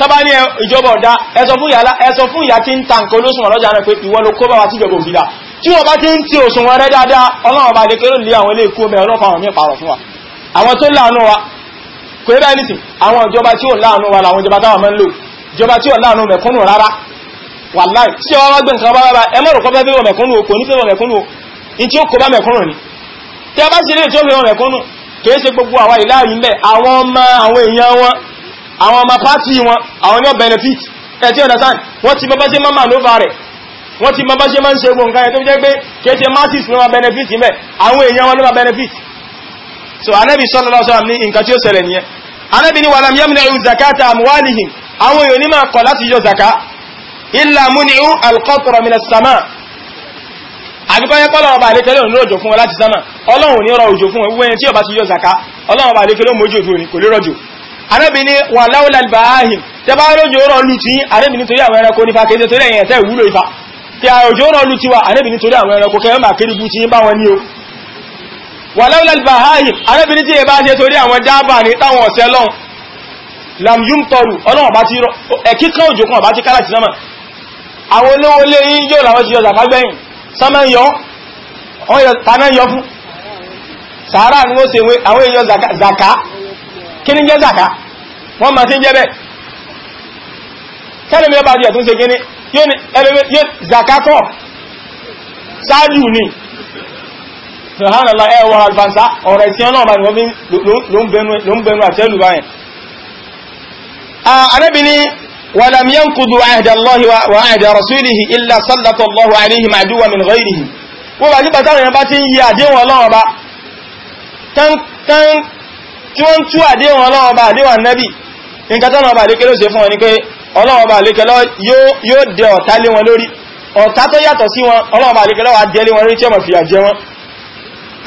Speaker 1: tọ́bá ní ìjọba ọ̀dá ẹsọ fún ìyá tí ń ta nǹkan olóṣùn ọlọ́jà rẹ̀ pé ìwọ ló kó bá wa tí ìjọba òfìdá tí wọ́n bá ti ń ti òṣùn wọn rẹ̀ dáadáa ọlọ́run bá lè kérò lé àwọn ilé ikú ọmọ ọlọ́pàá wọn ní ìpàrọ̀ fún wa àwọn tó láàánú wa kò rí báyìí nìsín àwọn ìjọba tí ò láàánú wa ó kó bá mẹ̀kúnnù ni tí a bá sì lè tí ó fíwọ̀ mẹ̀kúnnù kì í ṣe gbogbo àwa ìlàrí ń àwọn ọmọ àwọn èèyàn wọn àwọn ọmọ pàtí wọn àwọn yóò benefit ẹ̀tí understand wọ́n ti bọ́bá ṣe máa manova rẹ̀ wọ́n ti bọ́bá ṣe máa ń ṣe gbọ́n nǹkan ẹ̀tọ́ jẹ́ pé kéèṣe masses ló ma benefit mẹ́ àwọn èèyàn wọn ló ma benefit so Ànábì sallallahu alaihi wasallam ní nǹkan tí ó ṣẹlẹ̀ nìyẹn Ànábì ní walam yamna'u zakata amwalihim àwọn èèyàn ní máa kọ̀ illa muni'u al-qatra sama àbíkọ́yẹ́ pọ́lọ̀ ọba àlékẹ́lẹ́ òní rọ̀jò fún wọn láti sánà Ọlọ́run ní rọ̀ òjò fún wọn wúwẹ́yẹn tí ọba ti yọ zaka Ọlọ́run ọba àlékẹ́lẹ́ òmójò tó ní kò lè rọ̀jò arábìnrin wà láwọ́lá ìbáhìn tẹ bá rọ́jò rọ̀ lù tí arábìnrin torí àwọn ẹranko nípa kéde torí ẹ̀yẹ̀ tẹ́ ìwúlò ìfà tí àrọ̀jò rọ̀ lù tí wà arábìnrin torí àwọn ẹranko kẹ́ mà kéré bú tí bá wọn ní o wà láwọ́lá ìbáhìn arábìnrin tí ẹ àwọn lam yum tọrù ọlọ́wọ̀n bá ti rọ ẹ̀kí kan òjò kan bá ti kálà sí sánmà àwọn olówó lé yín yóò làwọn ti ni wọ́n ṣe àwọn èèyàn zaka kí ní jẹ́ zaka wọ́n ma ti ń jẹ́ bẹ́ kẹ́lẹ̀mí ọba díẹ̀ tó ń ṣe kíní yóò zaka kọ́ sáájú ni subhanallah ẹwọ alfansa ọ̀rọ̀ ìsìn ọlọ́ọ̀bá ni wọ́n fi ló ń bẹnu àtẹ́lù báyẹn arábìnrin ولم ينقضوا عهد الله وعهد رسوله إلا سلط الله عليهم عدوا من غيرهم wọ́n bá nípa táwọn èèyàn bá ti ń tí wọ́n tú àdéhùn Ọlọ́run Ọba àdéhùn Ànábì nǹkan tọ́nà ọba àlékelé ṣe fún wọn ni pé Ọlọ́run Ọba àlékelé yóò dẹ ọ̀tá lé wọn lórí ọ̀tá tó yàtọ̀ sí wọn Ọlọ́run Ọba àlékelé wà jẹ́ lé wọn lórí tí ọmọ fìyà jẹ wọn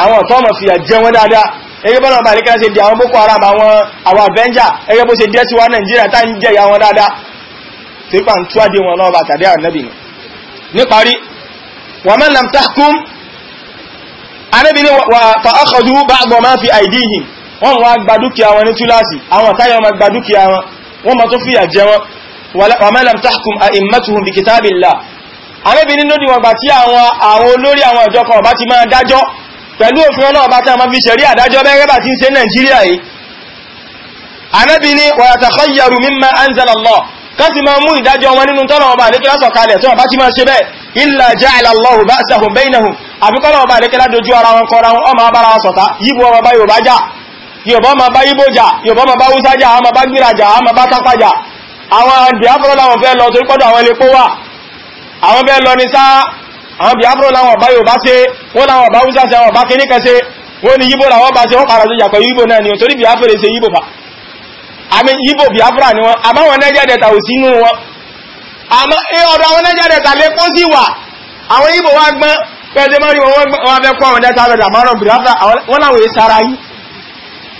Speaker 1: àwọn ọ̀tọ́ ọmọ fìyà jẹ wọn dáadáa ẹgbẹ́ bọ́lá ọba àlékelé ṣe di àwọn Boko Haram àwọn àwọn Avenger ẹgbẹ́ bó ṣe jẹ́ sí wa Nàìjíríà tá ń jẹ ìyà wọn dáadáa wọ́n wá gba dúkìá wọn ní túláàsì àwọn táyà wọn gba dúkìá wọn wọ́n ma tó fìyà jẹ wọn wa ma lam tahkum a'immatuhum bi kitabillah arábìnrin ló díwọ̀n gbà tí àwọn àwọn olórí àwọn ìjọ kan ọba ti máa dájọ́ pẹ̀lú òfin ọlọ́ọ̀bá tí a máa fi ṣẹ̀rí àdájọ́ bẹ́ẹ̀ bá ti ń ṣe nàìjíríà yìí arábìnrin wa yatakhayyaru mimma anzala Allah kásì máa mú ìdájọ́ wọn nínú tọ́nà ọba àlékẹ́lá sọ̀kalẹ̀ tó ọba tí máa ṣe bẹ́ẹ̀ illa ja'ala Allahu ba'sahum bainahum àbíkọ́nà yọ̀bá ma bá ibójà yọ̀bá ma bá wúsájà a ma bá gbìrajà a ma bá tápájà àwọn Biafra láwọn fẹ́ lọ torí pọ́dọ̀ àwọn ilé kó wà àwọn fẹ́ lọ ní sáà àwọn Biafra láwọn ọ̀bá yóò bá ṣe wọ́n láwọn ọ̀bá wúsá ni torí Biafra ṣe yíbò fà àmì yíbò Biafra ni wọn àbáwọn Niger Delta ò sí inú wọn àmọ́ eh, ọ̀dọ̀ àwọn Niger Delta lè kó sí wà àwọn yíbò wá gbọ́n pẹ̀lú mọ́rí wọn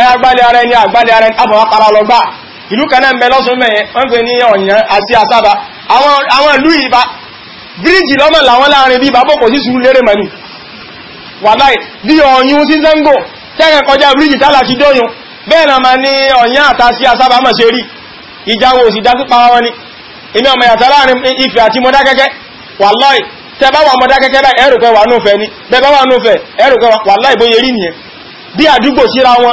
Speaker 1: agbalị ara ẹni agbálẹ̀ ara ẹni abọ̀wápara lọ gbá ilu kana náà ń bẹ lọ́sùn mẹ́yẹn wọ́n pè ní ọ̀yàn àti asaba àwọn ìlú ìbá bíríjì lọ́mọ làwọn láàrin bí bàbọ̀ kò sí sùúrù lérè mẹ́ni wàláì bí ọ̀yún sí zango tẹ́rẹ̀ kọjá bíríjì tálà ti dóyún bẹ́ẹ̀ náà ní mọ̀ ṣe rí ìjáwó òsì dákú pa wọn ni ọmọ yàtọ̀ láàrin àti bá wà ẹrù wà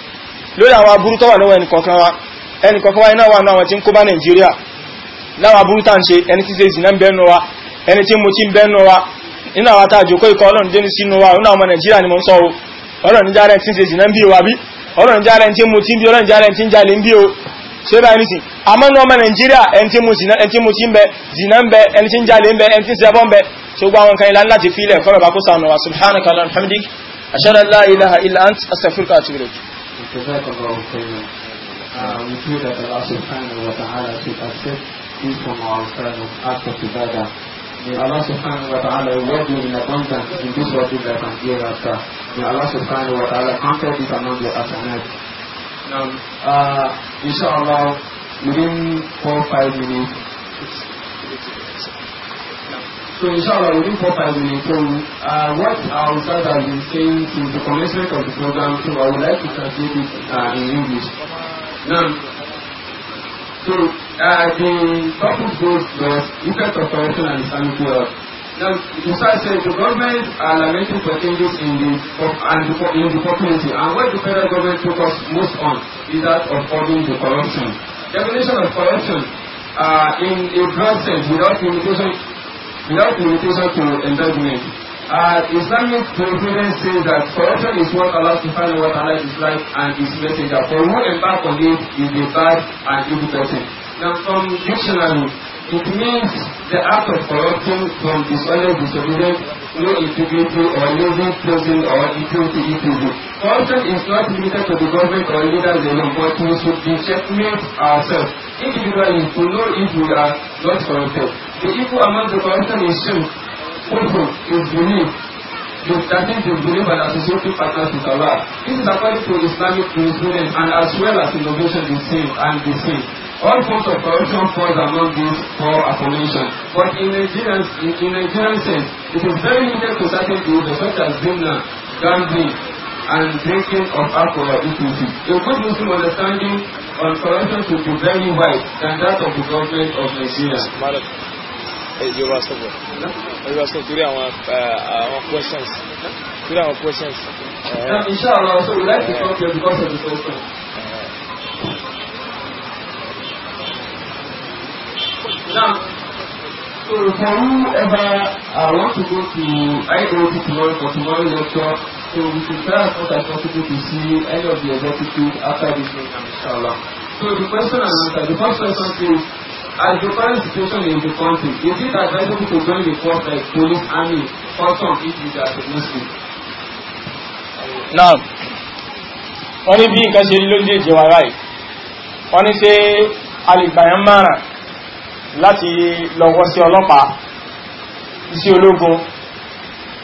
Speaker 1: lórí àwọn aburú tó wà lọ́wọ́ ẹnìkọ̀ọ̀kan wa ẹnìkọ̀ọ̀kan wa iná wà náà wọn ti ń kó bá nàìjíríà láwọn aburú tá ń ṣe ẹni tí ṣe ìsìn náà ń bẹ́nu wa ẹni tí mo ti ń bẹ́nu wa nínú àwọn kó ikọ̀ ọlọ́run dénú sínú wa nínú ni mo ń sọ o ọlọ́run járe tí ń ṣe ìsìn náà ń bí wa bí ọlọ́run járe tí mo ti ń bí ọlọ́run járe tí ń jalè ń bí o ṣé báyìí nísìn àmọ́ ní ọmọ nàìjíríà ẹni tí mo ti ń bẹ zìnà ń
Speaker 2: bẹ ẹni جزاك الله خيرا. Uh, we pray that Allah subhanahu wa ta'ala should accept this from our of act of ibadah. May Allah subhanahu wa ta'ala reward you in abundance in this world that and after. May Allah subhanahu wa ta'ala conquer this among the asanat. Now, uh, inshallah, within four or five minutes, so inshallah, within four five minutes, so uh, what our staff has been saying since the commencement of the program, so I would like to translate it uh, in English. Now, so uh, the purpose goes was impact of corruption and Islamic wealth. Now, Musa said the government are lamenting for changes in the and the, in the community, and what the federal government focus most on is that of curbing the corruption. Definition of corruption uh, in a broad sense, without limitation without the limitation to indulgence. Uh, Islamic jurisprudence says that corruption is what allows to find what ta'ala is like and his messenger. For who embark on it is a bad and evil person. Now from dictionary, It means the act of corrupting from dishonor, disobedience, no integrity or lazy prison or eating to eat evil. Corruption is not limited to the government or leaders alone, but we should be checkmate ourselves individually to know if we are not corrupted. The evil among the corruption is shirk, kufr, is belief, discussing the belief and associative partners with Allah. This is according to Islamic jurisprudence and as well as innovation is seen and the same. All forms of corruption falls among these four affirmations. But in Nigerian, in, in Nigerian sense, it is very limited to certain behaviors such as gambling, gambling, and drinking of alcohol etc. A good Muslim understanding on corruption should be very wide than that of the government of Nigeria. Yorùbá sọ̀rọ̀ Yorùbá sọ̀rọ̀ torí àwọn eh, àwọn questions torí àwọn questions. Now, inshallah, so we like to talk here because of the question. Now, so for whoever I uh, want to go to IOT tomorrow for tomorrow. lecture, so we should try as much as possible to see any of the executives after this program, inshallah. So the question and answer, the first question is, as the current situation in the country, is it advisable to join the force like police, army, custom if you are a Muslim? Now,
Speaker 1: wọ́n ní bí nǹkan ṣe lójú ìjẹwàá báyìí wọ́n ní ṣé alìgbàyàn márùn-ún láti lọ́wọ́ sí ọlọ́pàá iṣẹ́ ológun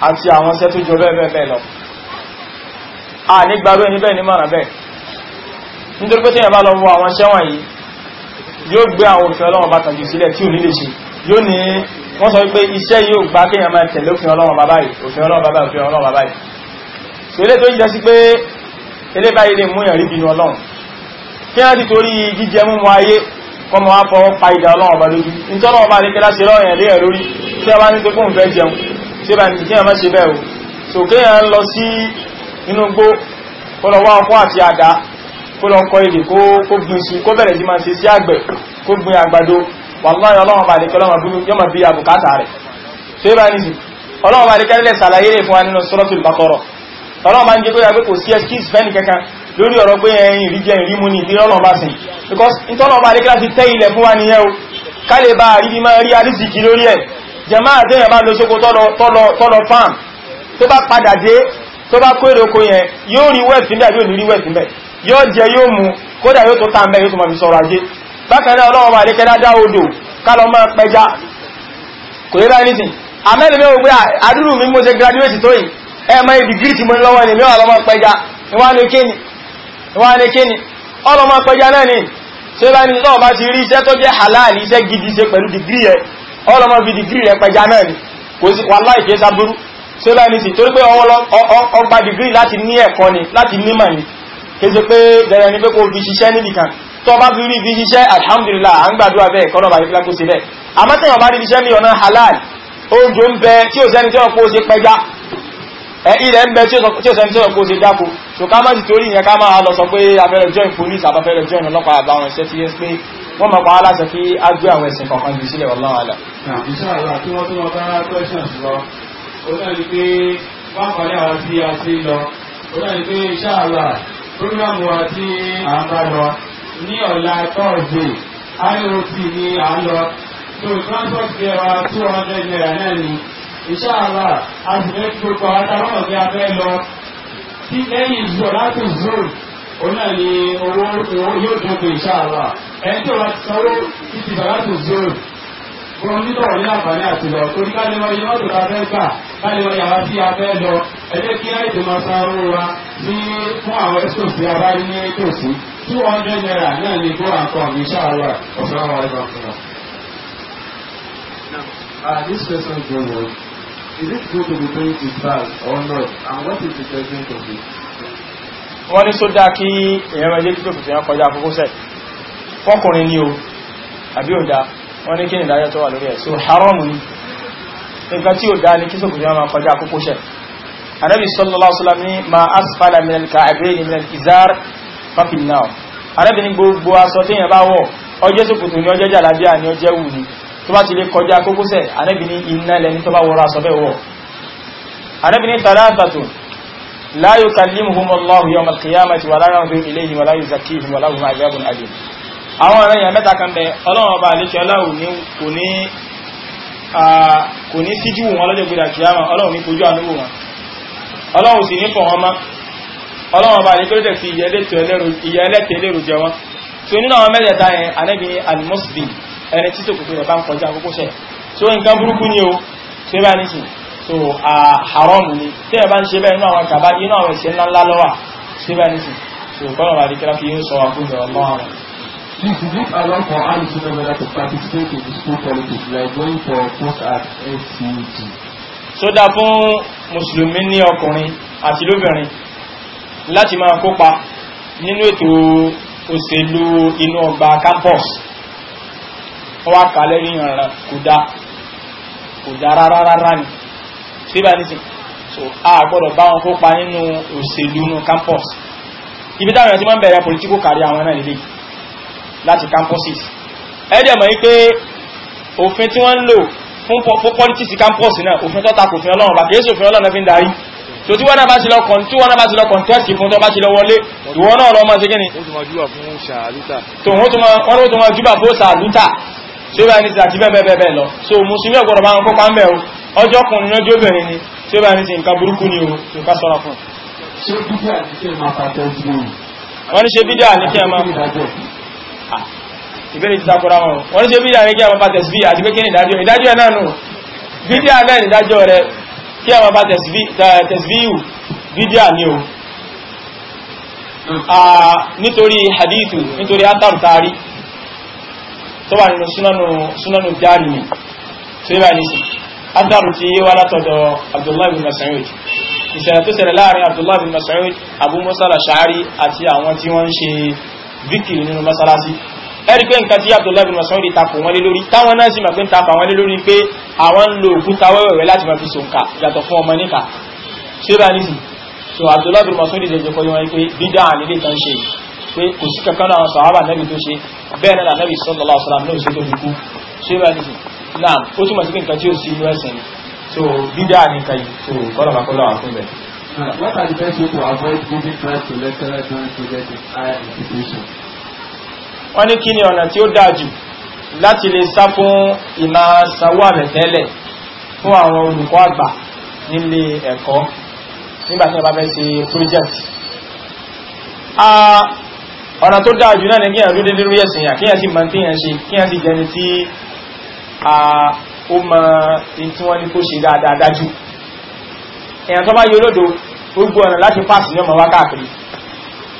Speaker 1: àti àwọn iṣẹ́ tó jọ bẹ́ẹ̀ bẹ́ẹ̀ lọ a ní gbàgbé níbẹ̀ ní mọ̀ràn bẹ́ẹ̀ nítorí pé tíyàn bá lọ wọ àwọn iṣẹ́ wọ̀nyí yóò gbé àwọn òfin ọlọ́wọ̀n bá tàbí sílẹ̀ tí ò ní lè ṣe yóò ní wọ́n sọ wípé iṣẹ́ yóò gbá kéèyàn máa tẹ̀lé òfin ọlọ́wọ̀n bàbá yìí òfin ọlọ́wọ̀n bàbá òfin ọlọ́wọ̀n bàbá yìí ilé tó jẹ́ sí pé ilé báyìí rí bínú ọlọ́run kí wọ́n ti torí jíjẹ mú mu ayé kọmọ wá fọwọ́ pa ìdá ọlọ́wọ́ bá lójú ìtọ́nà ọba ní kíláṣẹ lọ́yìn ẹ̀lẹ́ ẹ̀ lórí tí a bá ní pípún fẹ́ jẹun tí bá ní kíyàn má ṣe bẹ́ẹ̀ o so kíyàn lọ sí inú gbó kó lọ wá ọkọ́ àti àdá kó lọ kọ ilé kó gbin sí kó bẹ̀rẹ̀ sí máa ṣe sí àgbẹ̀ kó gbin àgbàdo wàlúwàyàn ọlọ́wọ́ bá ní kíláṣẹ yọmọ bí àbùkátà rẹ̀ so bá ní ọlọ́wọ́ bá ní kíláṣẹ sàlàyé rẹ̀ fún wa nínú suratul Baqara ọlọ́wọ́ bá ń jẹ́ kó yà lórí ọ̀rọ̀ pé ẹ̀yìn ìrìjẹ ìrímú ní ìdíra ọlọ́ọ̀bá sí because ìtọ́lọ̀ọ̀bá lè kíláti tẹ́ ilẹ̀ fún wa ní ẹ́ o kálẹ̀ bá àríbí máa rí àrísìkì lórí ẹ̀ jẹmá àtẹ́yàn bá lóṣogbo tọ́lọ farm tó bá padà dé tó bá kó èròkó yẹn yóò rí wẹ́ẹ̀tì níbẹ̀ yóò rí wẹ́ẹ̀tì níbẹ̀ yóò jẹ yóò mú kódà yóò tó ta ń bẹ́ yóò tó máa fi sọ̀rọ̀ ajé bákan náà ọlọ́wọ́ bá lékẹ́ dáadáa odò kálọ máa pẹja kò yẹ báyìí nìsìn àmẹ́lẹ̀ mẹ́wọ́ pé àdúrù mi mo ṣe graduate tó yìí ẹ̀ mọ́ ìdígírì tí mo lọ́wọ́ ni mẹ́wàá lọ́mọ pẹja ìwọ́n ni kéènì wọ́n ní kí ni ọlọ́mọ pẹja náà ni ṣe bá ní náà bá ti rí iṣẹ́ tó jẹ́ halal iṣẹ́ gidi ṣe pẹ̀lú dìgírí ẹ ọlọ́mọ fi dìgírí ẹ pẹja náà ni kò sí wà láì kéésà burú ṣe bá ní sí torí pé ọgbà dìgírí láti ní ẹ̀kọ́ ni láti nímọ̀ ni kéṣe pé dẹ̀rẹ̀ ni pé kò fi ṣiṣẹ́ níbìkan tó bá fi rí ibi ṣiṣẹ́ alhamdulillah à ń gbàdúrà bẹ́ẹ̀ ilẹ̀ ń bẹ tí ó sẹ́ni tí ó kó ṣe dáko so ká má sì torí ìyẹn ká máa lọ sọ pé abẹ́rẹ̀ join police àbáfẹ́rẹ̀ join ọlọ́pàá àbá àwọn iṣẹ́ tí yẹ́ pé wọ́n máa pa
Speaker 2: aláṣẹ kí á gbé àwọn ẹ̀sìn kọ̀ọ̀kan jù sílẹ̀ ọlọ́wàlá ní ọ̀la tọ́ọ̀dé ìṣáàlá àṣìfẹ́ gbogbo àwọn tàbí ọ̀gbẹ́ abẹ́ lọ sí lẹ́yìn zoro láti zoro òun náà ni owó yóò dókè ìṣáàlá ẹni tí wọ́n ti sanwó títí bàbá tó zoro wọn nílò ní àǹfààní àti lọ torí ká lè wọ iye gbà ká yàrá tí a lọ ẹ kí láì tó máa san owó wa ní fún àwọn ẹ̀sùn tí ní tòsí two hundred naira náà ni go and come inshallah ọ̀sán àwọn ẹ̀sán uh, this person go well. Is it good to be doing this fast or not? And what is the judgment of it?
Speaker 1: Wọ́n ní sódá kí èèyàn máa jẹ́ kí tòkùtù yán kọjá àkókò sẹ̀. Fọ́kùnrin ni o, àbí ò dá, wọ́n ní kí ni ìdájọ́ tó wà lórí ẹ̀. So, haram ni. Nǹkan tí ò dá ní kí tòkùtù yán máa kọjá àkókò sẹ̀. Anábì sallallahu alaihi wasallam ní ma asfala min al-ka'bayni min al-izar fafin náà. Anábì ní gbogbo aṣọ tí èèyàn bá wọ̀, ó jẹ́ ṣòkòtò ni ó jẹ́ jàlábíà tó bá ti lè kọjá kókósẹ̀ Ànábì ní iná lẹni tó bá wọ́ra sọ́bẹ̀ wọ́ Ànábì ní tàlátàtù la yukallimuhum Allahu yawm al-qiyamati wa la yanzuru ilayhim wa la yuzakkihim wa lahum adhabun alim àwọn ọ̀rẹ́ yẹn mẹ́ta kan bẹ Ọlọ́run ọba àlékẹ́ Ọlọ́run kò ní síjú wọn lọ́jọ́ gbéra kìyàmà Ọlọ́run ní kojú ànúwò wọn Ọlọ́run sì ní fọ̀ wọn mọ́ Ọlọ́run ọba àlékẹ́ ẹni tí tòkòtò rẹ̀ bá ń kọjá àkókò ṣẹ̀ tí ó nǹkan burúkú ni o ṣe bá nìsín so a haram ni tí ẹ bá ń ṣe bẹ́ẹ̀ inú àwọn kàbá inú àwọn ìṣẹ́ ńlá ńlá lọ́wà ṣe bá
Speaker 2: nìsín so kọ́nà wà díkẹ́lá fi yóò sọ àkójọ ọlọ́run Please, is it allowed for all children to participate in the school politics like going for post at SCUT?
Speaker 1: Sódà fún Mùsùlùmí ní ọkùnrin àti lóbìnrin láti máa kópa nínú ètò òṣèlú inú ọgbà campus wọ́n wá kà lẹ́yìn ìrànràn kò dá kò dá rárá rárá ni síbà nísìn so a gbọ́dọ̀ bá wọn kópa nínú òṣèlú nínú campus ibi táwọn èèyàn ti máa ń bẹ̀rẹ̀ political career àwọn náà nílé láti campuses ẹ̀dẹ̀ mọ̀ wípé òfin tí wọ́n ń lò fún politics campus náà òfin tó takò òfin ọlọ́run bá kìí sòfin ọlọ́run fi ń darí tó tí wọ́n náà bá ti lọ kọ̀ǹtí wọ́n náà bá ti lọ kọ̀ǹtẹ́sì fún tó bá ti lọ wọlé ìwọ náà lọ ọmọ ṣe kí ni tí ó bá ní sí àti bẹ́ẹ̀bẹ́ẹ̀ lọ so mùsùlùmí ọ̀gbọ̀dọ̀ bá wọn kópa ń bẹ̀ o ọjọ́ ọkùnrin lọ́jọ́ obìnrin ni tí ó bá ní sí nǹkan burúkú ni o tó ká sọ́ra fún wọ́n ní ṣe bídíà ní kí a máa ah, ìbéèrè ti sàkóra wọn wọ́n ní ṣe bídíà ní kí a máa bá tẹ̀sí bí àti pé kí ni ìdájọ́ ìdájọ́ náà nù a máa hmm. ah, hadithu nítorí átàrù taari tó wà nínú súnánù dáàrí ni tó yíba ní sí adáàrù tí yíwá látọ̀dọ̀ abdullahi bin mas'ud ìṣẹ̀lẹ̀ tó ṣẹlẹ̀ láàrin abdullahi bin mas'ud abu musa al-ash'ari àti àwọn tí wọ́n ń ṣe zikiri nínú masalasi ẹ̀rí bin mas'ud takò wọn lé lórí táwọn náà sì máa pé ń takò wọn lé lórí pé àwọn ń lo òkúta so Abdullah bin mas'ud jẹjẹ kọ́ yí wọn pé bídà nílé tán ṣe yìí pé kò sí kankan náà sàhábà nẹ́bì tó ṣe bẹ́ẹ̀ náà nẹ́bì sallallahu alaihi náà ṣe tó fi kú ṣé bá ní náà ó túmọ̀ sí pé nǹkan tí ó sí inú ẹ̀sìn ni so dídá ní nǹkan yìí so kọ́lọ̀ bá kọ́lọ̀ àwọn fún What are the best way to avoid giving class to lecturer during project with higher institution? Wọ́n ní kí ni ọ̀nà tí ó dáa jù láti lè sá fún ìmọ̀ sanwó àbẹ̀tẹ́lẹ̀ fún àwọn olùkọ́ àgbà nílé ẹ̀kọ́ nígbà tí wọ́n bá fẹ́ ṣe project. Ah, ọ̀nà tó dáa jù náà ní kíyàn lóde lórí ẹ̀sìn yà kíyàn sí mọ̀tí yàn ṣe kíyàn sí jẹni tí a ó mọ̀ in tí wọ́n ní kó ṣe dáadáa dájú èyàn tó bá yí olódo gbogbo ọ̀nà láti pàṣì ní ọmọ wá káàkiri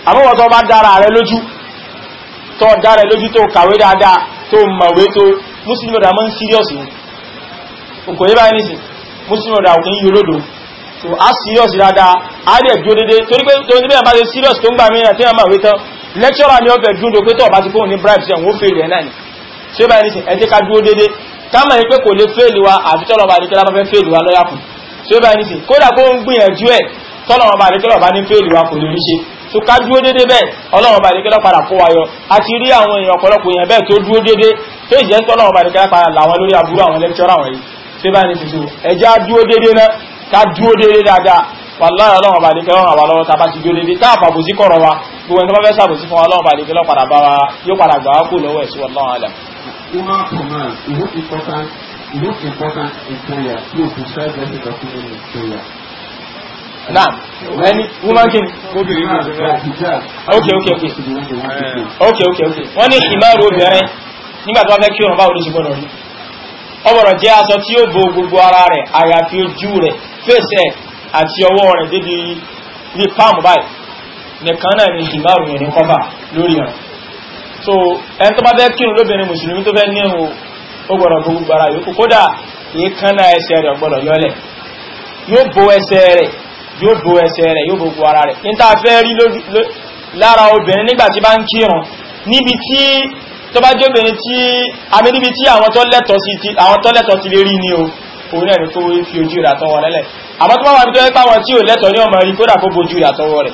Speaker 1: àmúwọ̀ tó bá dára rẹ lójú tó dára lójú tó kàwé dáadáa tó mọ̀wé tó muslim serious ni òkò yí báyìí nìsín muslim ọ̀dà so a serious rada a dẹ̀ dúró dédé torí pé tó serious tó ń gbà mí àti àmọ́ àwé tán lecturer ni ó fẹ́ dúndò pé tọ́ọ̀bá ti fóun ní bribe sí fèèlì ẹ̀ náà ni ṣé báyìí nìsín ẹ jẹ́ ká dúró dédé ká mọ̀ pé kò lè fèèlì wa àfi tọ́lọ̀ bá lè kẹ́lá bá fẹ́ fèèlì wa lọ́yà kù ṣé báyìí nìsín kódà kó ń gbìyànjú ẹ̀ tọ́lọ̀ bá lè kẹ́lá bá ní fèèlì wa kò lè rí ṣe tó ká dúró dédé bẹ́ẹ̀ ọlọ́run bá lè kẹ́lá padà kó wa yọ a ti rí àwọn èèyàn ọ̀pọ̀lọpọ̀ èèyàn bẹ́ẹ̀ tó ọlọ́run bá ti dúró dédé tá àfàbòsí kọ̀rọ̀ wa gbogbo ẹni fẹ́ sàbòsí fún ọlọ́run bá lèkẹ́ lọ́padà bá wa yóò padà gbà wá kú lọ́wọ́ ẹ̀sùn ọlọ́run
Speaker 2: àlẹ́. important, describe Ok ok ok eh. ok ok ok wọ́n ní ìmáàrú obìnrin nígbà
Speaker 1: tó bá fẹ́ kí òun báwo ló ṣe gbọ́dọ̀ rí. Ọ̀bọ̀rọ̀ jẹ́ aṣọ tí ó bo gbogbo ara rẹ̀ àyàfi ojú rẹ̀ fèsì àti ọwọ́ rẹ̀ débi ní báyìí. nìkan náà ni jìbáàrù yẹn ní kọ́bà lórí hàn so ẹni tó bá fẹ́ kírun lóbìnrin mùsùlùmí tó fẹ́ nírun ó gbọ́dọ̀ bó gbogbo ara yòókù kódà èékán náà ẹsẹ̀ rẹ̀ gbọ́dọ̀ yọlẹ̀ yóò bo ẹsẹ̀ rẹ̀ yóò bo ẹsẹ̀ rẹ̀ yóò bo gbogbo ara rẹ̀ ní tá a fẹ́ rí lára obìnrin nígbà tí bá ń kírun níbi tí tó bá jóbìnrin tí àmì níbi tí àwọn tó lẹ́tọ̀ọ́ ti lè rí ni o orí ẹ̀rí kó fi ojú ìràtọ́wọ́ lẹ́lẹ̀ àmọ́ tó bá wà ní tó ẹ́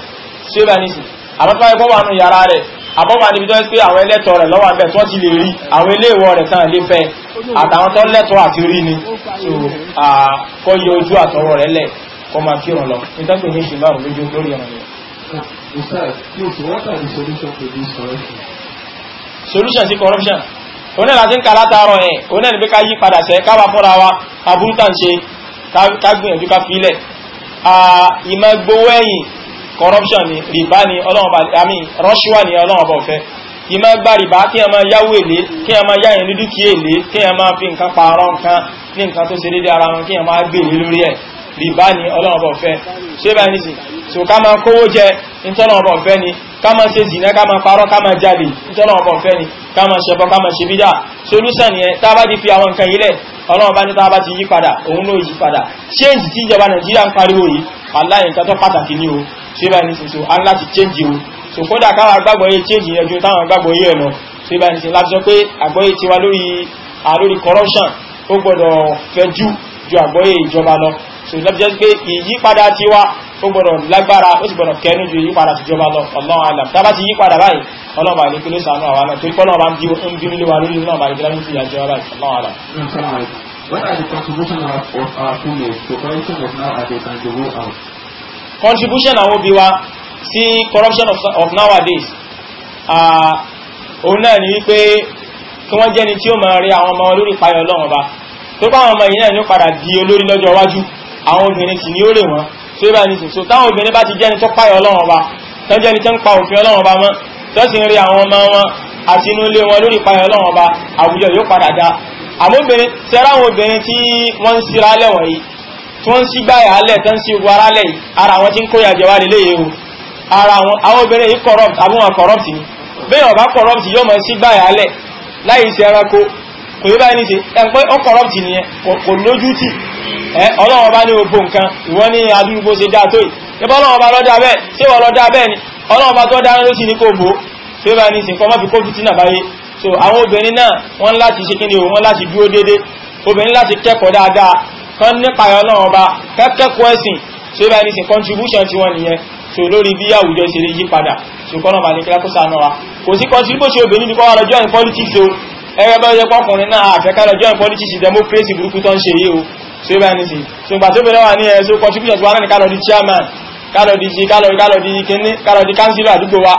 Speaker 1: ṣé bá ní sí àmọ́ tó ẹgbọ́ wà nù yàrá rẹ̀ àbọ́bà níbi tó ń pé àwọn ẹlẹ́tọ̀ rẹ̀ lọ́wọ́ abẹ́ tó ti lè rí àwọn iléèwọ̀ rẹ̀ tán lè fẹ́
Speaker 2: àtàwọn tó lẹ́tọ̀
Speaker 1: àti rí ni kọ́ yẹ ojú àtọwọ́ rẹ̀ lẹ̀ kọ́ máa kí ọ̀rọ̀ lọ nítọ́pẹ̀ ní ṣe márùn lójú lórí ọ̀rọ̀ rẹ̀. solution sí corruption onílẹ̀ láti ń kà látàárọ̀ ẹ̀ onílẹ̀ bí ká yí padà sẹ́ káwa fúnra wa aburú tàn ṣe ká gbìyànjú ká fi ilẹ̀ ìmọ̀ gbowó ẹ̀yìn corruption ni rìbá ni ọlọ́ọ̀bà àmì rọ́ṣùwà ni ọlọ́ọ̀bà ọ̀fẹ́ ìmọ̀ gba rìbá kí ẹ máa yáwó èlé kí ẹ máa yáyìn ní dúkìá èlé kí ẹ máa fi nǹkan pààrọ̀ nǹkan ní nǹkan tó ṣe dédé ara wọn kí ẹ máa gbé èlé lórí ẹ̀ rìbá ni ọlọ́ọ̀bà ọ̀fẹ́ ṣé bá ní sìn so ká máa kówó jẹ ìtọ́lọ́ọ̀bà ọ̀fẹ́ ni ká máa ṣe zìnà ká máa parọ́ ká máa jalè ìtọ́lọ́ọ̀bà ọ̀fẹ́ ni ká máa ṣẹbọ ká máa ṣe bídà solúsàn yẹn tá a bá ti fi àwọn nǹkan yìí lẹ̀ ọlọ́run bá ní tá a bá ti yí padà òun ló yí padà ṣéǹjì tí ìjọba nàìjíríà ń pariwo yìí aláì nǹkan tó pàtàkì ní o ṣe ní ṣe a láti change o so kódà káwà gbàgbọ́yé change yẹn ju táwọn gbàgbọ́yé ẹ̀ lọ ṣe bá ní ṣe láti sọ pé àgbọ́yé ti wá lórí àlórí corruption ó gbọ́dọ̀ fẹjú ju àgbọ́yé ìjọba lọ so lọ́pọ̀ jẹ́ pé ìyípadà ti wá ó gbọ́dọ̀ lágbára ó sì gbọ́dọ̀ kẹnu ju ìyípadà ti jọba lọ Allahu alam tá bá ti yípadà báyìí ọlọ́ọ̀bà ní What are the contribution of, of our females to corruption of now, and the way out? Contribution àwọn Obiwa, see corruption of, of nowadays. Òun náà ni wípé kí wọ́n jẹ́ni tí ó máa rí àwọn ọmọ lórí ìpayọ̀ ọlọ́run ọba. Tó bá àwọn ọmọ yìí náà ni ó padà di olórí lọ́jọ́ iwájú. Àwọn obìnrin sì ni ó rè wọ́n. Tó bá ní sòsò táwọn obìnrin bá ti jẹ́ni tó payọ̀ ọlọ́run ọba. Tó jẹ́ni tó ń pa òfin ọlọ́run ọba mọ́. Tó sì ń rí àwọn ọmọ wọn àti inú ilé wọn lórí ìpayọ̀ ọlọ́run ọba. Àwùjọ yóò padà dáa àmóbìnrin sẹ́ráwọn obìnrin tí wọ́n ń síra lẹ́wọ̀n yìí tí wọ́n ń sí gbáyà alẹ́ tán sí ogun ara lẹ́yìn ara wọn tí ń kóyà jẹwa lè léyè ara wọn àwọn obìnrin yìí corrupt àbí wọn corrupt ni bẹ́ẹ̀ ọba corrupt yóò mọ̀ sí gbáyà alẹ́ láì sí ẹranko kò yóò báyìí níṣe ẹ pé ó corrupt nìyẹn kò lójú tì ẹ ọlọ́wọ́n bá ní gbogbo nǹkan ìwọ ní adúgbò ṣe dáa tó yìí ìbá ọlọ́wọ́n bá lọ́dá bá tọ́ so àwọn obìnrin náà wọ́n láti ṣe kíni o wọ́n láti dúró déédéé obìnrin láti kẹ́kọ̀ọ́ dáadáa kan nípa ẹ̀ ọlọ́run ọba kẹ́kẹ́kọ̀ọ́ ẹ̀sìn so ibà ní sin contribution tiwọn nìyẹn so lórí bí àwùjọ ṣe lè yí padà so kọ́nà bá ní kí lákòóso àná wa kò sí contribution obìnrin ní kọ́ wa lọ join politics o ẹgbẹ́ bá yẹ kọkùnrin náà àfẹ́ká lọ join politics democracy burúkú tó ń ṣe yìí o so ibà ní so gbà tó bẹ̀rẹ̀ wà ní ẹ̀ contribution tiwọn náà ní ká di chairman ká lọ di sí ká lọ di kíní ká di councillor àdúgbò wa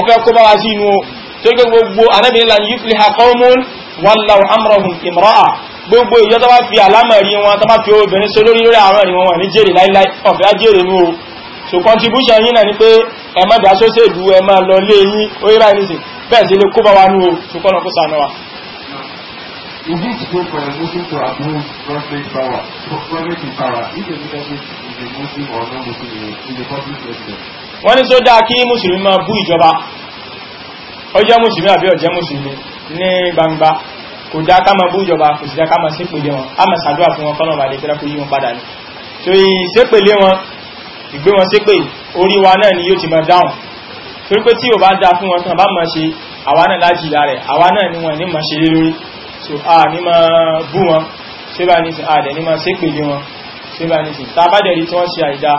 Speaker 1: ọkọ̀ ẹ̀kọ́ bá wa sí inú o tó gbé gbogbo anábìnrin lan yufliha qawmun wallaw amrahum imra'a gbogbo ìjọ tó bá fi àlámọ̀rí wọn tó bá fi obìnrin so lórí lórí àwọn ìrìn wọn ní jèrè láíláí ọ̀fẹ́ ajérè ní o so contribution yìí náà ni pé ẹ má dá sóṣè lu ẹ má lọ lé yín ó yíra ẹni sì bẹ́ẹ̀ sí lè kó bá wa ní o so kọ́nà kó sànà wa.
Speaker 2: Is the public sector? Wọ́n ní só dáa kí Mùsùlùmí
Speaker 1: máa bú ìjọba ọjọ́ mùsùlùmí àbí ọjọ́ mùsùlùmí ní gbangba kò dá ká máa bújọba kò sí dá ká máa ṣépèlé wọn a máa ṣàdúrà fún wọn kọ́nà bàdé kẹ́lá kó yí wọn padà ní so ìṣépèlé wọn ìgbé wọn ṣépè orí wa náà ni yóò ti máa dáhùn torí pé tí ò bá dá fún wọn tán bá máa ṣe àwa náà láti ìlà rẹ̀ àwa náà ni wọn ní máa ṣe lórí so a ni máa bú wọn ṣé ní sí a dẹ̀ ní máa ṣépèlé wọn ṣé bá ní sí tá a bá dẹ̀ rí tí wọ́n ṣe àìdá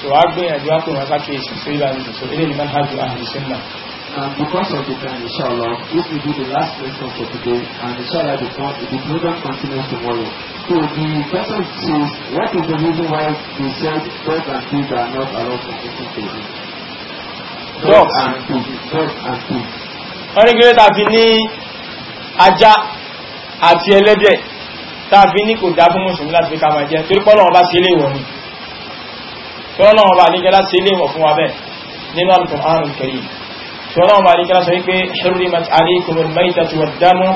Speaker 1: so a gbìyànjú á pè wọn sákèésì ṣé bá ní sí so eléyìí máa ń hájú
Speaker 2: àhìsùn And um, because of the time, inshallah, this will be the last lesson for today, and inshallah, the, the program continues tomorrow. So the question is, what is the reason why they said dogs and pigs are not allowed for eating children? Dogs and pigs.
Speaker 1: Dogs and pigs. Wọ́n ní kí ló ta fi ní ajá àti ẹlẹ́dẹ̀ tá a fi ní kò dá fún mùsùlùmí láti fi ká máa jẹ torí pọ́nà ọba sí ilé ìwọ̀ ni. Pọ́nà ọba àníkẹ́lá sí ilé ìwọ̀ fún wa bẹ́ẹ̀ nínú Al-Qur'an al ṣọ́lá ọmọ àríkà sọ wípé hurrimat alaykumul maytatu wad damu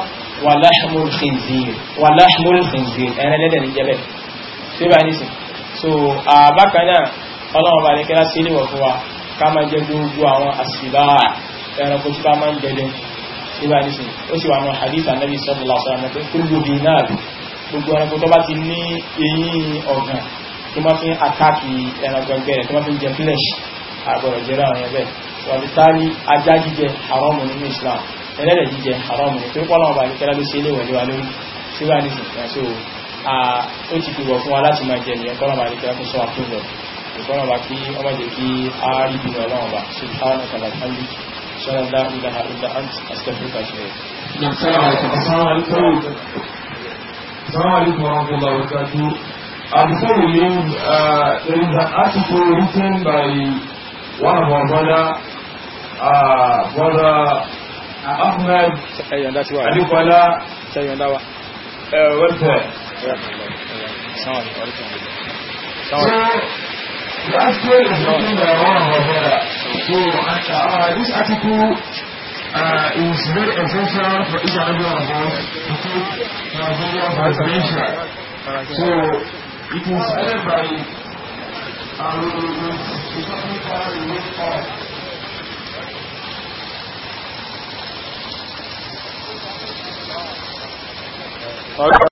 Speaker 1: wa lahmul khinzir wa lahmul khinzir ẹ̀rẹ́ lẹ́dẹ̀ ní jẹ́bẹ̀ tí ó bá ní sí so àbákanáà ọlọ́wọ́ bá àríkà sí ilé wọ̀ fún wa ká máa jẹ gbogbo àwọn àṣìbá ẹranko tí bá máa ń jẹjẹ tí ó bá ní sí ó sì wà àwọn hadith anabi sallallahu alaihi gbogbo ẹranko tó bá ti ní eyín ọ̀gàn tó máa fi ń àtàkì ẹranko ẹgbẹ́ tó máa fi ń jẹ flesh àgbọ̀rọ̀ jẹ́rọ àwọn ẹgbẹ́ wàbítálí ajá jíjẹ haramu nínú islam ẹlẹ́dẹ̀ jíjẹ haramu ní pé pọ́lọ́wọ́ bá kẹ́lá ló ṣe
Speaker 2: léwẹ̀lé wa lórí tí wà ní ìsìnkú ó ti fi wọ̀ fún wa láti máa jẹ ní ẹ̀kọ́nà bá kẹ́lá fún sọ́wọ́ fún lọ ìkọ́nà bá kí ọmọ jẹ kí a rí bí ọlọ́wọ́ bá ṣe fáwọn kàlà kálí sọ́nà dá ìdáhà ìdá àti àṣìkẹ́fẹ́kà ṣe rẹ̀. Assalamualaikum warahmatullahi wabarakatuh. Uh, before we leave, uh, there is an article written by one of our brother brother Ahmed uh, So, Last year is something that I want So, uh, this article uh, is very essential for each and every one of us to take Nigeria by So, it is led by um, the Okay.